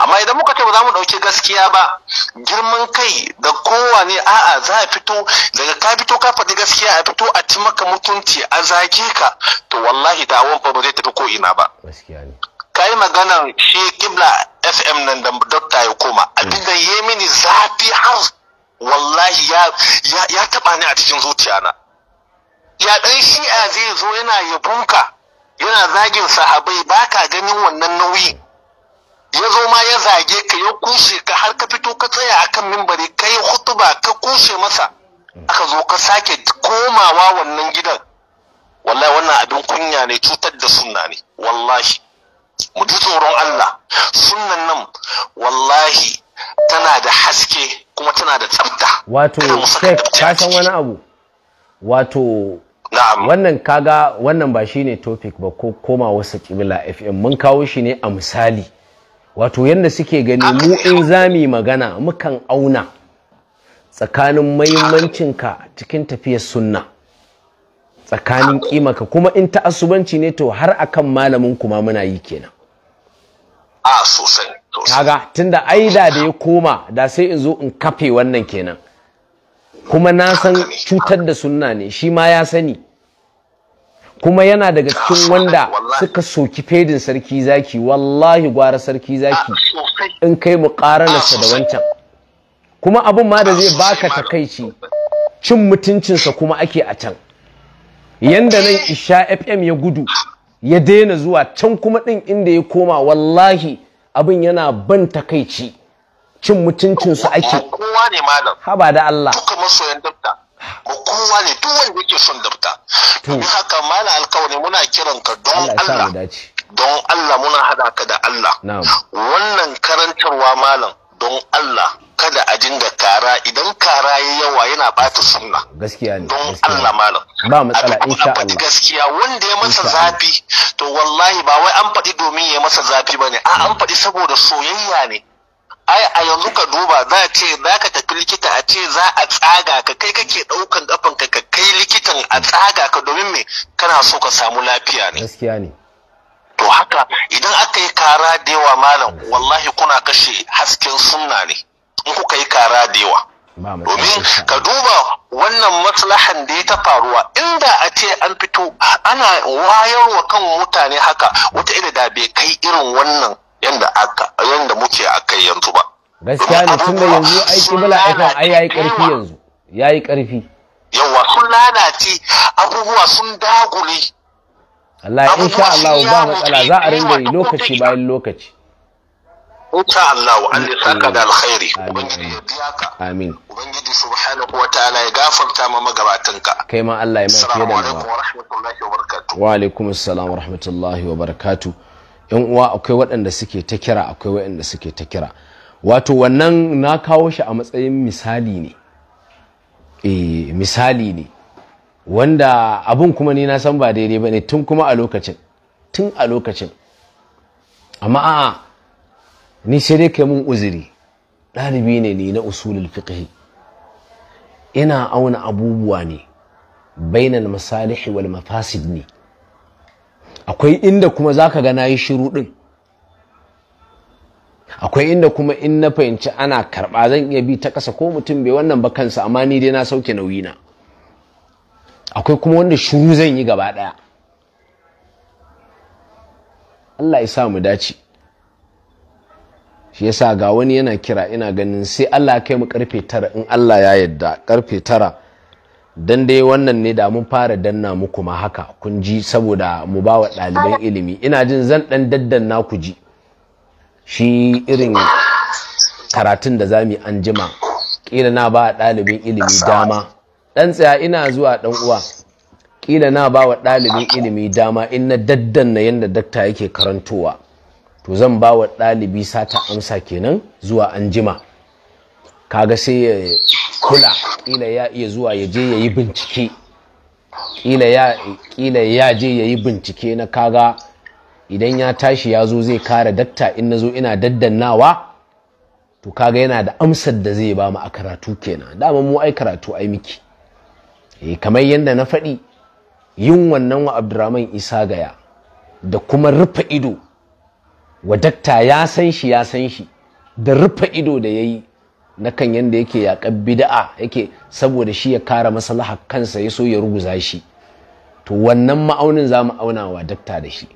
amma idan muka ce ba za mu ɗauki gaskiya ba girman kai da kowa ne a'a za a fito daga ka fito ka faɗi gaskiya a fito a ci maka mutunci a zage ka to wallahi da awon ba zai tafi ko ina ba ka yi maganan shi kibla fm nan da dokta ya koma abin hmm. da ya mini zafi har wallahi ya taba ni a cikin zuciya na ya ɗan shi'a zai zo yana yabonka yana zagin sahabai baka ganin wannan nauyi ya zo ma ya zage ka ya kushe ka har ka fito ka tsaya akan mimbari ka yi hutuba ka kushe masa aka zo ka sake komawa wannan gidan wallahi wannan abin kunya ne cutar da sunna ne wallahi mu ji tsoron Allah sunnan nan wallahi tana da haske kuma tana da tsafta wato sheik ka san wani abu wato wannan kaga wannan ba shine topic ba ko koma wasu kibla fm mun kawo shi ne a misali wato yadda suke gani mu in zami magana mukan auna tsakanin mahimmancinka cikin tafiyar sunna tsakanin kimaka kuma in ta asubanci ne to har akan malamin kuma muna yi kenan a sosai kaga tunda aida da ya koma da sai in zo in kafe wannan kenan kuma na san cutar da sunna ne shi ma ya sani kuma yana daga cikin wanda suka soki fedin sarki zaki wallahi gwara sarki zaki in kai mu muƙaranarsa da wancan kuma abin ma da zai baka takaici cin mutuncinsa kuma ake a can yanda nan isha fm ya gudu ya daina zuwa can kuma ɗin inda ya koma wallahi abin yana ban takaici cin mutuncinsu ake haba da Allah kowa ne duk wanda yake son dabta domin haka mala alkawari muna kiran ka don Allah don Allah muna hada ka da Allah wannan karantarwa malam don Allah kada a dinga kara idan kara yi yawa yana bata sunna gaskiya ne don Allah malam ba matsala insha Allah gaskiya wanda ya masa zafi to wallahi ba wai an faɗi domin ya masa zafi bane a an faɗi saboda soyayya ne ai a yanzu ka duba za ce za ka tafi likita a ce za a tsaga ka kai kake ɗaukan kafan ka ka kai likitan a tsaga ka domin me kana so ka samu lafiya ne gaskiya ne to haka idan aka yi kara da yawa malam wallahi kuna kashe hasken sunna ne in kuka yi kara da yawa domin ka duba wannan maslahan da ya ta faruwa inda a ce an fito ana wayarwa kan mutane haka wata ila da bai kai irin wannan yanda muke a muke yanzu ba gaskiya ne da yanzu aiki kibla aikan ai yayi karfi yanzu yayi karfi Yawwa sun lalace abubuwa sun dagule Allah sha Allah ba matsala za a ringa yi lokaci bayan lokaci insha Allah wa Allah saka da alkhairi amin ubangiji subhanahu wa ta'ala ya gafarta ma magabatanka kai ma Allah ya mafi da wa wa alaikum wa rahmatullahi wa barakatuh yan uwa akwai waɗanda suke ta kira akwai waɗanda suke ta kira wato wannan na kawo shi a matsayin misali ne e, misali ne wanda abin kuma ni na san ba daidai ba ne tun kuma a lokacin tun a lokacin amma a'a ni sai dai kai mun uzuri ɗalibi ne ni na usulul fiqh ina auna abubuwa ne bainal masalihi wal mafasid ne akwai inda kuma za ka ga na yi shiru ɗin akwai inda kuma in na fahimci ana karɓa zan iya bi ta ƙasa ko mutum bai wannan ba kansa amma ni dai na sauke na. akwai kuma wanda shiru zan yi gaba ɗaya Allah ya sa mu dace shi yasa ga wani yana kira ina ganin sai Allah ya kai mu karfe tara in Allah ya yarda karfe tara don dai wannan ne da mun fara danna muku ma haka kun ji saboda mu ba wa ɗaliban ilimi ina jin zan ɗan na ku ji shi irin karatun da za mu an jima ƙila na ba ɗalibin ilimi dama ɗan tsaya ina zuwa ɗan uwa ƙila na ba wa ɗalibin ilimi dama in na daddanna yadda dakta yake karantowa to zan ba wa ɗalibi sata amsa kenan zuwa an jima kaga sai ya kula ƙila ya iya zuwa ya je ya yi bincike ƙila ya je ya yi bincike na kaga idan ya tashi ya zo zai kare dakta in na zo ina daddannawa to kaga yana da amsar da zai ba mu a karatu kenan dama mu ai karatu ai miki eh kamar yadda na faɗi yin wannan wa abdurrahman isa gaya da kuma rufe ido wa dakta ya san shi ya san shi da rufe ido da ya yi na kan yanda yake yaƙar bida'a yake saboda shi ya kara maslaha kansa ya so ya ruguza shi to wannan ma'aunin za mu auna wa dakta da shi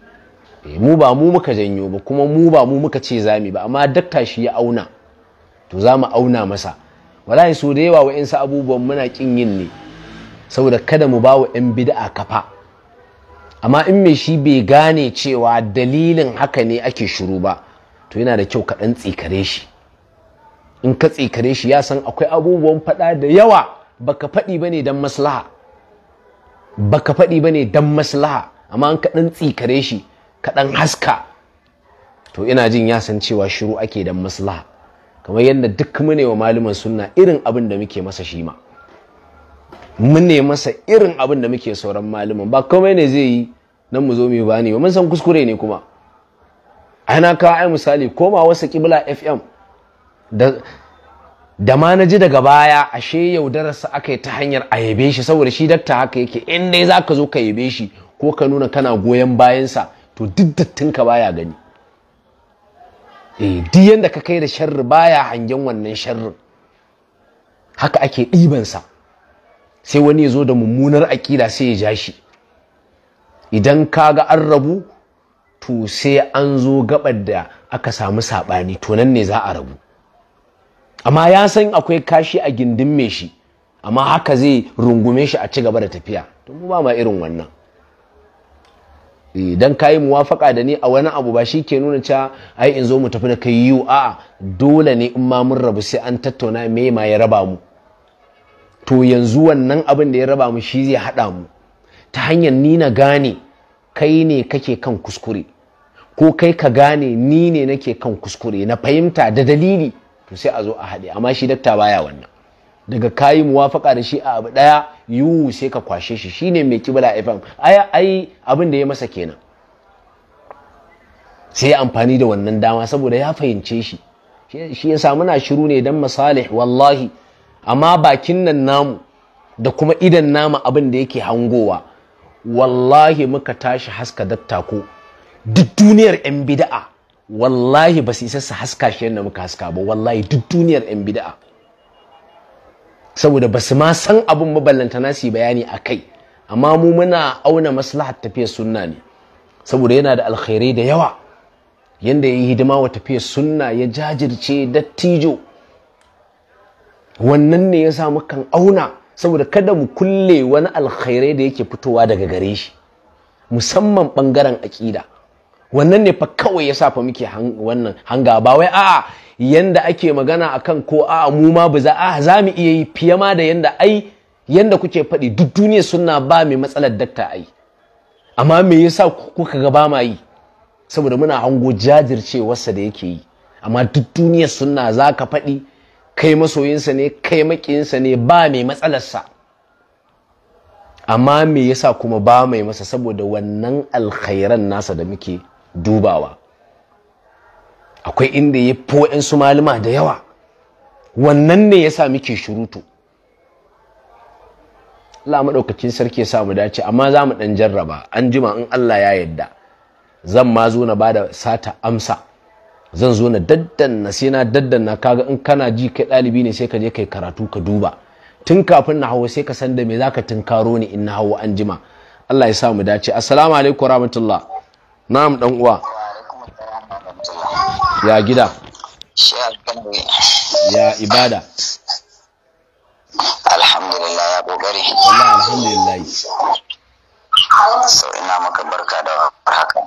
eh, mu ba mu muka janyo ba kuma mu ba mu muka ce zami ba amma dakta shi ya auna to za mu auna masa wallahi so da yawa wa'insu abubuwan muna kin yin ne saboda kada mu ba wa 'yan bida'a kafa amma in mai shi bai gane cewa dalilin haka ne ake shuru ba to yana da kyau kaɗan tsikare shi in ka tsikare shi ya san akwai abubuwan faɗa da yawa baka faɗi bane dan maslaha baka faɗi bane dan maslaha amma in ka ɗan tsikare shi ka ɗan haska to ina jin ya san cewa shiru ake dan maslaha kamar yadda duk mune wa malaman sunna irin abin da muke masa shi ma ne masa irin abin da muke sauran malaman ba komai ne zai yi nan mu zo mu bani mun san kuskure ne kuma ana kawo ai misali koma wasa kibla fm da ma na ji daga baya ashe yaudararsa aka yi ta hanyar a yabe shi saboda shi datta haka yake in dai za ka zo ka yabe shi ko ka nuna kana goyon bayansa to duk dattin ka baya gani eh duk yanda ka kai da sharri baya hangen wannan sharrin haka ake ɗibansa sai wani ya zo da mummunar aƙida sai ya ja shi idan ka ga an rabu to sai an zo gabar da aka samu saɓani to nan ne za a rabu amma ya san akwai kashi a gindin mai shi amma haka zai rungume shi a ci gaba da tafiya to mu ba ma irin wannan idan eh, kayi muwafaka da ni a wani abu ba shi ke nuna cewa ai in zo mu tafi da kai yiwu a'a dole ne in ma mun rabu sai an tattauna me ma ya raba mu to yanzu wannan abin da ya raba mu shi zai haɗa mu ta hanyar ni na gane kai ne kake kan kuskure ko kai ka gane ni ne nake kan kuskure na fahimta da dalili to sai a zo a haɗe amma shi dakta baya wannan daga kayi muwafaka da shi a abu ɗaya yiwu sai ka kwashe shi shine mai kibla fm ai ai abin da ya masa kenan sai ya amfani da wannan dama saboda ya fahimce shi shi 'Yasa muna shiru ne dan masalih wallahi amma bakin nan namu da kuma idan namu abin da yake hangowa wallahi muka tashi haska dakta ko duk duniyar 'yan bida'a wallahi ba su isa su haska shi yadda muka haska ba wallahi duk duniyar 'yan bida'a saboda ba su ma san abin maballanta nasi bayani a kai amma mu muna auna maslahar tafiyar sunna ne saboda yana da alkhairai da yawa yanda ya yi hidima wa tafiyar sunna ya jajirce dattijo wannan ne ya sa mukan auna saboda kada mu kulle wani alkhairai da yake fitowa daga gare shi musamman ɓangaren aƙida wannan ne fa kawai ya fa muke wannan hanga ba wai a'a yanda ake magana akan ko a'a mu ma ba za a za mu iya yi fiye ma da yanda ai yanda kuke faɗi duk duniyar sunna ba mai matsalar dakta ai amma me yasa kuka ga ba ma yi saboda muna hango jajircewarsa da yake yi amma duk duniyar sunna za ka faɗi kai masoyinsa ne kai makiyinsa ne ba mai matsalarsa amma me yasa kuma ba mai masa saboda wannan alkhairan nasa da muke dubawa akwai inda ya fi su malama da yawa wannan ne ya sa muke shuruto Allah maɗaukacin sarki ya sa mu dace amma za mu ɗan jarraba an jima in Allah ya yadda zan ma zo na bada sata amsa zan zo na daddanna sai na daddanna kaga in kana ji kai ɗalibi ne sai ka je kai karatu ka duba tun kafin na hawa sai ka san da me zaka tunkaro ni in na hawa an jima Allah ya sa mu dace assalamu alaikum rahmatullah na'am dan uwa ya gida ya ibada alhamdulillah ya kokari wallahi alhamdulillah Sau ina maka barka da haka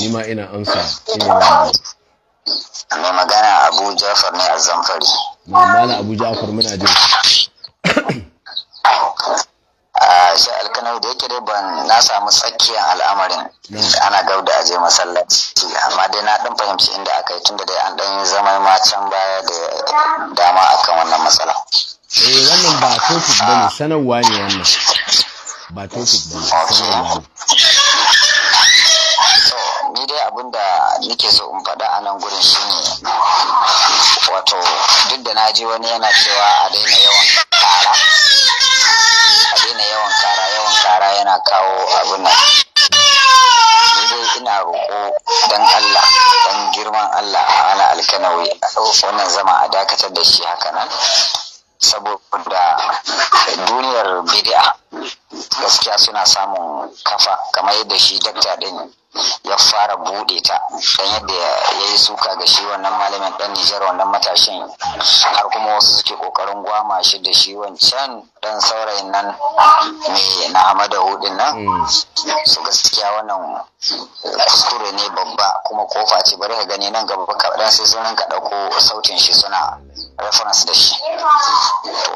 ni ma ina amsa ina mai magana Abu Jafar ne a Zamfari na mala Abu Jafar muna jin shi alkanau da yake dai ban na samu tsakiyar al'amarin mm. ana gauda a je masallaci amma dai na dan fahimci inda aka yi tunda dai an dan yi zama macen baya da dama akan wannan matsala eh wannan ba ba ne, sanarwa ne wannan ba topic sanarwa ne ni dai abin da nake so in faɗa a nan gurin ne wato duk da na je wani yana cewa a daina yawan ƙara yana kawo abin ina roƙo don Allah don girman Allah a ana alkanawi wannan zama a dakatar da shi haka nan saboda duniyar bidi'a gaskiya suna samun kafa kamar yadda shi dakta din ya fara bude ta don yadda ya yi suka ga shi wannan malamin dan Nijar wannan matashin har kuma wasu suke kokarin gwama shi da shi wancan dan saurayin nan mai na Ahmadu Hudin nan hmm. su gaskiya wannan kuskure ne babba kuma kofa ce bari ka gani nan gaba kaɗan sai sunan ka ɗauko sautin shi suna reference da shi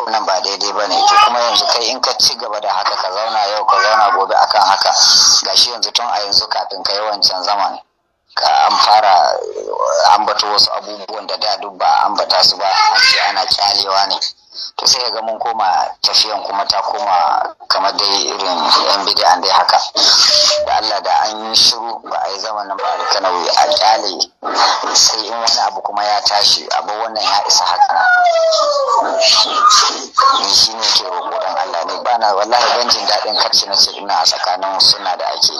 wannan ba daidai ba ne to kuma yanzu kai in ka ci gaba da haka ka zauna yau ka zauna gobe akan haka gashi yanzu tun a yanzu kafin ka yi wancan zaman ka an fara eh, ambata wasu abubuwan da da duk ba ambata su ba an ce ana kyalewa ne to sai ga mun koma tafiyan kuma ta koma kamar dai irin yan bidiyan dai haka da Allah da an yi shiru ba a yi zamanin ba da kanawi a kyale sai in wani abu kuma ya tashi abu wannan ya isa haka ni shi ne ke roƙo dan Allah ne ba na wallahi ban jin daɗin karci na ce ina tsakanin suna da ake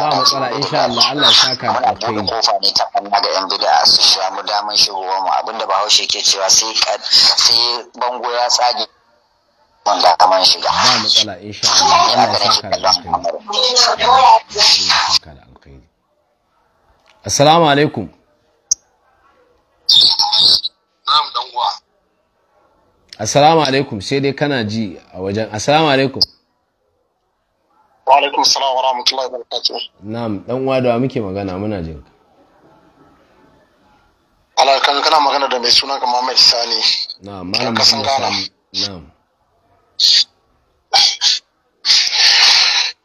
ba matsala insha Allah Allah ya saka mu a kai kofa ne ta kanna ga yan bidiya su sha mu daman shigowa mu abinda Bahaushe ke cewa sai sai bango ya tsage mun da kaman shiga ba matsala insha Allah Allah ya saka da alkhairi assalamu alaikum na'am dan uwa assalamu alaikum sai dai kana ji a wajen assalamu alaikum wa alaikum salam wa rahmatullahi wa barakatuh na'am dan uwa da muke magana muna jin ka alakan kana magana da mai suna ka Muhammad Sani na malam muhammad sani na'am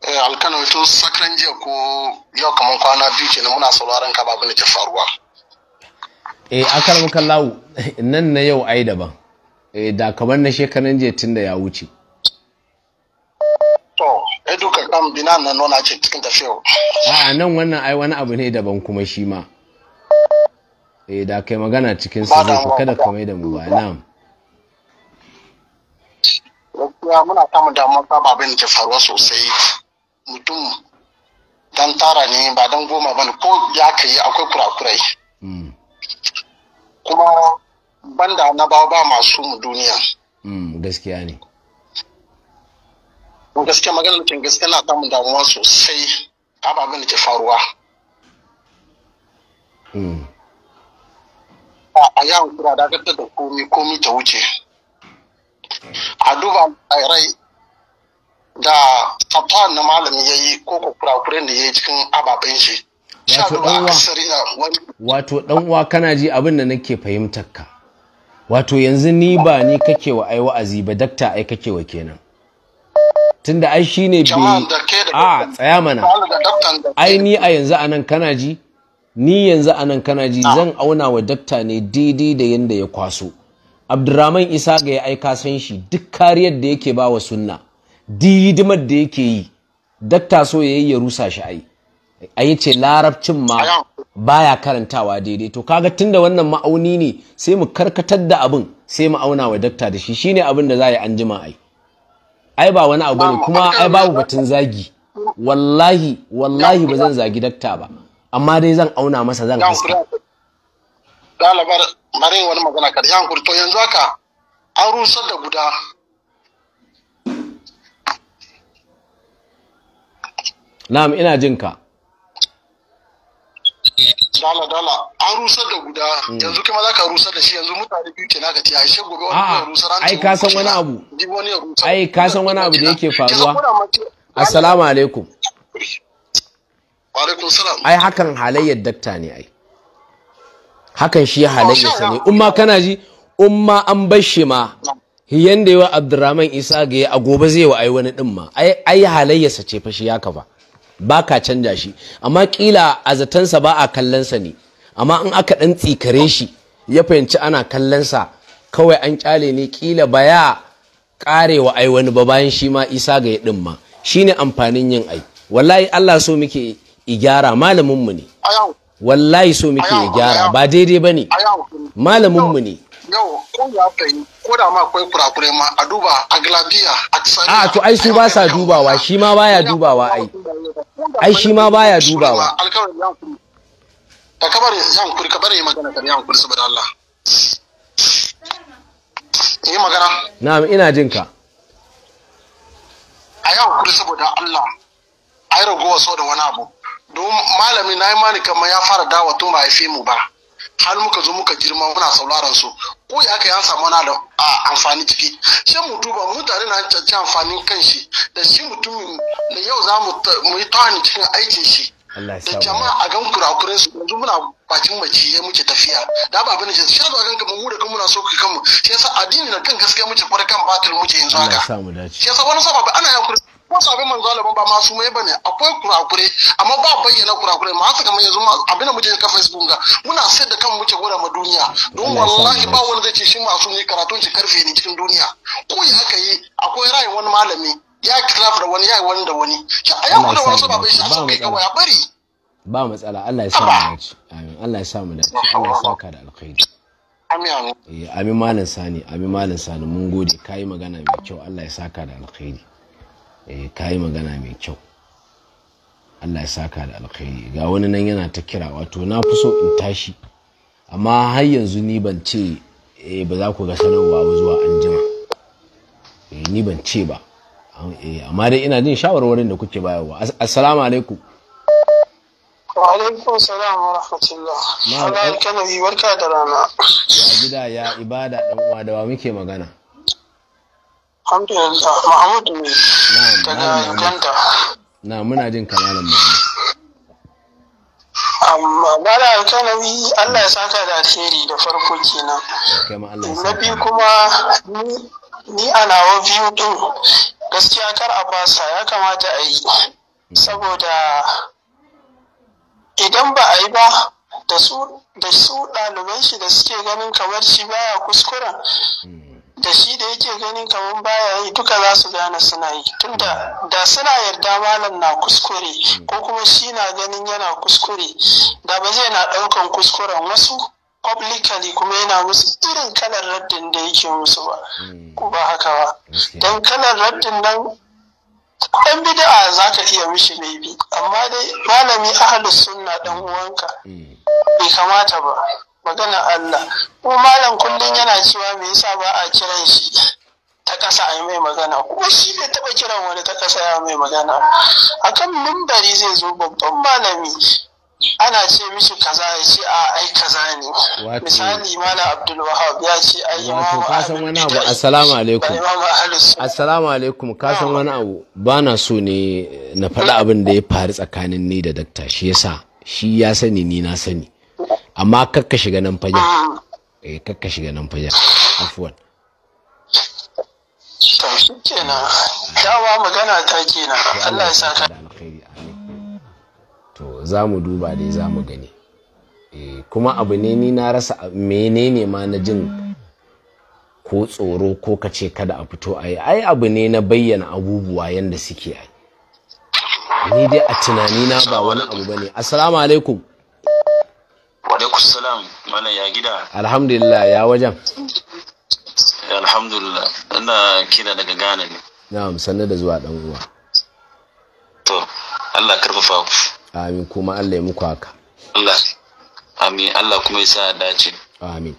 eh, alkano to sakran jiya ko yau kaman kwana biyu kenan muna sauraron ka babu ne ke faruwa eh akal mukallawu nan na yau ai daban eh da kamar na shekaran jiya tun da ya wuce to eh duka kan bina nan nona ce cikin tafiya a nan wannan ai wani abu ne daban kuma shi ma eh da kai magana cikin sirri kada ka mai da mu ba na'am gaskiya muna k'a damar ababen ke faruwa sosai mutum dan tara ne ba dan goma bane ko ya kai akwai kurakurai mm. kuma banda na ba ba masu mu duniya mm, gaskiya ne gaskiya maganar kin gaskiya na ta mu damuwa sosai b'a da ke faruwa mm. a yawon kura ta da komi komi ta wuce a duba rai da fatan na malami ya yi ko kurakuren da ya yi cikin ababen shi wato ɗanwa kana ji abin da nake fahimtar ka wato yanzu ni ba ni kake wa ai wa'azi ba dakta ai kake wa kenan tunda ai shine bai a ah, tsaya mana ai ni a yanzu anan kana ji ni yanzu anan kana ji ah. zan auna wa dakta ne daidai da yanda ya kwaso abdurrahman isa ga ya aika san shi duk kariyar da yake ba wa sunna didimar da yake yi dakta so ya yi ya rusa shi ai ai ce larabcin ma baya karantawa daidai to kaga tunda wannan ma'auni ne sai mu karkatar da abin sai mu auna wa dakta da shi shine abin da za yi anjima ai ai ba wani abu ne kuma ai babu batun zagi wallahi wallahi ba zan zagi dakta ba amma dai zan auna masa zan haska mare wani magana ka yan to yanzu haka an rusar da guda na'am ina jin ka dala dala an rusar da guda hmm. yanzu kuma za ka rusar da shi yanzu mutane biyu ke naka tiya shi gobe wani rusar an ai ka san wani abu ai ka san wani abu da yake faruwa assalamu alaikum wa alaikum salam ai hakan halayyar dakta ne ai hakan shi halayya sa ne umma kana ji umma an bar shi ma yanda yawa Abdurrahman Isa ga a gobe zai wa ai wani din ma ai ai halayya sa ce fa shi haka ba ba ka canja shi amma kila a sa ba a kallon sa ne amma in aka dan tsikare shi ya fahimci ana kallon sa kawai an kyale ne kila baya wa ai wani ba bayan shi ma Isa ga ya din ma shine amfanin yin ai wallahi Allah so muke i gyara malamin mu ne wallahi so muke ya gyara ba daidai ba ne malaminmu ne a to ai su ba sa dubawa shi ma baya dubawa ai ai shi ma baya dubawa kabar na'am ina jin a yawon kuri saboda Allah ragowa so da wani abu don malami na imani kamar ya fara dawa tun ba haife mu ba har muka zo muka girma muna sauraron su ko ya aka yi an samu na da amfani jiki shi mu duba mutane na cancanci amfanin kan shi da shi mutumin da yau za mu yi tawani cikin aikin shi da jama'a a gan kurakuren su yanzu muna bakin mace ya muke tafiya da ba abin da shi zuwa ganka mu da kan muna so kanmu shi yasa addini na kan gaskiya muke kwar kan batil muke yanzu haka shi yasa wani ba ana yankuri ko sabi manzo Allah ba masu mai bane akwai kurakure amma ba bayyana kurakure ma haka kamar yanzu abin da muke ka Facebook ga muna sayar da kan muke gura ma duniya don wallahi ba wani zai ce shi masu ne karatun shi karfe ne cikin duniya ko ya haka yi akwai rayin wani malami ya kira da wani ya yi wani da wani a yau da wasu ba shi sun kai kawai a bari ba matsala Allah ya sa mu dace amin Allah ya sa mu dace Allah ya saka da alkhairi amin amin eh, malam sani amin malam sani mun gode kai magana mai kyau Allah ya saka da alkhairi ka eh, yi magana mai kyau allah ya saka da alkhairi ga wani nan yana ta kira wato na fi so in tashi amma har yanzu ni ban ce eh, ba za ku ga sanarwa ba zuwa an jima eh, ni ban ce ba amma dai ina jin shawarwarin da kuke bayarwa assalamu alaikum alaikum salam wa rahmatullah Allah ya yi warka da rana ya gida ya ibada dan uwa da wa muke magana Alhamdulillah Mahmudu ne Na muna jin Allah ya saka da alheri da farko kenan. Na biyu kuma ni a nawa biyu din gaskiya kar a basa ya kamata a yi. Saboda idan ba a yi ba da su ɗaliban shi da suke ganin kamar shi baya kuskuren hmm. da shi da yake ganin kamar baya yi duka za su gane suna yi tunda da suna yarda malam na kuskure ko kuma shi na ganin yana kuskure da ba zai na ɗaukan kuskuren wasu publicly kuma yana musu irin kalar raddin da yake musu ba ko ba haka ba don kalar raddin nan ɗan bid'a za ka iya mishi maybe amma dai malami ahalus sunna ɗan uwanka mm. bai kamata ba magana Allah ko malam kullum yana cewa me yasa ba a kiran shi ta kasa a mai magana ko shi bai taɓa kiran wani ta kasa ya mai magana a kan mimbari zai zo babban malami ana ce mishi kaza ya ce a ai kaza ne misali mala abdul wahab ya ce ai imamu a wani abu assalamu alaikum assalamu alaikum ka wani abu ba na so ne eh, na faɗa abin da ya faru tsakanin ni da dakta shi yasa shi ya sani ni na sani amma kakka shiga nan fajar ah. eh kakka shiga nan fajar afwan to shi kenan dawa magana ta kenan Allah ya saka da alkhairi amin to za mu duba dai za mu gani eh, kuma abu ne ni na rasa menene ma na jin ko tsoro ko ka ce kada a fito a yi ai abu ne na bayyana abubuwa yadda suke ai ni dai a tunani na ba wani abu bane assalamu alaikum Wadaiku salam, mana ya gida. Alhamdulillah ya wajen. Alhamdulillah, ina kira daga Ghana ne. Na'am, sannu da zuwa ɗan uwa. To, Allah karfafa ku. Amin kuma Allah ya muku haka. Allah. Amin, Allah kuma ya sa dace. Amin.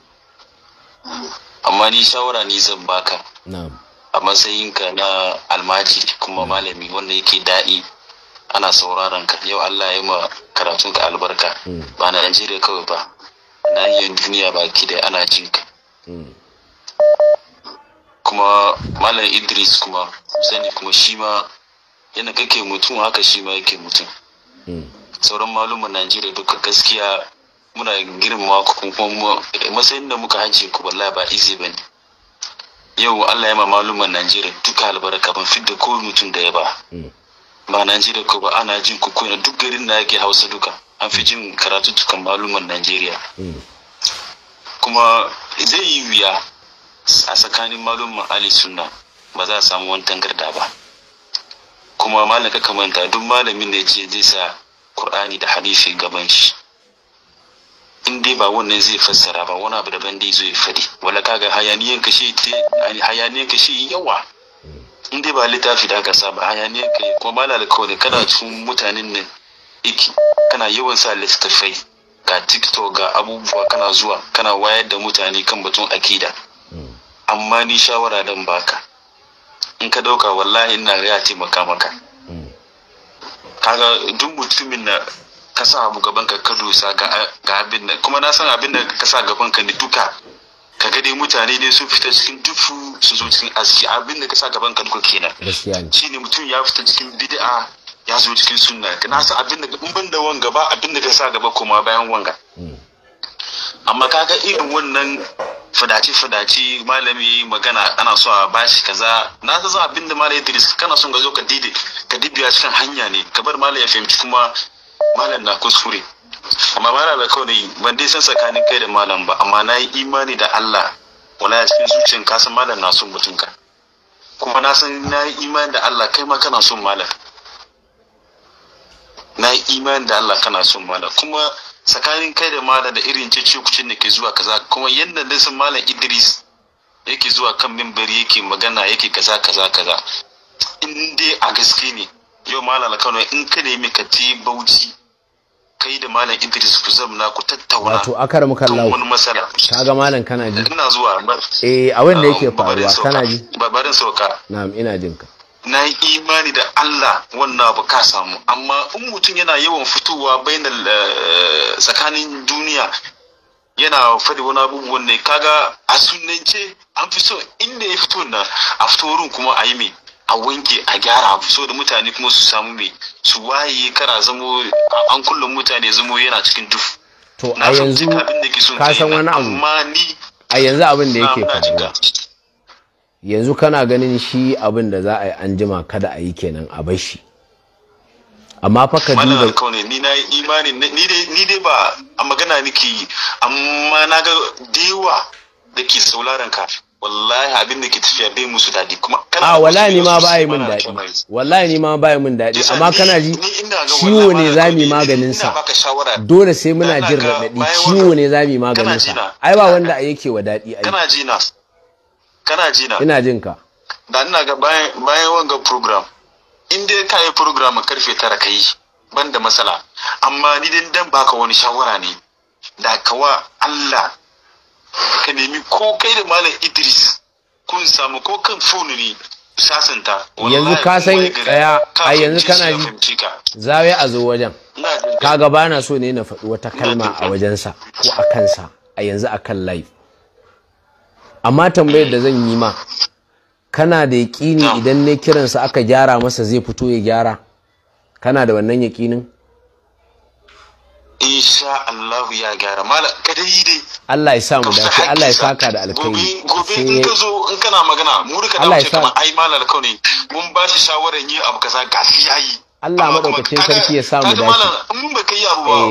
Amma ni shawara ni zan baka. Na'am. A matsayinka na almajiri kuma malami wanda yake daɗi. ana sauraron ka yau Allah ya ma karatun ka albarka hmm. ba na Najeriya kawai ba na yin duniya baki da ana jin ka hmm. kuma Malam Idris kuma sani kuma shi ma yana kake mutum haka shi ma yake mutum hmm. sauran malumin Najeriya duka gaskiya muna girma kuma matsayin da muka hanci ku wallahi ba easy bane yau Allah ya ma malumin Najeriya duka albarka ban fidda ko mutum da ya ba ba Najeriya ko ba ana jin ku duk garin da yake Hausa duka an fi jin tukan maluman Najeriya mm. kuma zai yi wuya a tsakanin maluman Ali Sunna ba za a samu wani tangarda ba kuma malam ka kamanta duk malamin da ce zai sa Qur'ani da hadisi gaban shi in dai ba wannan zai fassara ba wani abu daban dai zai fadi wala kaga hayaniyan ka shi hayaniyan ka yawa mm. in dai ba littafi da aka saba ka kai kuma da alkawari kana cikin mutanen nan iki kana yawan sa littafai ga tiktok ga abubuwa kana zuwa kana wayar da mutane kan batun akida hmm. amma ni shawara dan baka in ka dauka wallahi ina ya taimaka maka hmm. kaga duk mutumin na ka abu gaban ka ka dosa ga abin da kuma na san abin da ka sa gaban ka ne duka kaga dai mutane dai sun fita cikin dufu su zo cikin aski abin da ka sa gaban ka duka kenan ne mutum ya fita cikin bid'a ya zo cikin sunna ka sa abin da in ban da wanga ba abin da ka sa gaba kuma bayan wanga hmm. amma kaga irin wannan fadaci fadaci malami magana ana so a bashi kaza na ta za abin da malami Idris kana son ka zo ka dide ka dibiya cikin hanya ne ka bar malami ya fahimci kuma malam na kuskure amma ba na da kawai ban dai san tsakanin kai da malam ba amma na yi imani da Allah wala cikin zuciyan ka san malam na son mutum ka kuma na san na yi imani da Allah kai ma kana son malam na yi imani da Allah kana son malam kuma tsakanin kai da malam da irin cece-kucin da ke zuwa kaza kuma yadda da san malam Idris yake zuwa kan mimbari yake magana yake kaza kaza kaza in dai a gaske ne yau malam kano in ka nemi ka ti bauchi kai da malam Idris ku zamna ku tattauna wato akar muka lawo wani masala kaga malam kana ji ina zuwa eh a wanda yake um, faruwa kana ji babarin sauka na'am ina jin ka na yi imani da Allah wannan abu ka samu amma in mutum yana yawan fitowa bainal eh, tsakanin duniya yana faɗi wani abubuwan ne kaga a sunnance an fi so inda ya fito na a fito wurin kuma a yi mai a wanke a gyara so da mutane kuma su samu mai su waye kana zamo an kullum mutane zamo yana cikin duf to a yanzu ka san wani abu a yanzu abin da yake faruwa yanzu kana ganin shi abin da za a yi an jima kada a yi kenan a bar shi amma fa ka duba ni na imani ni dai ni dai ba a magana nake amma na ga dewa da ke sauraron kafin wallahi abin da ke tafiya bai musu daɗi kuma kana ah, a wallahi ni ma ba yi min daɗi wallahi ni ma ba yi min daɗi amma kana ji ciwo ne za mu yi maganin sa dole sai muna jin raɗaɗi ciwo ne za mu yi maganin sa ai ba wanda yake wa daɗi ai kana ji na kana ji na ina jin ka da ina ga bayan bayan wanga program in dai ka yi program karfe tara ka yi ban da matsala amma ni dan baka wani shawara ne da kawa Allah ka nemi ko kai da malam idris kun samu ko kan fonu ne sasanta yanzu ka san tsaya a yanzu kana ji zawe a zo wajen ka ga bana so ne na faɗi wata kalma a wajensa ko a kansa a yanzu akan live amma tambayar da zan yi ma kana da yaƙini idan ne kiransa aka gyara masa zai fito ya gyara kana da wannan yaƙinin insha Allahu ya gyara mala ka dai dai Allah ya sa mu dace Allah ya saka da alkhairi gobe in ka zo in kana magana mu rika da wuce kuma ai mala alkauni mun ba shi shawarar yi abu kaza gashi yayi Allah madaukakin sarki ya samu dace.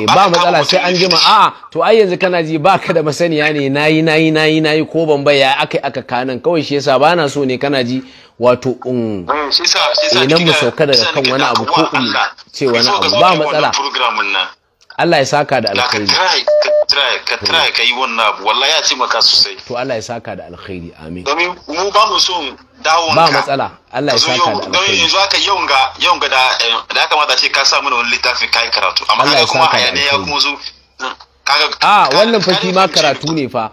ba eh, matsala sai an jima a'a to ai yanzu kana ji baka da masaniya ne nayi nayi nayi nayi ko ban bayya akai aka kanan kawai shi yasa bana so ne kana ji wato um, eh, in eh, Ina mu sauka daga kan wani abu ko in um, ce wani abu ba matsala. Allah ya saka da alkhairi ka try ka try ka yi wannan abu wallahi ya taimaka sosai to Allah ya saka da alkhairi amin domin mu ba mu so dawon ba matsala Allah ya saka da alkhairi yanzu aka yau ga yau ga da eh, da aka mata ce ka sa mana wani littafi kai karatu amma kaga kuma ne ya kuma zo a hmm, ah, wannan fa shi ma karatu ne fa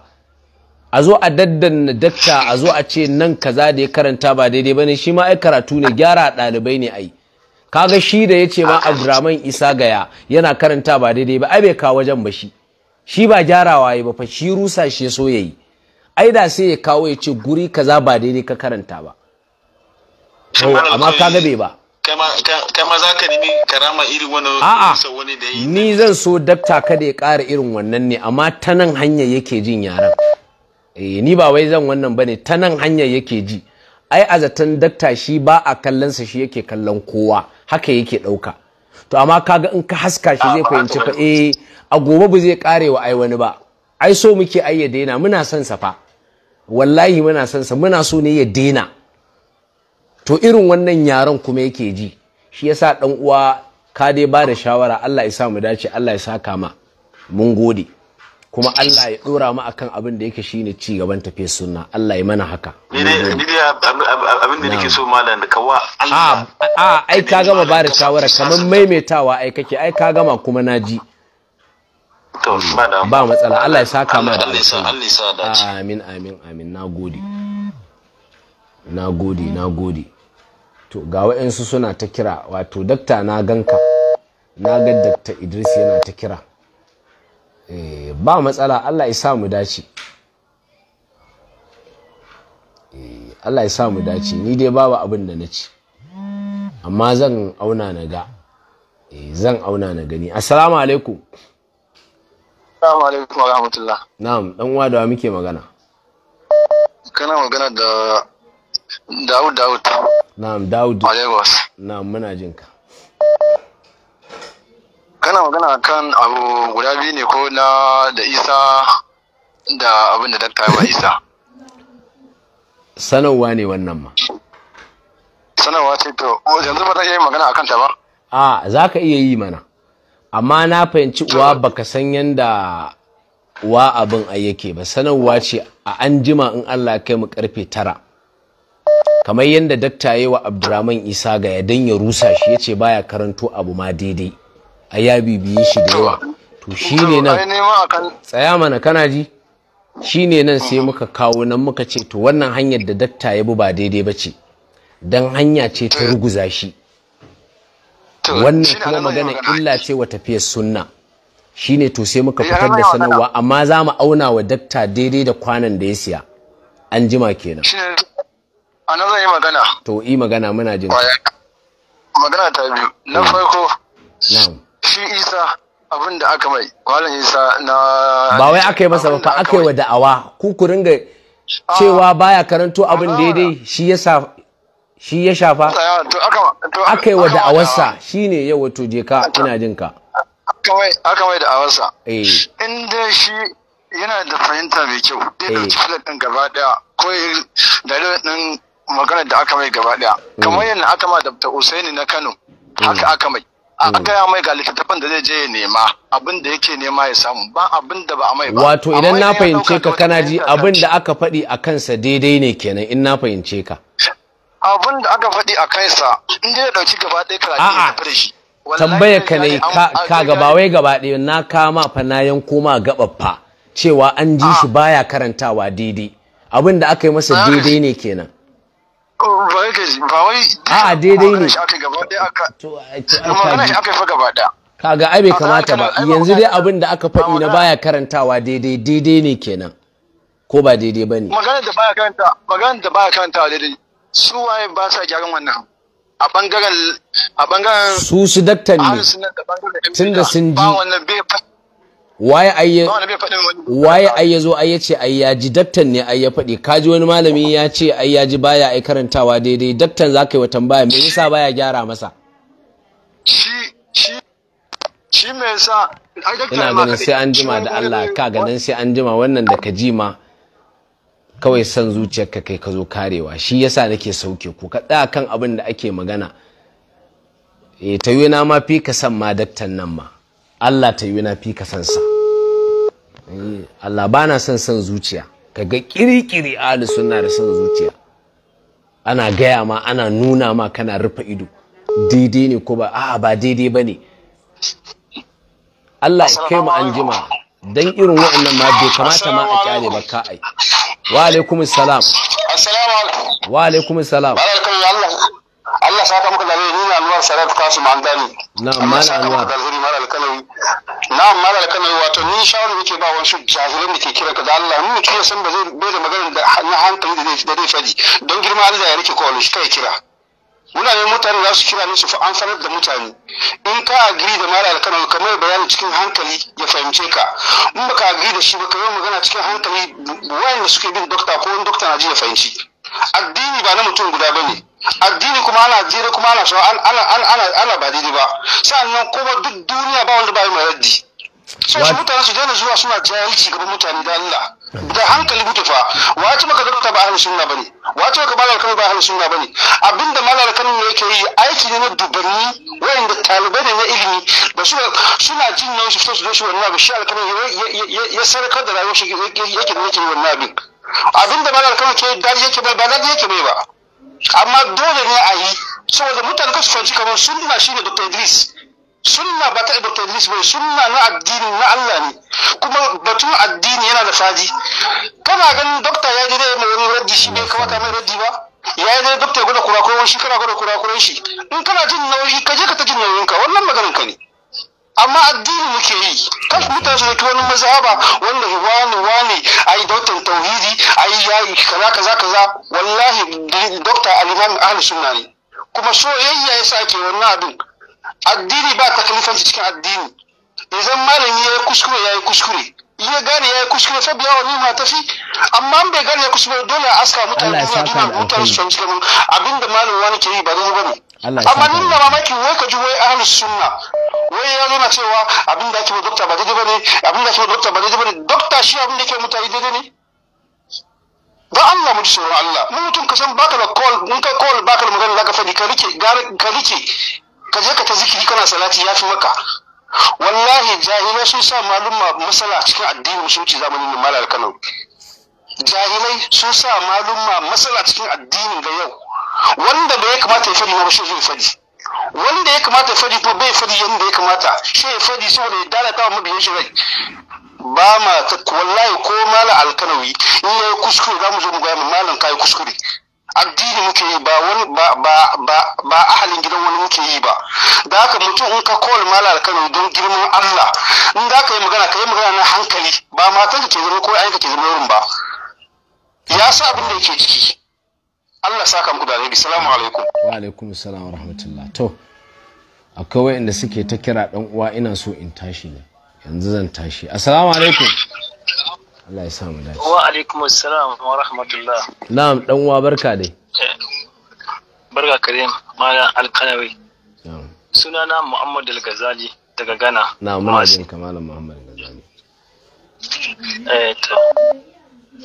a zo a daddana dakta a zo a ce nan kaza da ya karanta ba daidai bane shi ma ai karatu ne gyara ɗalibai ne ai kaga shi da ya ce ma Abdurrahman Isa gaya yana karanta ba daidai ba ai bai kawo wajen ba shi shi ba gyarawa ya ba fa shi rusa shi so yayi ai da sai ya kawo ya ce guri kaza ba daidai ka karanta ba amma kaga bai ba kama za ka nemi karama irin wani wani yi ni zan so dakta kada ya ƙara irin wannan ne amma ta nan hanyar yake jin yaran eh ni ba wai zan wannan bane ta nan hanyar yake ji ai a zaton dakta shi ba a kallonsa shi yake kallon kowa haka yake ɗauka to amma kaga in ka haska shi zai ah, fahimci fa eh a gobe ba zai kare wa ai wani ba ai so muke ai ya daina muna son sa fa wallahi muna son sa muna so ne ya daina to irin wannan yaron kuma yake ji shi yasa dan uwa ka dai ba da shawara Allah ya sa mu dace Allah ya saka ma mun gode kuma Allah ya dora mu akan abin da yake shine ci gaban tafiyar sunna Allah ya mana haka ni dai abin da nake so malam da kawa Allah a ah, ah, ai ka gama ba da shawara kaman maimaitawa ai kake ai ka gama kuma naji to ba matsala Allah ya saka ma da amin amin amin nagode nagode nagode to ga wa'ansu suna ta kira wato dakta na ganka na ga dakta Idris yana ta kira Eh, ba matsala Allah ya sa mu dace eh, Allah ya sa mu dace ni dai babu abin da na ci amma zan auna na ga eh, zan auna na gani assalamu alaikum assalamu alaikum wa rahmatullah na'am dan uwa da muke magana kana magana da Dawud Dawud na'am Dawud Lagos na'am muna jinka kana magana kan abu guda biyu ne ko na da isa da abin da dakta wa isa sanarwa ne wannan ma sanarwa ce to yanzu ba ta yi magana akan ta ba a za ka iya yi mana amma na fahimci uwa baka san yanda wa abin a yake ba sanarwa ce a an jima in Allah kai mu karfe tara kamar yadda dakta yi wa abdurrahman isa ga ya ya rusa shi ya ce baya karanto abu ma daidai a ya bibiye shi da yawa to shine nan tsaya mana kana ji shine nan sai muka kawo nan muka ce to wannan hanyar da dakta ya bi ba daidai ba ce don hanya ce ta eh. ruguza shi wannan kuma magana illa ce wa tafiyar sunna shine to sai muka fitar da sanarwa amma za mu auna wa dakta daidai da kwanan da ya siya an jima kenan ana zan yi magana to yi magana muna jin magana ta biyu na hmm. farko na'am shi isa abin da aka mai kwallon isa na ba wai aka yi masa ba fa aka yi wa da'awa ku ku ringa ah. cewa baya karanto ah. abin daidai shi ya sa shi ya shafa aka yi wa da'awarsa shine yau wato je ka ina jin ka aka mai da'awarsa eh. in shi yana da fahimta mai kyau zai eh. ɗauki filet ɗin gaba ko da ɗin maganar da aka mai gaba daya eh. kamar yadda aka ma da usaini na kano haka mm. aka mai a hmm. gaya mai ga littattafan da zai je ya nema abin da yake nema ya samu ba abin da ba a mai ba wato idan na fahimce ka kana ji abin da aka faɗi a kansa daidai ne kenan in na fahimce ka abin da aka faɗi a kansa in dai dauki gaba ɗaya karatu ya tafi da shi Tambaya ka ne ka gaba wai gaba ɗaya na kama fa na yanko ma fa cewa an ji shi baya karantawa daidai abin da aka yi masa ah. daidai ne kenan ba wai a daidai ne kaga ai bai kamata ba yanzu dai abin da aka faɗi na baya karantawa daidai daidai ne kenan ko ba daidai ba ne magana da baya karantawa daidai su waye ba sa gyaran wannan a bangaren a bangaren su su daktan ne tun da sun ji ba wannan bai waye ai waye yazo ai yace ai ya ji daktan ne ai ya faɗi kaji wani malami ya ce ai ya ji baya ai karantawa daidai daktan zaka yi wa tambaya me yasa baya gyara masa shi shi me yasa ina ganin sai an jima da Allah ka ganin sai an jima wannan da ka ji ma kawai san zuciyarka kai ka zo karewa shi yasa nake sauke ku ka tsaya kan abin da ake magana eh tayo na ma fi ka san ma daktan nan ma Allah ta yi na fi ka sansa eh, Allah ba na son son zuciya kaga kirikiri ahli sunna da son zuciya ana gaya ma ana nuna ma kana rufe ido daidai ne ko ba a ba daidai ba ne Allah ya kai mu an jima dan irin waɗannan ma bai kamata ma a kyale ba ka ai wa alaikum salam wa alaikum salam Allah saka muku da ni na Anwar Sarat ma'an Andani na mana Anwar alkanawi na mala alkanawi wato ni shawarar yake ba wasu jahilan da ke kira ka da Allah nuna mutum ya san ba zai bai da magana na hankali da zai faɗi don girma Allah ya rike kawai shi kai kira ne mutane za su kira ne su amfanar da mutane in ka agiri da mara alkano ka ya bayani cikin hankali ya fahimce ka in ba ka agiri da shi ba ka yi magana cikin hankali wayanda suke bin dokta ko wani dokta na ji ya fahimci addini ba na mutum guda ba ne addini kuma ana zira kuma ana so ana ba daidai ba sannan kuma duk duniya ba wanda ba yi mai raddi so mutane su daina zuwa suna jahilci gaban mutane da Allah da hankali mutu fa wace maka dokta ba ahlus sunna bane wace maka malar kanu ba ahlus sunna bane abinda malar kanu ne yake yi aiki ne na dubanni wayanda talibai ne na ilimi ba su suna jin nan su fito su zo su wannan abin shi alkanu ya sarkar da rayuwar shi yake yake yake wannan abin abinda malar kanu ke dadi yake bai ba dadi yake bai ba amma dole ne a yi saboda mutane kasu kwanci kamar sunna shine dr idris sunna ba ta dr idris bai sunna na addini na allah ne kuma batun addini yana da faji kana ganin dokta ya je dai mai raddi shi bai kamata mai raddi ba ya yi dai dokta ya gwada kurakuran shi kana gwada kurakuran shi in kana jin nauyi ka je ka ta jin nauyinka wannan maganin ka ne amma addini muke yi kashi mutane su zaki wani mazhaba wanda wani wani ai dautan tauhidi ai yayi kaza kaza kaza wallahi dokta al-imam ahli sunna ne kuma soyayya ya sake wannan abin addini ba takalifanci cikin addini idan malami ya yi kuskure ya yi kuskure ya gane ya yi kuskure fa biya wani ma tafi amma an bai gane ya kuskure dole a aska mutane duniya duniya mutane su fahimci kamar abinda malam wani ke yi ba daidai ba ne amma ni na mamaki wai ka ji wai ahlus sunna wai ya zo na cewa abin da ake wa dokta ba daidai bane abin da ake wa dokta ba daidai bane dokta shi abin da yake mutane daidai ne ga Allah mu ji Allah mu mutum ka san baka da call mun kai call baka da magana zaka faɗi ka rike ka rike ka je ka ta zikiri kana salati ya fi maka wallahi jahilai sun sa malumma masala cikin addinin musulunci zamanin da malar kano jahilai sun sa malumma masala cikin addinin ga yau wanda bai kamata ya fadi ma ba shi zai fadi wanda ya kamata ya fadi ko bai fadi yanda ya kamata shi ya fadi saboda ya ta wa mabiyan shi rai ba ma ta wallahi ko malam alkanawi in ya kuskure za mu zo mu ga ma malam kai kuskure addini muke yi ba wani ba ba ba ba ahalin gidan wani muke yi ba da haka mutum in ka kowal mala Alkanawi don girman Allah in da ka yi magana ka yi magana na hankali ba matan ke zama ko ayyuka ke zama wurin ba ya sa abin da yake ciki Allah saka muku da alheri salamu alaikum wa alaikum salam wa rahmatullah to akwai wayanda suke ta kira dan uwa ina so in tashi ne yanzu zan tashi assalamu alaikum Allah ya sa mu dace wa alaikum assalam wa rahmatullah na'am dan uwa barka dai barka kare malam alkanawi sunana muhammad al-ghazali daga Gana. na muna jin kamalan muhammad al-ghazali eh to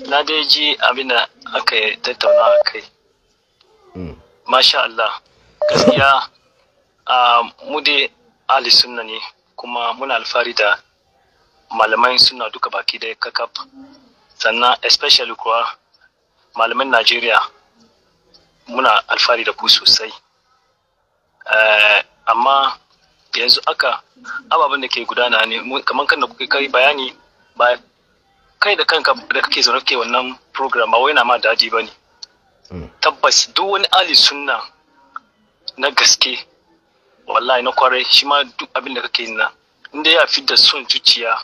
na dai ji abin da aka tattauna kai masha Allah gaskiya mu dai Ali sunna ne kuma muna alfahari da malamai suna duka baki da kakaf sannan especially kuwa malamin Najeriya muna alfahari da ku sosai eh, amma yanzu aka ababen da ke gudana ne kamar kan da kuka kai bayani ba kai da kanka da kake zaune ke wannan program ba wai na ma daji ba ne tabbas duk wani ali sunna na gaske wallahi na kwarai shi ma duk abin da kake yi na inda ya fi da son zuciya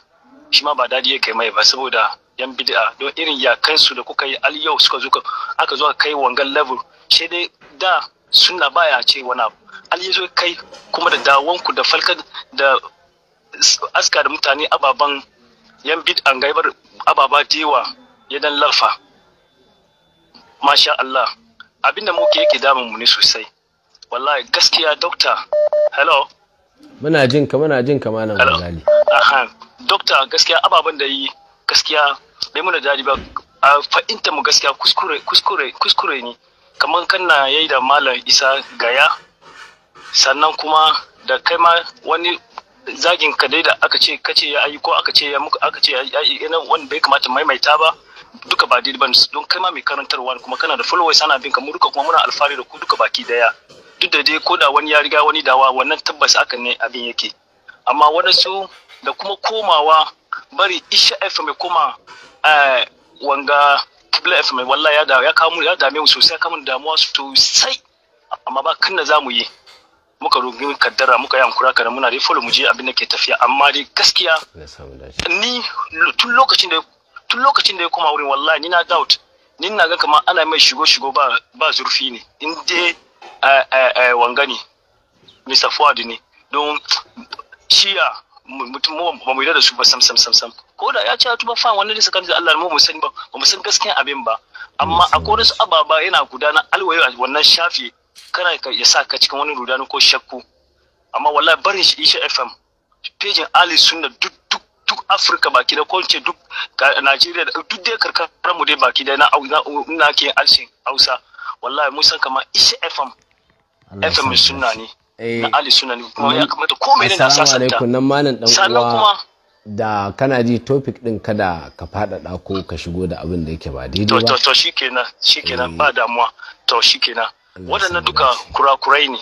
shi ma ba dadi ya kai mai ba saboda yan bid'a don irin yakansu da kuka yi al yau suka zo aka zo kai wangan level sai dai da sunna baya ce wani al yazo kai kuma da dawanku da falka da aska da mutane ababan yan bid'an gaibar ababa dewa ya dan larfa masha Allah abinda muke yake damun mu ne sosai wallahi gaskiya doctor hello muna jin ka muna jin ka malam wallahi aha doctor gaskiya ababen da yi gaskiya bai muna dadi ba a fa'inta mu gaskiya kuskure kuskure kuskure ne kamar kana yayi da malam Isa Gaya sannan kuma da kai ma wani zagin ka dai da aka ce kace ya ayi ko aka ce ya muka aka ce ya wani bai kamata maimaita ba duka ba daidai bane don kai ma mai karantarwa kuma kana da followers ana bin ka mu duka kuma muna alfahari da ku duka baki daya duk da dai ko da wani ya riga wani dawa wannan tabbas haka ne abin yake amma waɗansu da kuma komawa bari isha fm kuma eh, wanga kibla fm wallah ya da ya kamu ya dame mu sosai kamun damuwa sosai amma ba kan da zamu yi muka rungi kaddara muka yi hankura kana muna dai follow mu je abin da ke tafiya amma dai gaskiya ni tun lokacin da tun lokacin da ya koma wurin wallahi ni na doubt ni na ga kamar ana mai shigo shigo ba ba zurfi ne in dai wanga ne Mr. Ford ne don shiya mutum ba mu yi da su ba sam sam sam sam ko da ya ce tuba fa wannan da suka da Allah mu san ba ba mu san gaskiya abin ba amma a su ababa yana gudana alwayo a wannan shafi kana ya sa ka cikin wani rudani ko shakku amma wallahi barin shi Isha FM pejin Ali Sunna duk duk afirka baki da ko ce duk najeriya duk dai karkar mu dai baki da na ina ke alshin hausa wallahi mun san kamar ishe fm fm sunna ne eh, na ali sunna ne kuma ya kamata ko mai na sasanta nan malam dan uwa da kana ji topic din kada ka fadada ko ka shigo da abin da yake ba daidai ba to to shikenan shikenan ba eh. damuwa to shikenan waɗannan duka kurakurai ne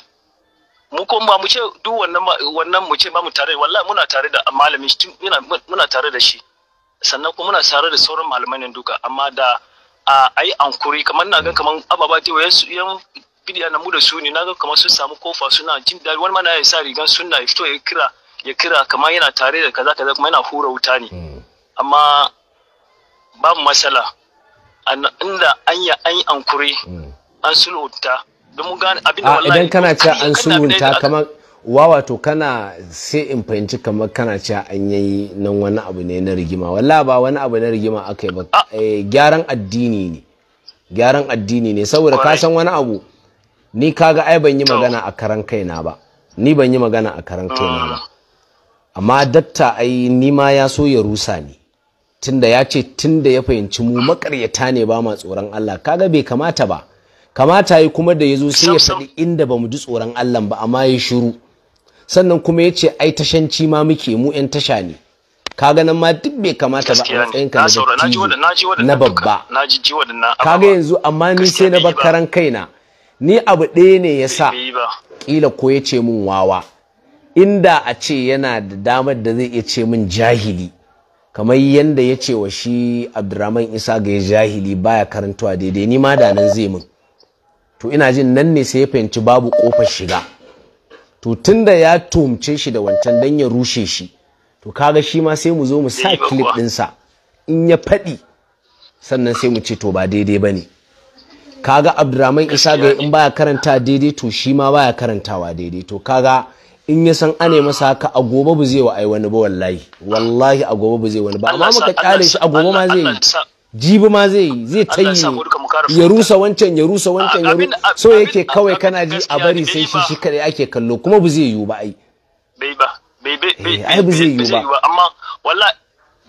mu ko ba mu ce duk wannan wannan mu ce ba mu tare wallahi muna tare da malamin shi muna tare da shi sannan kuma muna tare da sauran malaman nan duka amma da a ai ankuri kamar na ga kamar ababa ta wayan su yan bidiya na mu da su ne na ga kamar sun samu kofa suna jin daɗi wani mana ya sa rigan sunna ya fito ya kira ya kira kamar yana tare da kaza kaza kuma yana hura wuta ne hmm. amma ba mu matsala inda an yi an yi ankuri hmm. an sulhunta Ah, idan kana cewa an sumunta kamar wa wato kana sai in fahimci kamar kana cewa an yayi nan wani abu ne na rigima wallahi ba wani abu na rigima aka ba ah. eh, gyaran addini ne gyaran addini ne saboda ka san wani abu ni kaga ai ban yi magana a karan kaina ba ni ban yi magana a karan ah. kaina ba amma datta ai ni ma ya so ya rusa ni tunda ya ce tunda ya fahimci mu makaryata ne ba ma tsoron Allah kaga bai kamata ba kamata yi kuma da ya zo sai ya faɗi inda ba mu ji tsoron Allah ba amma ya shiru sannan kuma ya ce ai tashanci ma muke mu 'yan tasha ne kaga nan ma duk bai kamata ba a matsayin ka na babba kaga yanzu amma ni sai na bar bakkaran kaina ni abu ɗaya ne ya sa ƙila ko ya ce min wawa inda a ce yana da damar da zai iya ce mun jahili kamar yadda ya ce wa shi abdurrahman isa ga ya jahili baya karantawa daidai ni ma da nan zai mun. to ina jin nan ne sai ya fahimci babu kofar shiga to tunda ya tumce shi da wancan dan ya rushe shi to kaga shi ma sai mu zo mu sa clip ɗinsa in ya faɗi sannan sai mu ce to ba daidai bane kaga abdurrahman isa ga in baya karanta daidai to shi ma baya karantawa daidai to kaga in ya san ane masa haka a gobe ba zai wa ai wani ba wallahi wallahi a gobe ba zai wani ba amma muka kyale shi a gobe ma zai yi jibi ma zai yi zai ta yi ya rusa wancan ya rusa wancan ya rusa so yake kawai kana ji a bari sai shi shi kare ake kallo kuma ba zai yiwu ba ai bai ba bai bai eh, zai yiwu ba amma walla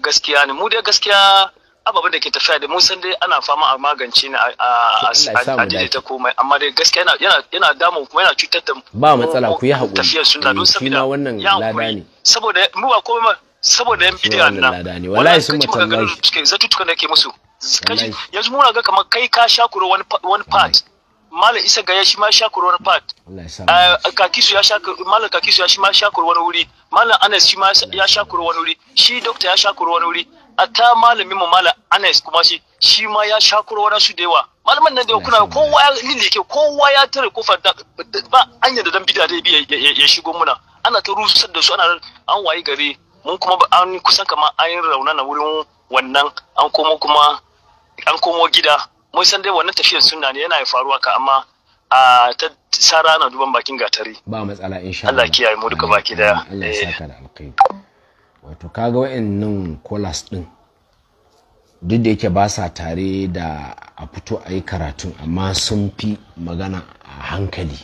gaskiya ne mu dai gaskiya ababen da ke tafiya da mun san dai ana fama a magance ne a ta komai amma dai gaskiya yana yana damu kuma yana cutar da ba matsala ku yi haƙuri tafiyar sunna don eh, saboda wannan lada saboda mu ba komai saboda yan bidiyan nan wallahi sun mutum ganin suke tukan da yake musu kaji yanzu muna ga kamar kai ka shakuro wani wani part mallam isa ga shi ma shakuro wani part ah, kakisu ya shakuro mala kakisu ya shi ma shakuro wani wuri mallam anas shi ma ya shakuro wani wuri shi doctor ya shakuro wani wuri ata malamin mu mallam anas kuma shi shi ma ya shakuro wani su da yawa malaman nan da kuna kowa ya ke kowa ya tare kofar da ba anya da dan bidiya da ya shigo muna ana ta rusar da su ana an wayi gari mun kuma an kusan kamar an yi na wurin wannan an komo kuma an komo gida mun san dai wannan tafiyar sunna ne yana faruwa ka amma a ta sara na duban bakin gatari ba matsala insha Allah Allah kiyaye mu duka baki daya Allah ya eh. saka da alkhairi wato kaga wayannan kolas din duk da yake ba sa tare da a fito a yi karatun amma sun fi magana a hankali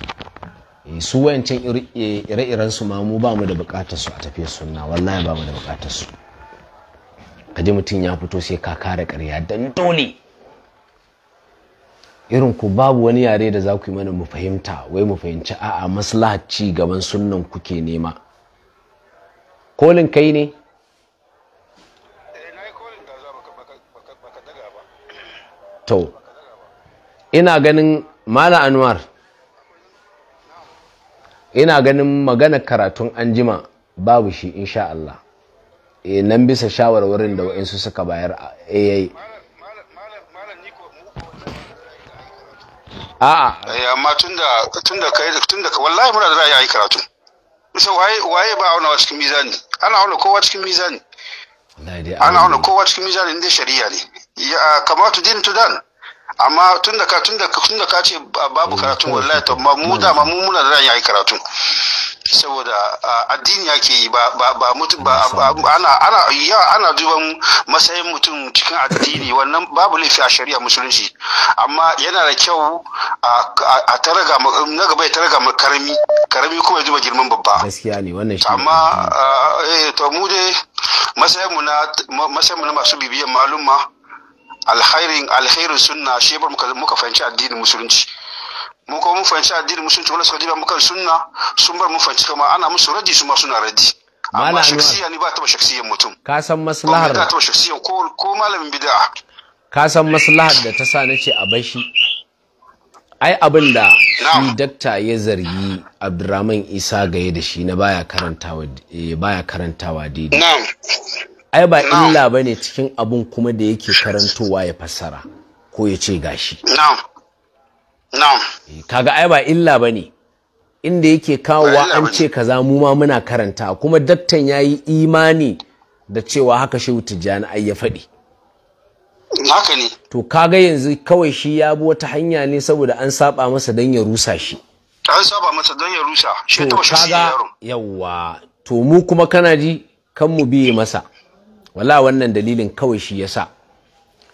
su wayancan ire-iren su ma mu ba mu da bukatar su a tafiya sunna wallahi ba mu da bukatar su kaji mutum ya fito sai ka kare ƙarya dan dole irin ku babu wani yare da za ku yi mana mu fahimta wai mu fahimci a'a maslahar ci gaban sunnan kuke nema kolin kai ne eh, to ina ganin mala anwar ina ganin magana karatun anjima babu shi insha Allah e nan bisa shawarwarin da wa'insu suka bayar a eh, yayi a'a eh, amma tunda tunda kai tunda wallahi muna da ra'ayi ayi karatu sai waye waye ba auna cikin mizani ana auna kowa cikin mizani ana auna kowa cikin mizani inda shari'a ne ya kamatu din tudan amma tun da ka tun da tun da ka ce babu mm, karatu wallahi to ma mu mm. da ma mu muna da yayi karatu saboda addini yake yi ba ba ba mutum ba ana ana ya ana duban matsayin mutum cikin addini wannan babu laifi a shari'a musulunci amma yana da kyau a taraga na gaba ya taraga karami karami kuma ya duba girman babba gaskiya ne wannan shi amma eh to mu dai matsayin mu na matsayin mu na masu bibiyan malumma alkhairin alkhairin sunna shi bar muka fahimci addinin musulunci mu ko mun fahimci addinin musulunci wala suka diba muka sunna sun bar mun fahimci kama ana musu radi su ma suna radi amma shaksiya ni ba ta shaksiyan mutum ka san maslahar ba ta shaksiyan ko ko malamin bid'a ka san maslahar da ta sa nace a bashi ai abin da shi dakta ya zargi Abdurrahman Isa gaye da shi na baya karantawa eh, baya karantawa daidai ai ba illa ba ne cikin abun kuma da yake karantowa ya fassara ko ya ce gashi eh, kaga ai ba illa ba ne inda yake kawowa an ce kaza mu ma muna karanta kuma daktan ya yi imani da cewa haka shehu tijjani ai ya faɗi haka ne to kaga yanzu kawai shi ya bi wata hanya ne saboda an saba masa don ya rusa shi an saba masa don ya rusa shi yawwa to mu kuma kana ji kan mu biye masa wala wannan dalilin kawai shi yasa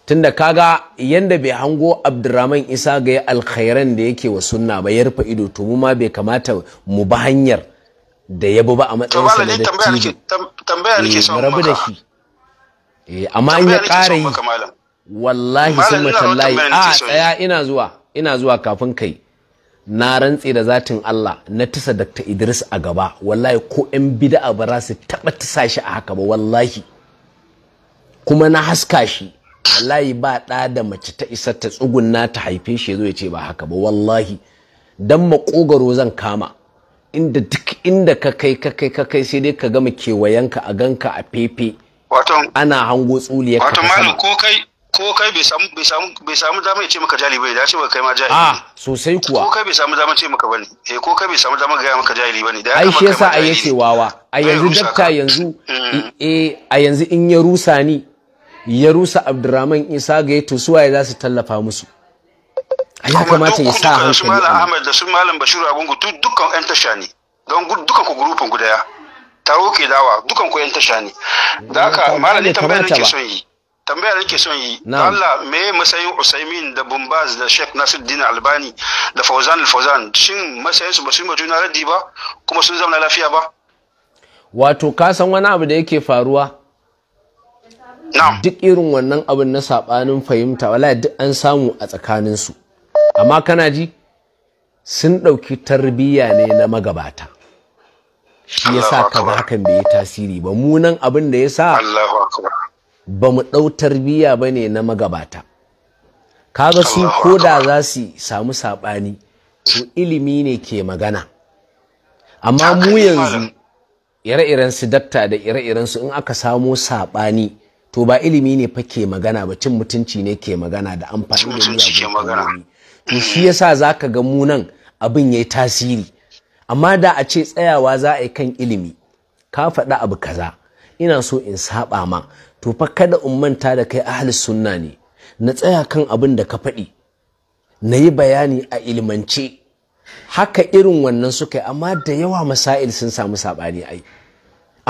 tunda kaga yadda bai hango abdurrahman isa ga ya alkhairan da yake wa sunna ba ya rufe ido to mu ma bai kamata mu ba hanyar da ya ba a matsayin sa da dattijo tambaya eh, rabu da shi eh amma in ya ƙara yi wallahi summa tallahi a tsaya ina zuwa ina zuwa kafin kai na rantsi da zatin Allah na tusa Dr. Idris a gaba wallahi ko 'yan bida'a ba za su taɓa tusa shi a haka ba wallahi kuma na haska shi wallahi ba ɗa da mace ta isa ta tsugunna ta haife shi zo ya ce ba haka ba wallahi dan makogaro zan kama inda duk inda ka kai ka kai ka kai sai dai ka gama kewayenka a ganka a fefe ana hango tsuliyar ka sama ko kai ko kai bai samu bai samu bai samu dama ya ce maka jahili bai dace ba kai ma jahili ah sosai kuwa ko kai bai samu dama ce maka bane eh ko kai bai samu dama ga maka jahili bane da ai shi yasa ai yace wawa a yanzu dakta yanzu mm. eh a yanzu in ya rusa ni ya rusa abdurrahman isa ga to waye za su tallafa musu ya kamata ya sa hankali malam ahmad da su malam bashiru agungu dukkan yan tasha ne don dukkan ku gurufin guda taro ke dawa dukkan ku yan tasha ne da haka malam ne tambayar nake son yi tambaya nake son yi Allah me masayin Usaimin da Bumbaz da Sheikh Nasiruddin Albani da Fauzan al-Fauzan shin matsayin su ba su yi juna raddi ba kuma sun zauna lafiya ba wato ka san wani abu da yake faruwa duk irin wannan abin na saɓanin fahimta wala duk an samu a tsakaninsu amma kana ji sun ɗauki tarbiyya ne na magabata shi ya sa kaga hakan bai yi tasiri ba Munan abin da ya sa ba mu ɗau tarbiyya ba ne na magabata kaga su ko da za su samu saɓani to ilimi ne ke magana amma mu yanzu ire-iren su dakta da ire-iren su in aka samo saɓani to ba ilimi ne fa ke magana ba cin mutunci ne ke magana da amfani da miyagun to shi yasa zaka ga mu nan abin yayi tasiri amma da a ce tsayawa za a yi kan ilimi ka faɗa abu kaza ina so in saba ma to fa kada in manta da kai ahli sunna ne na tsaya kan abin da ka faɗi na yi bayani a ilimance haka irin wannan suka yi amma da yawa masail sun samu saɓani ai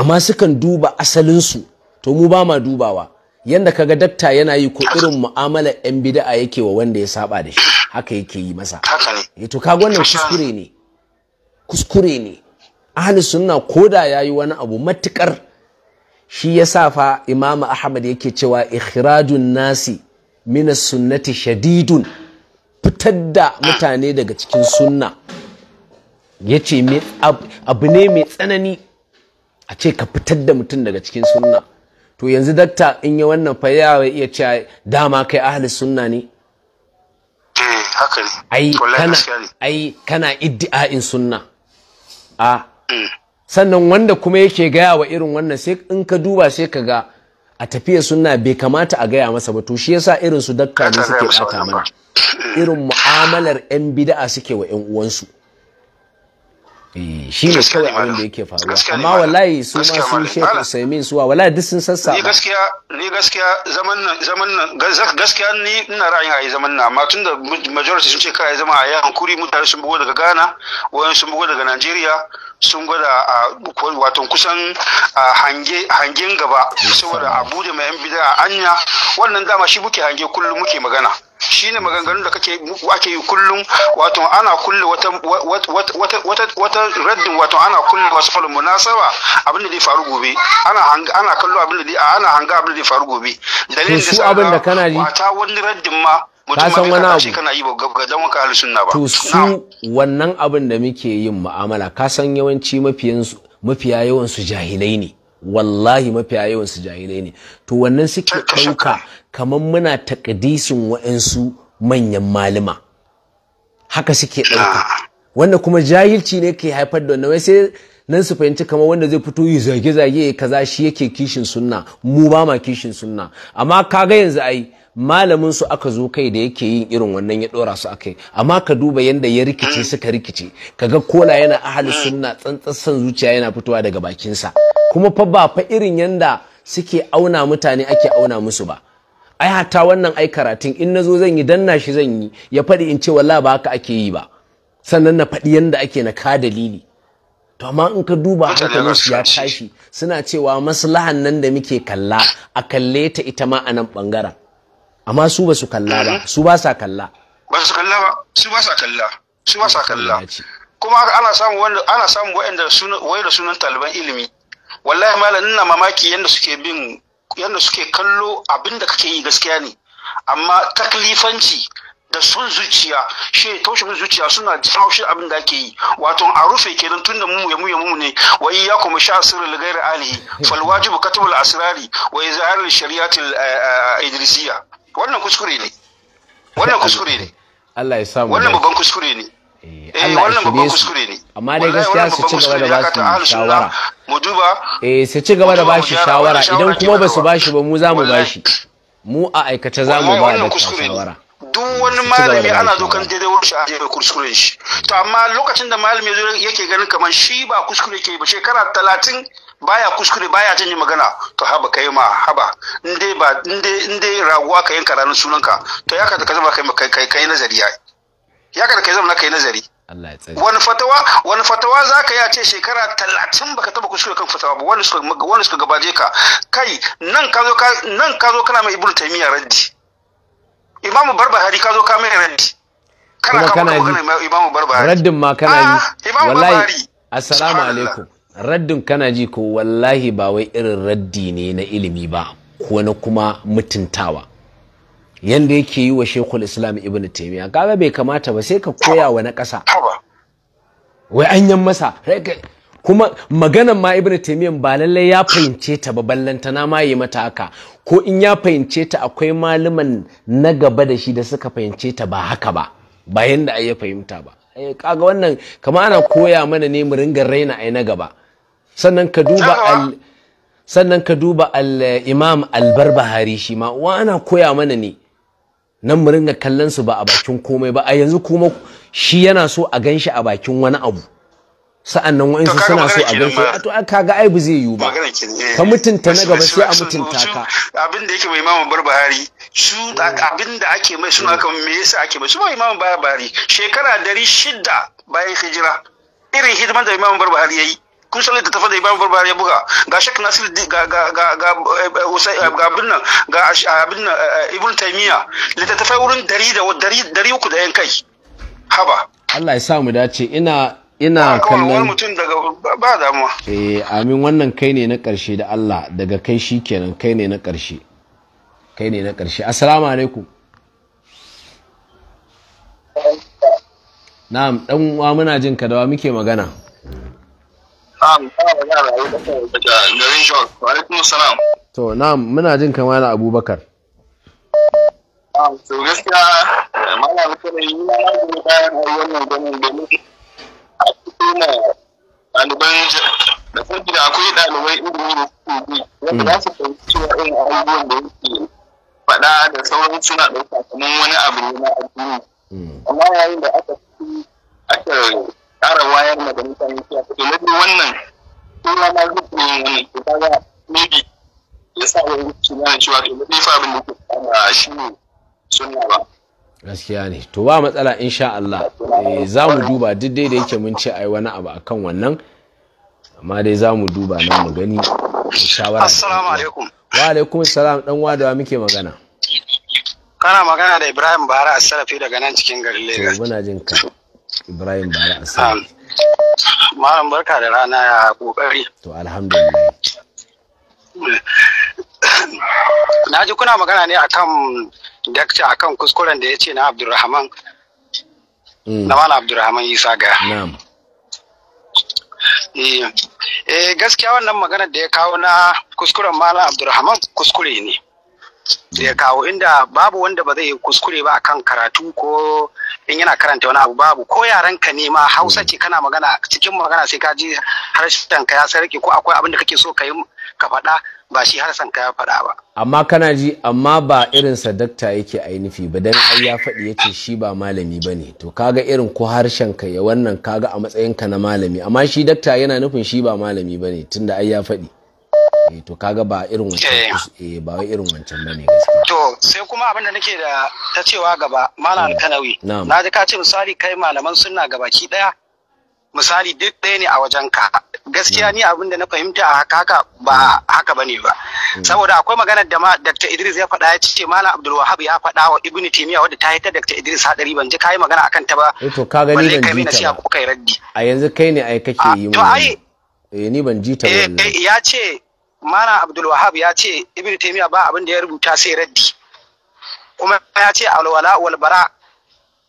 amma sukan duba asalinsu to mu ba ma dubawa yanda kaga dakta yana yi ko irin mu'amala yan bida'a yake wa wanda ya saba da shi haka yake yi masa eh to kaga wannan kuskure ne kuskure ne ahli sunna koda yayi wani abu matukar shi yasa fa imamu ahmad yake cewa ikhrajun nasi min sunnati shadidun fitar da mutane daga cikin sunna ya ce abu ne mai tsanani a ce ka fitar da mutum daga cikin sunna to yanzu datta in yi wannan fa ya iya cewa dama kai ahli sunna ne eh haka ne ai kana iddi'ain sunna a eh. sannan wanda kuma yake gaya wa irin wannan sai in ka duba sai ka ga a tafiya sunna bai kamata a gaya masa ba to shi yasa irin su dakta ne suke ɗata mana irin mu'amalar 'yan bida'a suke wa 'yan uwansu Eh, shi ne kawai abin da yake faruwa amma wallahi su ma sun shekwa saimin suwa wallahi duk sun sassa ni gaskiya ni gaskiya zaman nan zaman nan gaskiya ni ina ra'ayin ayi zaman nan amma tunda majority sun ce kai zama a yan kuri mutane sun bugo daga Ghana wayan sun bugo daga nigeria sun gwada a wato kusan hangen gaba saboda abu da mai yan bida anya wannan dama shi muke hange kullum muke magana shine maganganun da kake ake yi kullum wato ana kulle wata wata wata wata raddin wato ana kulle wasu falon munasaba abin da zai faru gobe ana ana kallo abin da ana hanga abin da zai faru gobe dalilin da sa abin da kana yi wata wani raddin ma mutum ma wani kana yi ba dan waka ahlus sunna ba to su wannan abin da muke yin mu'amala ka san yawanci mafiyan su mafiya yawan su jahilai ne wallahi mafiya yawan su jahilai ne to wannan suke ɗauka kamar muna takadisin wa'ansu manyan malima haka suke ɗauka ah. wanda kuma jahilci ne ke haifar da wannan sai nan su fahimci kamar wanda zai fito yi zage-zage kaza shi yake kishin sunna mu ba ma kishin sunna amma kaga yanzu ai malamin su aka zo kai da yake yin irin wannan ya dora su akai amma ka duba yanda ya rikice hmm. suka rikice kaga kola yana ahli hmm. sunna tsantsan san zuciya yana fitowa daga bakinsa kuma fa ba fa irin yanda suke auna mutane ake auna musu ba ai hata wannan ai karatun in nazo zan yi danna shi zan yi ya faɗi in ce wallahi ba haka ake yi ba sannan na faɗi yanda ake na ka dalili to amma in ka duba hankalin su ya tashi suna cewa maslahan nan da muke kalla a kalle ta ita ma a nan bangaren amma su ba su kalla ba su ba sa kalla ba su kalla ba su ba sa kalla su ba sa kalla kuma ana samu wanda ana samu wa'anda sunan wai da sunan taliban ilimi wallahi malam ina mamaki yanda suke bin yadda suke kallo abin da kake yi gaskiya ne amma taklifanci da sun zuciya shi taushe mun zuciya suna taushe abin da ake yi wato a rufe kenan tun da mu ya mu ya mu ne wa ya kuma sha sirrul ghairi alihi fal wajibu katbul asrari wa izharul shari'atil eh, eh, idrisiya wannan kuskure ne wannan kuskure ne Allah ya samu wannan babban kuskure ne Eh, Allah shirye su amma dai gaskiya su ci gaba da ba shawara eh su ci gaba da ba shawara idan kuma ba su ba mu za mu ba mu a aikata za mu ba da shawara duk wani to amma lokacin da malami yake ganin kamar shi ba kuskure ke ba shekara talatin baya kuskure baya jin magana to haba kai ma haba in ba in dai raguwa ka yanka ranar sunanka to ya ka zama kai kai kai nazari yayi ya karka zama kai nazari wani fatawa wani fatawa za ka yi ce shekara talatin baka taba kuskure kan fatawa ba wani suka wani suka gabaje ka kai nan ka zo ka nan ka zo kana mai ibnu taymiya raddi imamu barbahari ka zo ka mai raddi kana kama magana imamu barbahari raddin ma kana yi ah, wallahi assalamu alaikum raddin kana ji ko wallahi ba wai irin raddi ne na ilimi ba ko na kuma mutuntawa yanda yake yi wa shekul islam ibn taimiya kaga bai kamata ba sai ka koya wa na ƙasa wai an yan masa kuma maganan ma ibn ba lallai ya fahimce ta ba na ma yi mata haka ko in ya fahimce ta akwai malaman na gaba da shi da suka fahimce ta ba haka ba ba yanda ya fahimta ba eh, kaga wannan kama ana koya mana ne mu ringa raina ai na gaba sannan ka duba al sannan ka duba al-imam al-barbahari shi ma wa ana koya mana ne nan mu ringa kallon su ba a bakin komai ba a yanzu kuma shi yana so a gan shi a bakin wani abu sa'an nan wa'insu suna so a gan shi a to kaga ai ba zai yiwu ba eh. ka mutunta na gaba sai a mutunta ka abin da yake mai imamu barbahari su hmm. abin da ake mai suna kan me yasa ake mai su ba imamu barbahari shekara dari shida bayan hijira irin hidimar da imamu barbahari ya yi kun san littattafan da Ibrahim Barbar ya buga ga Sheikh Nasir ga ga ga ga ga abin nan ga abin nan eh, eh, Ibn da littattafai wurin dari da dari uku da yan kai haba Allah ya sa mu dace ina ina kallon mutum daga ba damuwa eh amin wannan kai ne na karshe da Allah daga kai shikenan kai ne na karshe kai ne na karshe assalamu alaikum na'am dan uwa muna jin ka da wa muke magana To na'am muna jin kamar Abubakar. to gaskiya malam yi ganin a cikin da akwai ɗalibai ilimi da bi wanda za su cewa irin abubuwan da yake faɗa da sauran suna ɗauka kamar wani abu ne na addini mm. amma yayin da aka aka ƙara wayar ma da mutane su To na biyu wannan kowa na zuwa yin wannan to kaga maybe ya sa wani tunanin cewa to maybe fa abin da ke kama shi ne sunna ba gaskiya ne to ba matsala insha Allah eh, za mu duba duk dai da yake mun ce ai wani abu akan wannan amma dai za mu duba nan mu gani shawara assalamu alaikum wa alaikum salam dan wadawa muke magana kana magana da Ibrahim Bara Asalafi daga nan cikin garin Lagos muna jin ka Ibrahim Bala Asad. Malam barka da rana ya kokari. To alhamdulillah. Na ji kuna magana ne akan dakta akan kuskuren da ya ce na Abdulrahman. Mm. Na Malam Abdulrahman Isa ga. Na'am. Eh, eh gaskiya wannan maganar da ya kawo na kuskuren Malam Abdulrahman kuskure ne. ya kawo inda babu wanda ba zai kuskure ba akan karatu ko in yana karanta wani abu babu ko yaran ka nema hausa mm. ce kana magana cikin magana sai ka ji harshen ka ya sarki ko akwai abin da kake so ka yi ka faɗa ba shi harshen ka ya faɗa ba amma kana ji amma ba irin sa dakta yake ainihi ba dan ai ya faɗi yace shi ba malami bane to kaga irin ko harshen ka ya wannan kaga a matsayin ka na malami amma shi dakta yana nufin shi ba malami bane tunda ai ya faɗi eh to kaga ba irin wancan eh. eh ba wai irin wancan bane gaskiya to sai kuma abin da nake da ta cewa gaba malam eh, kanawi na ji ka ce misali kai malaman sunna gabaki daya misali duk daya ne a wajen ka gaskiya ni abin da na fahimta a haka haka ba hmm. haka bane ba hmm. saboda akwai maganar da ma Dr. Idris ya faɗa ya ce Malam Abdul Wahab ya faɗa wa Ibn Taymiyyah wanda ta haita Dr. Idris hadari ban ji kai magana akan ta ba eh, to ka gani ban ji ta ba a yanzu kai ne ai kake ah, yi mu to ai eh ni ban ji ta ba ya ce mana abdul wahab ya ce ibn taymiya ba abin da ya rubuta sai raddi kuma ya ce alwala wal bara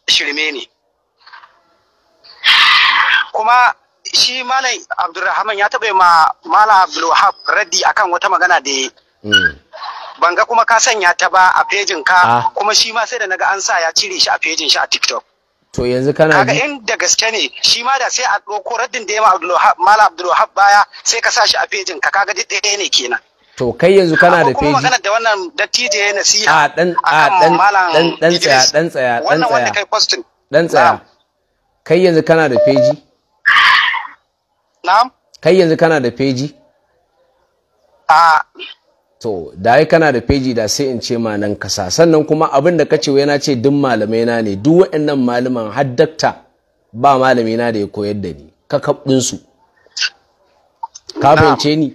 shirme ne kuma shi malam abdulrahman ya taɓa ma malam abdul wahab raddi akan wata magana da ya hmm. ban ga kuma ka sanya ta ba a fejin ka ah. kuma shi ma sai da naga an sa ya cire shi a fejin shi a tiktok to yanzu kana kaga in da gaske ne shi ma da sai a ɗauko raddin da ya ma mala abdulwahab baya sai ka sa shi a fejin ka kaga duk ɗaya ne kenan to kai yanzu kana da feji amma magana da wannan da TJ ya nasiha a ah, dan a ah, dan dan dan tsaya dan tsaya dan tsaya Wannan wanda kai question dan tsaya kai yanzu kana da feji na'am kai yanzu kana da feji a ah, to da ya kana da feji da sai in ce ma nan kasa sannan kuma abin da kace wai na ce duk malamai na ne duk waɗannan malaman har dakta ba malami na da ya koyar da ni ka kabbin su ka fahimce ni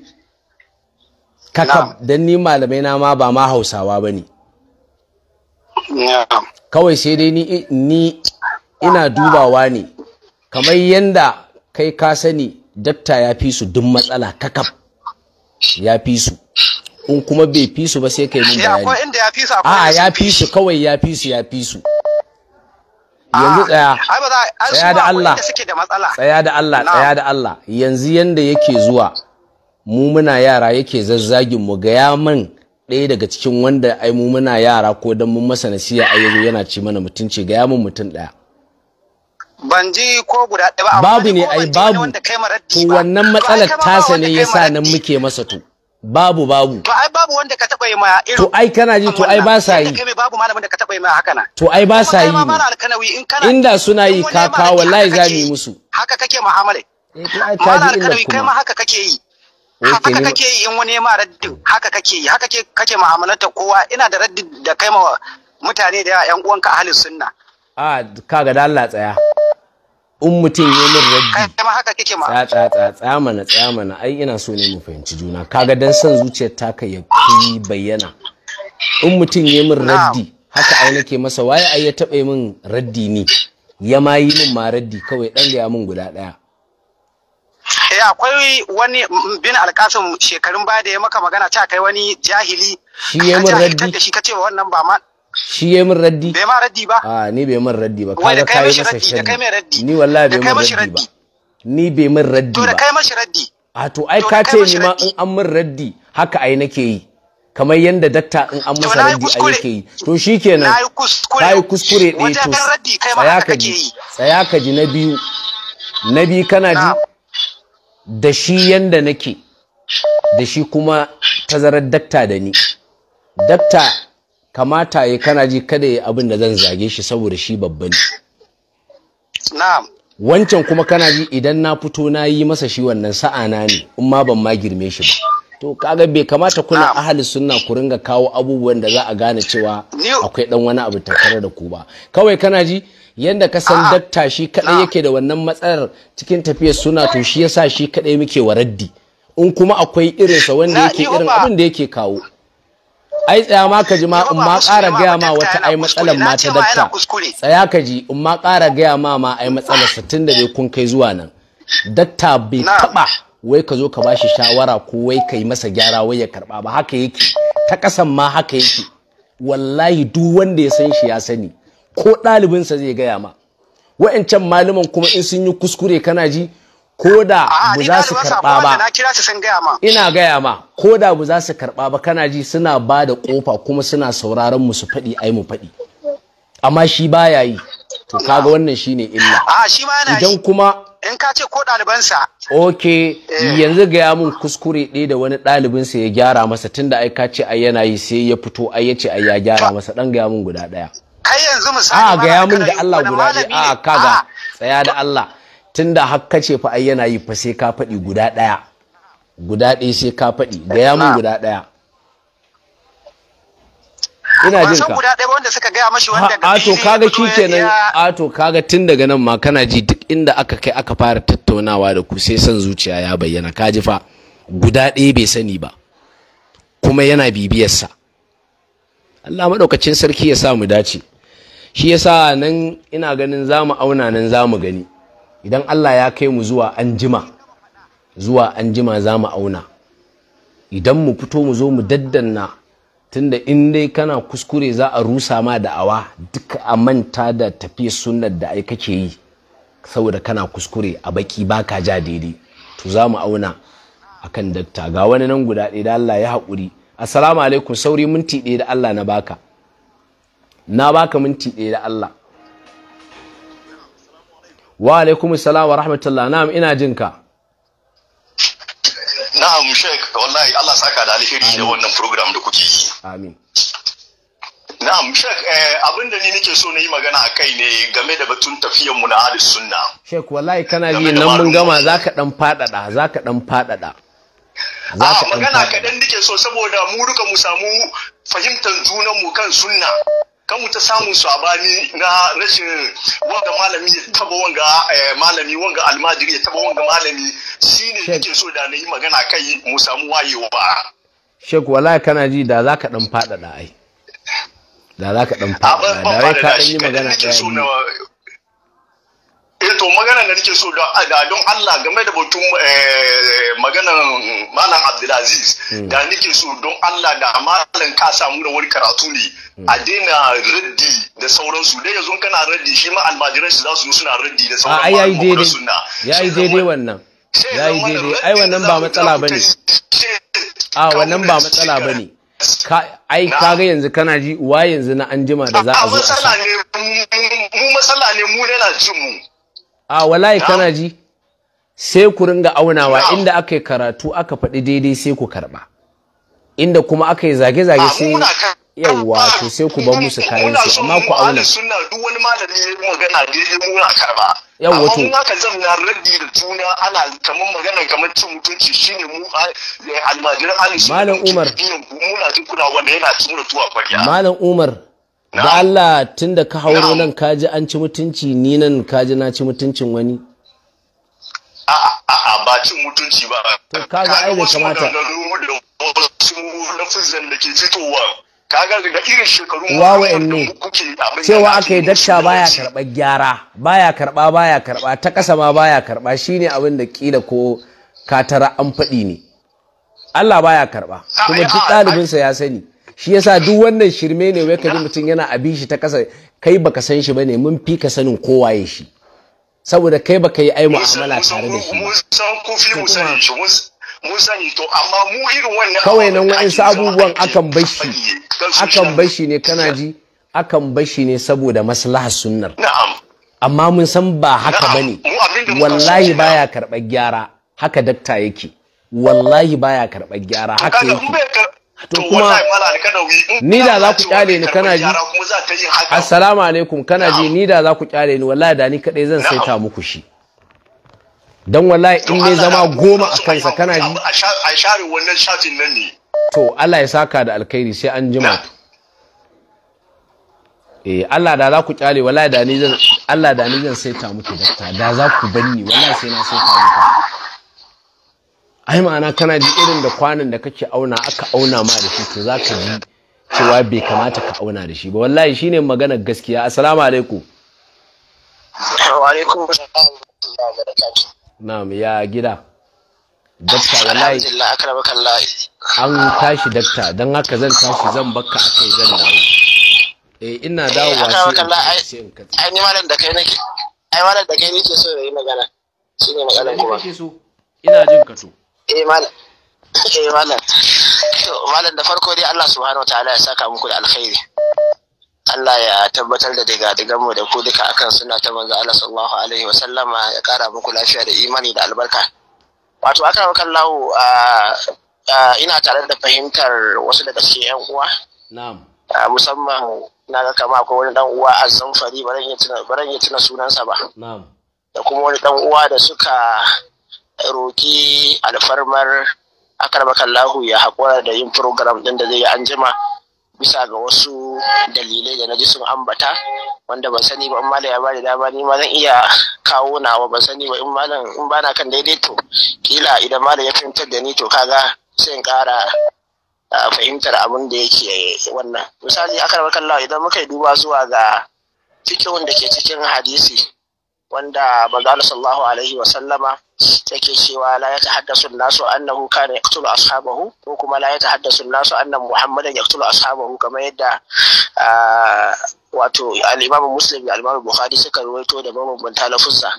kab dan ni malamai na ma ba ma Hausawa bane kawai sai dai ni ni ina dubawa ne kamar yanda kai ka sani dakta ya fi su duk matsala kakab ya fi su in kuma bai fi su ba sai kai mun bayani akwai inda ya fi su akwai a ya fi su kawai ya fi su ya fi su yanzu tsaya tsaya da Allah tsaya da Allah tsaya da Allah yanzu yanda yake zuwa mu muna yara yake zazzagin mu ga ya man ɗaya daga cikin wanda ai mu muna yara ko dan mun masa nasiya ai yazo yana ci mana mutunci ga ya mun mutun ɗaya ban ji ko guda ɗaya ba babu ne ai babu to wannan matsalar tasa ne yasa nan muke masa to babu babu to ai babu wanda ka taba yi ma irin to ai kana ji to ai ba sa yi kai babu malamin da ka taba yi ma haka na to ai ba sa yi ma alkanawi in kana inda suna yi kaka wallahi za yi musu haka kake mu'amala eh to ai ta ji illa kuma kai ma haka kake yi eh, haka kake yi in wani ya ma raddi haka kake yi haka kake mu'amalarta kowa ina da raddi da kai ma mutane da yan uwanka ahli sunna a ah, kaga da Allah tsaya in mutum ya min raddi tsa tsa ai ina so ne mu fahimci juna kaga dan san zuciyar ta ka ya fi bayyana in mutum ya min raddi haka ai nake masa waye ai ya taɓa min raddi ne ya ma yi min ma raddi kawai dan ya min guda daya eh akwai wani bin alkasim shekarun baya da ya maka magana ta kai wani jahili shi ya min raddi shi kace wannan ba ma shi ya min raddi bai ma raddi ba a ah, ni bai min raddi ba kaga kai masa raddi da kai mai raddi ni wallahi bai min raddi ba ni bai min raddi ba to da kai mashi raddi a ah, to ai ka ce ni ma in an min raddi haka ai nake yi kamar yadda dakta in an masa raddi a yake yi to shikenan ka yi kuskure eh, ne to tsaya ka ji tsaya ka ji na biyu na biyu kana ji da shi yanda nake da shi kuma tazarar dakta da ni dakta kamata ya kana ji kada ya abin da zan zage shi saboda shi babba ne na'am wancan kuma kana ji idan na fito na yi masa shi wannan sa'ana ne in ma ban ma girme shi ba to kaga bai kamata kuna ahli sunna ku ringa kawo abubuwan da za a gane cewa akwai dan wani abu tattare da ku ba kawai kana ji yanda ka san dakta shi kadai yake da wannan matsalar cikin tafiyar suna to shi yasa shi kadai muke waraddi in kuma akwai irinsa wanda yake irin abin da yake kawo ai tsaya ma ka ji ma in ma ƙara gaya ma wata ai matsalar ma ta dakta tsaya ka ji in ma ƙara gaya ma ma ai matsalar tunda da kun kai zuwa nan dakta bai taɓa wai ka zo ka bashi shawara ko wai ka yi masa gyara wai ya karɓa ba haka yake ta ƙasan ma haka yake wallahi duk wanda ya san shi ya sani ko ɗalibinsa zai gaya ma wa'ancan malaman kuma in sun yi kuskure kana ji Koda bu za su karɓa ba ina gaya ma Koda bu za su karɓa ba kana ji suna ba da ƙofa kuma suna sauraron mu su faɗi ai mu faɗi amma shi baya yi to kaga wannan shine illa a shi yana idan kuma in ka ce ko ɗalibansa ok eh. yanzu gaya mun kuskure ɗaya da wani ɗalibinsa ya gyara masa tunda ai ka ce ai yana yi sai ya fito ai ya ce ai ya gyara masa dan gaya mun guda ɗaya kai yanzu misali a gaya mun da Allah guda ɗaya a kaga tsaya da Allah tunda har kace fa ai yana yi fa sai ka faɗi guda ɗaya guda ɗaya sai ka faɗi gaya mun ah. guda ɗaya ina jin ka guda ɗaya wanda suka gaya mashi wanda a to kaga nan. a to kaga tun daga nan ma kana ji duk inda aka kai aka fara tattaunawa da ku sai son zuciya ya bayyana ka ji fa guda ɗaya bai sani ba kuma yana bibiyarsa Allah maɗaukacin sarki ya sa mu dace shi yasa nan ina ganin za mu auna nan za mu gani idan Allah ya kai mu zuwa anjima zuwa anjima za mu auna idan mu fito mu zo mu daddanna tunda in dai kana kuskure za a rusa ma da'awa duka a manta da tafi sunnar da ai kake yi saboda kana kuskure a baki baka ja daidai to za mu auna akan datta. ga wani nan guda ɗaya da Allah ya haƙuri assalamu alaikum sauri minti ɗaya da Allah na baka na baka minti ɗaya da Allah wa alaikum salam wa rahmatullah na'am ina jin ka na'am sheik wallahi Allah saka da alheri da wannan program da kuke yi amin na'am sheik eh, abin da ni nake so na yi magana a kai ne game da batun tafiyan mu na ahlus sunna sheik wallahi kana yi nan mun gama zaka dan fadada zaka dan fadada a ah, magana kaɗan nake so saboda mu duka mu samu fahimtar mu kan sunna kan mu ta samun sabani na rashin wanga malami ya taba wanga eh, malami wanga almajiri ya taba wanga malami shine yake so da na yi magana kai mu samu wayewa ba shek wallahi kana ji da zaka dan fada da ai da zaka dan fada da rai ka dan yi magana da eh to magana da nake so don Allah game da batun eh, maganan malam Abdulaziz hmm. da nake so don Allah da malam ka samu da wani karatu ne hmm. a daina raddi da sauransu dai yanzu kana raddi shi ma almajiran za su zo suna raddi da sauran ah, a yayi daidai yayi daidai wannan yayi daidai ai wannan ba ah, matsala bane a wannan ba matsala bane Ka, ai kaga yanzu kana ji uwa yanzu na anjima da za a ah, zo a matsala ne mu matsala ne mu yana cin mu a walayi kana ji sai ku ringa aunawa inda aka yi karatu aka faɗi daidai sai ku karɓa inda kuma aka yi zage-zage sai yawwa to sai ku bar musu kayan su amma ku auna yawwa to malam umar yana tura tuwa malam umar da Allah tun da ka hauro nan kaji an ci mutunci ni nan kaji na ci mutuncin wani a'a ba cin mutunci ba to kaga ai da kamata lafizan wa ke kaga da irin shekaru ne cewa aka yi dakta baya karɓar gyara baya karɓa baya karɓa ta ƙasa ma baya karɓa shine abin da ƙila ko katara an faɗi ne Allah baya karɓa kuma duk ɗalibinsa ya sani shi yasa duk wannan shirme ne wai kaji mutum yana abi shi ta kasa kai baka san shi bane mun fi ka sanin kowa ya shi saboda kai baka yi ai mu'amala tare da shi kawai nan su abubuwan akan bashi akan bashi ne kana ji akan bashi ne saboda maslaha sunnar amma mun san ba haka bane wallahi baya karɓar gyara haka dakta yake wallahi baya karɓar gyara haka yake to kuma ni da za ku kyale ni kana ji assalamu alaikum kana ji ni da za ku kyale ni wallahi da ni kadai zan saita muku shi dan wallahi in ne zama goma a kansa kana ji a share wannan shafin nan ne to Allah ya saka da alkhairi sai an jima eh Allah da za ku kyale wallahi da ni zan Allah da ni zan saita muku dakta da za ku banni wallahi sai na saita muku ai ma'ana kana ji irin da kwanan da kake auna aka auna ma da shi to za ka ji cewa bai kamata ka auna da shi ba wallahi shine maganar gaskiya assalamu alaikum wa alaikum na'am ya gida dakta wallahi an tashi dakta don haka zan tashi zan bakka akai zan dawo eh ina dawo sai in katsi ai ni malam da kai nake ai malam da kai nake so yayi magana shine magana kuma ina jin ka to eh malam eh malam to malam da farko dai Allah subhanahu wataala ya saka muku da alkhairi Allah ya tabbatar da daga digan mu da ku duka akan suna ta manzo Allah sallallahu alaihi wa sallama ya kara muku lafiya da imani da albarka wato aka maka lawo ina tare da fahimtar wasu daga cikin yan uwa na'am musamman na ga kama akwai wani dan uwa a zamfari ba zan iya tuna sunansa ba na'am da kuma wani dan uwa da suka roki alfarmar Lahu ya haƙura da yin program ɗin da zai yi anjima bisa ga wasu dalilai da na ji sun ambata wanda ban sani ba in malam ya bada dama ni ma zan iya kawo nawa ban sani ba in malam in bana kan daidai to kila idan malam ya fahimtar da ni to kaga sai in ƙara fahimtar abin da yake wannan misali Lahu idan muka yi duba zuwa ga fikihun da ke cikin hadisi wanda manzo sallallahu alaihi wa sallama take cewa la ya tahaddasu nasu annahu kana yaqtulu ashabahu ko kuma la ya tahaddasu nasu annan muhammadan yaqtulu ashabahu kamar yadda wato al imam muslim da al imam bukhari suka ruwaito da mabambanta lafuzza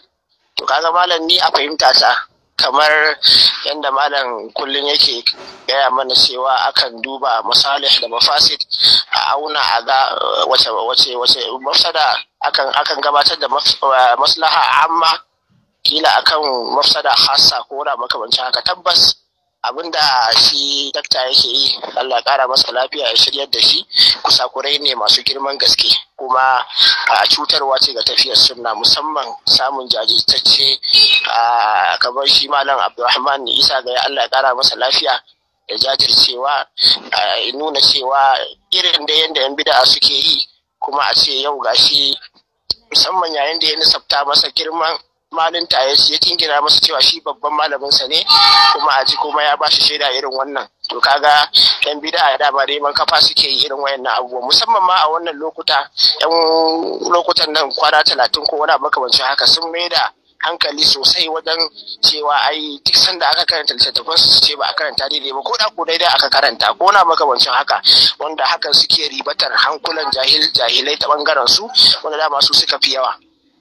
to kaga malam ni a fahimta ta kamar yadda malam kullum yake gaya mana cewa akan duba masalih da mafasid a auna a ga wace wace wace mafsada akan akan gabatar da maslaha amma kila akan mafsada hasa ko wani makamancin haka tabbas abinda shi dakta yake yi Allah kara masa lafiya ya shiryar da shi kusakurai ne masu girman gaske kuma a cutarwa ce ga tafiyar sunna musamman samun jajirtacce a kamar shi malam Abdulrahman Isa ga Allah ya kara masa lafiya ya jajircewa a nuna cewa irin da yanda yan bid'a suke yi kuma a ce yau gashi musamman yayin da ya nisabta masa girman ta ya jingina masa cewa shi babban malaminsa ne kuma a ji kuma ya bashi shaida irin wannan to kaga yan bid'a da ba neman kafa suke yi irin wayannan abubuwa musamman ma a wannan lokuta yan lokutan nan kwana talatin ko wani makamancin haka sun maida hankali sosai wajen cewa ai duk sanda aka karanta littattafan su ce ba a karanta daidai ba ko da ko daidai aka karanta ko na makamancin haka wanda hakan suke ribatar hankulan jahil jahilai ta bangaren su wanda dama su suka fi yawa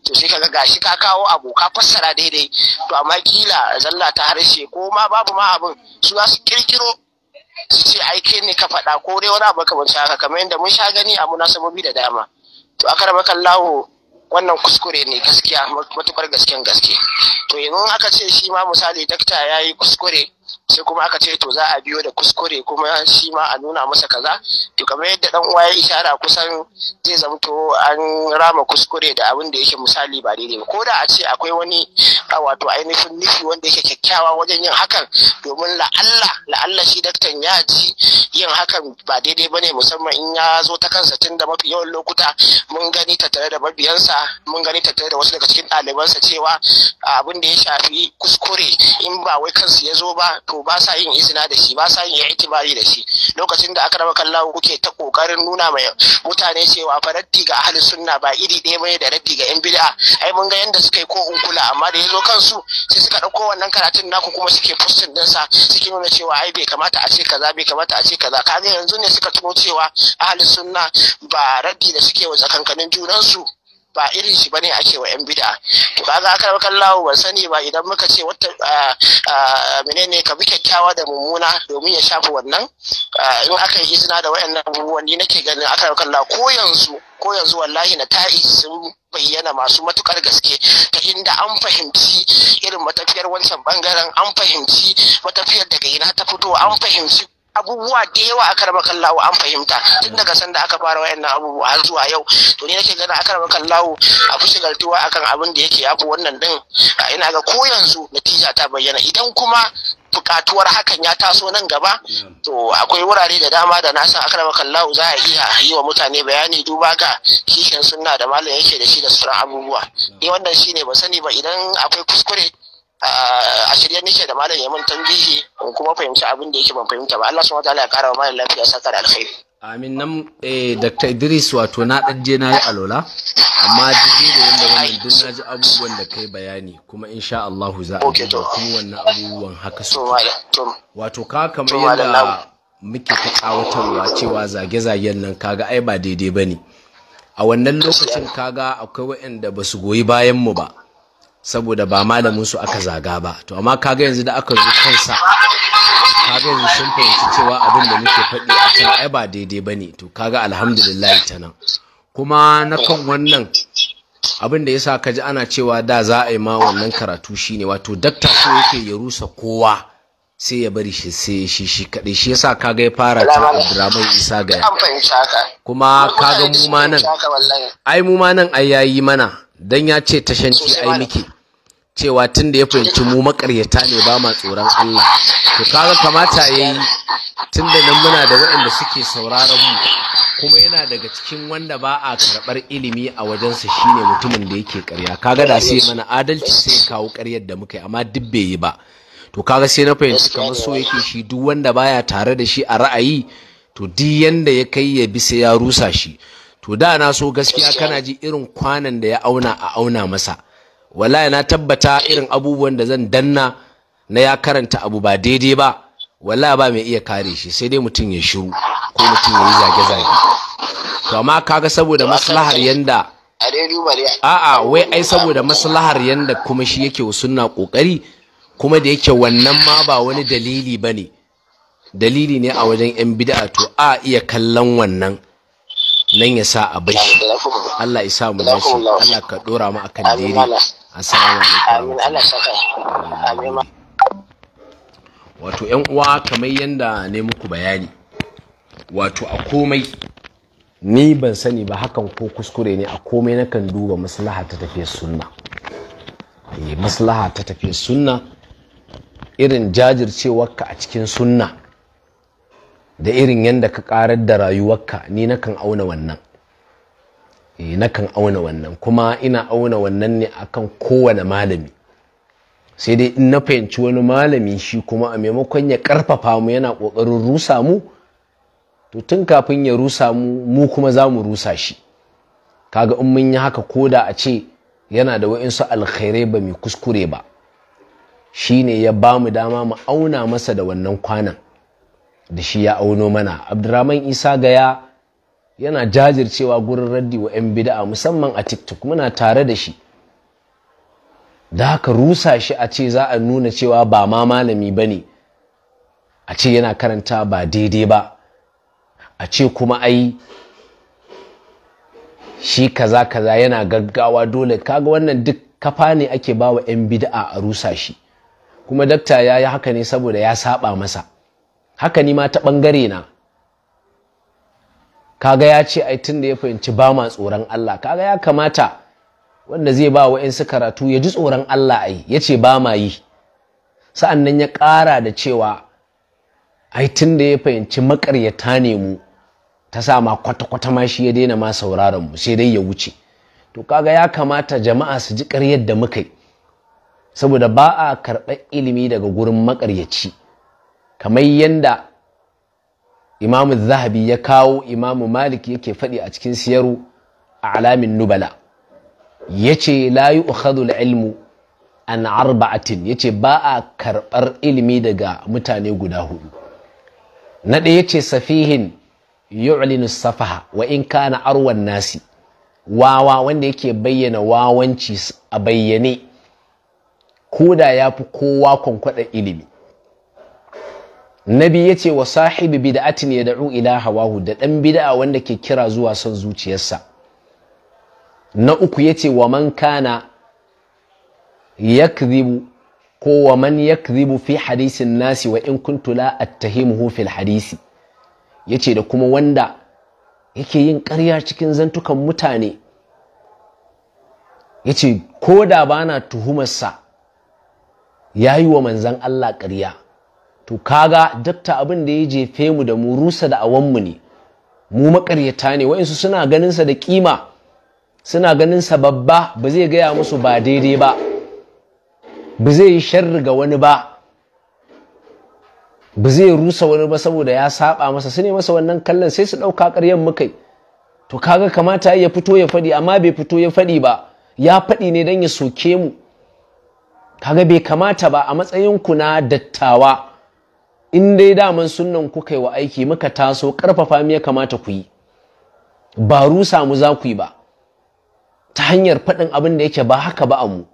to sai kaga gashi ka kawo abu ka fassara daidai to amma kila zalla ta harshe ko ma babu ma abin su za su kirkiro su ce ai kai ne ka faɗa ko dai wani abu kamar haka kamar yadda mun sha gani a munasabobi da dama to akar makallahu wannan kuskure ne gaskiya matukar gasken gaske to yanzu aka ce shi ma misali dakta ya yi kuskure sai kuma aka ce to za a biyo da kuskure kuma shi ma a nuna masa kaza to kamar yadda dan uwa ya ishara kusan zai zamto an rama kuskure da abin da yake misali ba daidai ba ko da a ce akwai wani wato ainihin nufi wanda yake kyakkyawa wajen yin hakan domin la'alla la'alla shi daktan ya ji yin hakan ba daidai bane musamman in ya zo ta kansa tun da mafi yawan lokuta mun gani tattare da mabiyansa mun gani tattare da wasu daga cikin ɗalibansa cewa abin da ya shafi kuskure in ba wai kansu ya zo ba to ba sa yin izina da shi ba sa yin itibari da shi lokacin da aka raba kallahu kuke ta kokarin nuna mai mutane cewa fa raddi ga ahli sunna ba iri ɗaya bane da raddi ga yan bid'a ai mun ga yanda suka yi ko unkula amma da yazo kansu sai suka dauko wannan karatun naku kuma suke fustin din sa suke nuna cewa ai bai kamata a ce kaza bai kamata a ce kaza kaga yanzu ne suka tuno cewa ahli sunna ba raddi da suke wa tsakankanin junansu ba irin shi bane ake wa yan bida to kaga akar kallahu ban sani ba idan muka ce wata menene ka bi kyakkyawa da mummuna domin ya shafi wannan in aka yi izina da wayannan abubuwan ni nake ganin akar kallahu ko yanzu ko yanzu wallahi na ta'i sun bayyana masu matukar gaske ta inda an fahimci irin matafiyar wancan bangaren an fahimci matafiyar daga ina ta fito an fahimci abubuwa da yawa a karba kallawo an fahimta tun daga sanda aka fara wayannan abubuwa har zuwa yau to ni nake gana a karba kallawo a fi shigaltuwa akan abin da yake yafi wannan din ina ga ko yanzu natija ta bayyana idan kuma bukatuwar hakan ya taso nan gaba to akwai wurare da dama da na san akrama kallahu za a iya yi wa mutane bayani duba ga kishin sunna da malam yake da shi da sauran abubuwa ni wannan shine ba sani ba idan akwai kuskure Ah, a shirye nake da malam ya tanbihi in kuma fahimci abin da yake ban fahimta ba Allah subhanahu ya kara wa malam lafiya saka da alkhairi amin nan eh Dr. Idris wato na dan je nayi alola amma duk da yanda wannan duk na ji abubuwan da kai bayani kuma insha Allah za a okay, kuma wannan abubuwan haka su wato ka kamar yadda muke ta kawatarwa cewa zage-zagen nan kaga ai ba daidai bane a wannan lokacin kaga akwai waɗanda ba su goyi bayan mu ba saboda ba malamin su aka zaga ba to amma kaga yanzu da aka zo kansa kaga yanzu sun fahimci cewa abin da muke faɗi a can ai ba daidai bane to kaga alhamdulillah ta nan kuma na kan wannan abin da yasa ji ana cewa da za a yi ma wannan karatu shine wato dakta so yake ya rusa kowa sai ya bari shi sai ya shi shi kadai shi yasa kaga ya fara ta Abdurrahman Isa gaya kuma kaga mu ma nan ai mu ma nan ai yayi mana dan ya ce tashanci ai miki. cewa tun da ya fahimci mu makaryata ne ba ma tsoron Allah to kaga kamata yayi tun da nan muna da waɗanda suke sauraron mu kuma yana daga cikin wanda ba a karɓar ilimi a wajensa shine mutumin da yake ƙarya kaga da sai mana adalci sai kawo ƙaryar da muka yi amma duk bai yi ba to kaga sai na fahimci kamar so yake shi duk wanda baya tare da shi a ra'ayi to duk yanda ya kai ya bi sai ya rusa shi to da na so gaskiya kana ji irin kwanan da ya auna a auna masa wallahi na tabbata irin abubuwan da zan danna na ya karanta abu ba daidai ba wallahi ba mai iya kare shi sai dai mutum ya shiru ko mutum ya yi zage-zage to amma kaga saboda maslahar yanda a'a wai ai saboda maslahar yanda kuma shi yake wa sunna kokari kuma da yake wannan ma ba wani dalili bane dalili ne a wajen yan bid'a to a iya kallon wannan nan ya sa a bar shi Allah ya sa mu dace Allah ka dora mu akan daidai assalamu alaikum amin wato yan uwa kamar yanda ne muku bayani wato a komai ni ban sani ba hakan ko kuskure ne a komai nakan duba maslaha ta tafiya sunna eh, maslaha ta tafiya sunna irin jajircewarka a cikin sunna da irin yadda ka karar da rayuwarka ni nakan auna wannan eh, nakan auna wannan kuma ina auna wannan ne akan kowane malami sai dai in na fahimci wani malami shi kuma a maimakon ya karfafa mu yana kokarin rusa mu to tun kafin ya rusa mu mu kuma za mu rusa shi kaga in mun yi haka ko da a ce yana da wa'insu alkhairai ba mai kuskure ba shi ne ya ba mu dama mu auna masa da wannan kwanan da shi ya auno mana abdurrahman isa gaya yana jajircewa gurin raddi wa 'yan bida'a musamman a tiktok muna tare da shi da haka rusa shi a ce za a nuna cewa ba ma malami ba ne a ce yana karanta ba daidai ba a ce kuma ai shi kaza kaza yana gaggawa dole kaga wannan duk kafa ne ake ba wa 'yan bida'a a rusa shi kuma dakta ya yi haka ne saboda ya saba masa haka ni ma ta ɓangare na kaga ya ce ai tun da ya fahimci ba ma tsoron Allah kaga ya kamata wanda zai ba su karatu ya ji tsoron Allah ai ya ce ba ma yi sa'an nan ya ƙara da cewa ai tun da ya fahimci makaryata ne mu ta sa ma kwata-kwata ma shi ya daina ma sauraron mu sai dai ya wuce to kaga ya kamata jama'a su ji ƙaryar da muka yi saboda ba a karɓar ilimi daga gurin makaryaci kamar yadda imamu zahabi ya kawo imamu malik yake faɗi a cikin siyaru a alamin nubala ya ce layi ukhadul ilmu an arba'atin ya ce ba a karɓar ilimi daga mutane guda hudu na ɗaya ya ce safihin yu'linu safaha wa in kana arwan nasi wawa wanda yake bayyana wawanci a bayyane ko da ya fi kowa kwankwaɗa ilimi nabi ya ce wa sahibi bida'atin ya da'u ila hawahu da ɗan bid'a wanda ke kira zuwa son zuciyarsa na uku ya ce wa man kana yakdhibu ko wa man fi hadisin nasi wa in kuntu la attahimuhu fil hadisi ce da kuma wanda yake yin karya cikin zantukan mutane Ya ce ko da bana tuhumarsa yi wa manzan Allah ƙarya to kaga dakta abin da ya jefe mu da mu rusa da awanmu ne mu makaryata ne wa'insu suna ganinsa da kima suna ganinsa babba ba zai gaya musu ba daidai ba ba zai yi sharri ga wani ba ba zai rusa wani ba saboda ya saba masa su ne masa wannan kallon sai su ɗauka ƙaryan mukai to kaga kamata ya fito ya faɗi amma bai fito ya faɗi ba ya faɗi ne don ya soke mu kaga bai kamata ba a matsayin ku na dattawa in dai daman sunnan kuka yi wa aiki muka taso karfafa ya kamata ku yi ba rusa mu za ku yi ba ta hanyar faɗin abin da yake ba haka ba a mu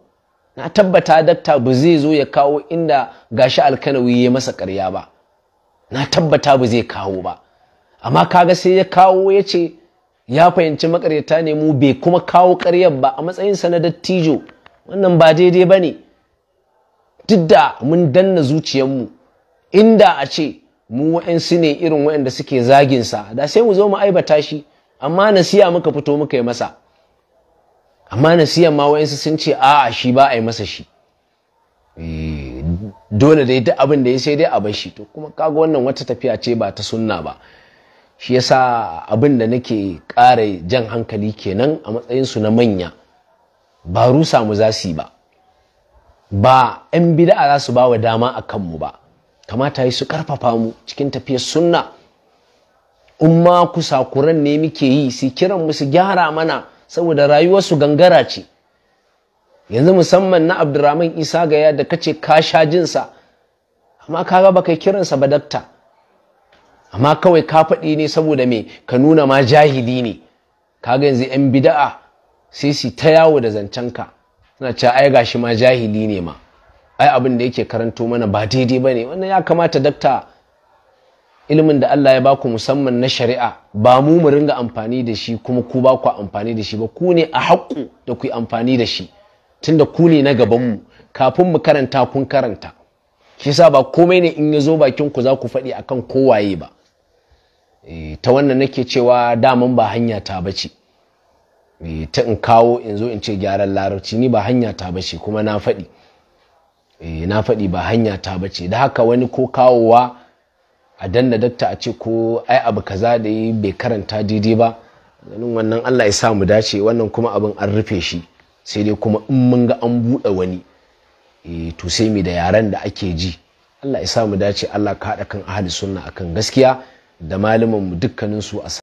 na tabbata dakta ba zai zo ya kawo inda gashi alkanawi ya masa ƙarya ba na tabbata ba zai kawo ba amma kaga sai ya kawo ya ce ya fahimci makaryata ne mu bai kuma kawo ƙaryar ba a matsayinsa na dattijo wannan ba daidai ba ne duk da mun danna zuciyarmu inda a ce mu wa'ansu ne irin wa'anda suke zaginsa da sai mu zo mu aibata shi amma nasiya muka fito muka yi masa amma nasiya ma wa'ansu sun ce a shi ba a yi masa shi eh, dole da duk abin da ya sai dai a bar shi to kuma kaga wannan wata tafiya ce ba ta sunna ba shi yasa abin da nake ƙara jan hankali kenan a matsayinsu na manya ba rusa mu za su yi ba ba 'yan bida'a za su ba wa dama a kanmu ba kamata yi su karfafa mu cikin tafiyar sunna in ma kusakuran ne muke yi su kiran mu su gyara mana saboda rayuwar su gangara ce yanzu musamman na abdurrahman isa ga yadda da ce ka sha jinsa amma ka kaga baka kiransa ba dakta amma kawai ka faɗi ne saboda me ka nuna ma jahili ne kaga yanzu yan bida'a sai su ta yawo da ka, suna cewa ai gashi ma jahili ne ma ai abin da yake karanto mana ba daidai ba ne wannan ya kamata dakta ilimin da Allah ya baku musamman na shari'a ba mu mu ringa amfani da shi kuma ku ba ku amfani da shi ba ku ne a haƙƙu da ku amfani da shi tunda ku ne na gaban mu, kafin mu karanta kun karanta shi sa ba komai ne in ya zo bakin ku za ku faɗi akan kowaye ba eh, ta wannan nake cewa daman ba hanya ta bace eh, ta in kawo in zo in ce gyaran larabci ni ba hanya ta bace kuma na faɗi Eh, na faɗi ba hanya ta bace da haka wani ko kawowa a danna dakta a ce ko ai abu kaza da yi bai karanta daidai ba ganin wannan Allah ya sa mu dace wannan kuma abin an rufe shi sai dai kuma in mun ga an buɗe wani eh, to sai mi da yaren da ake ji Allah ya sa mu dace Allah ka haɗa kan ahli sunna akan gaskiya da malaman mu dukkanin su a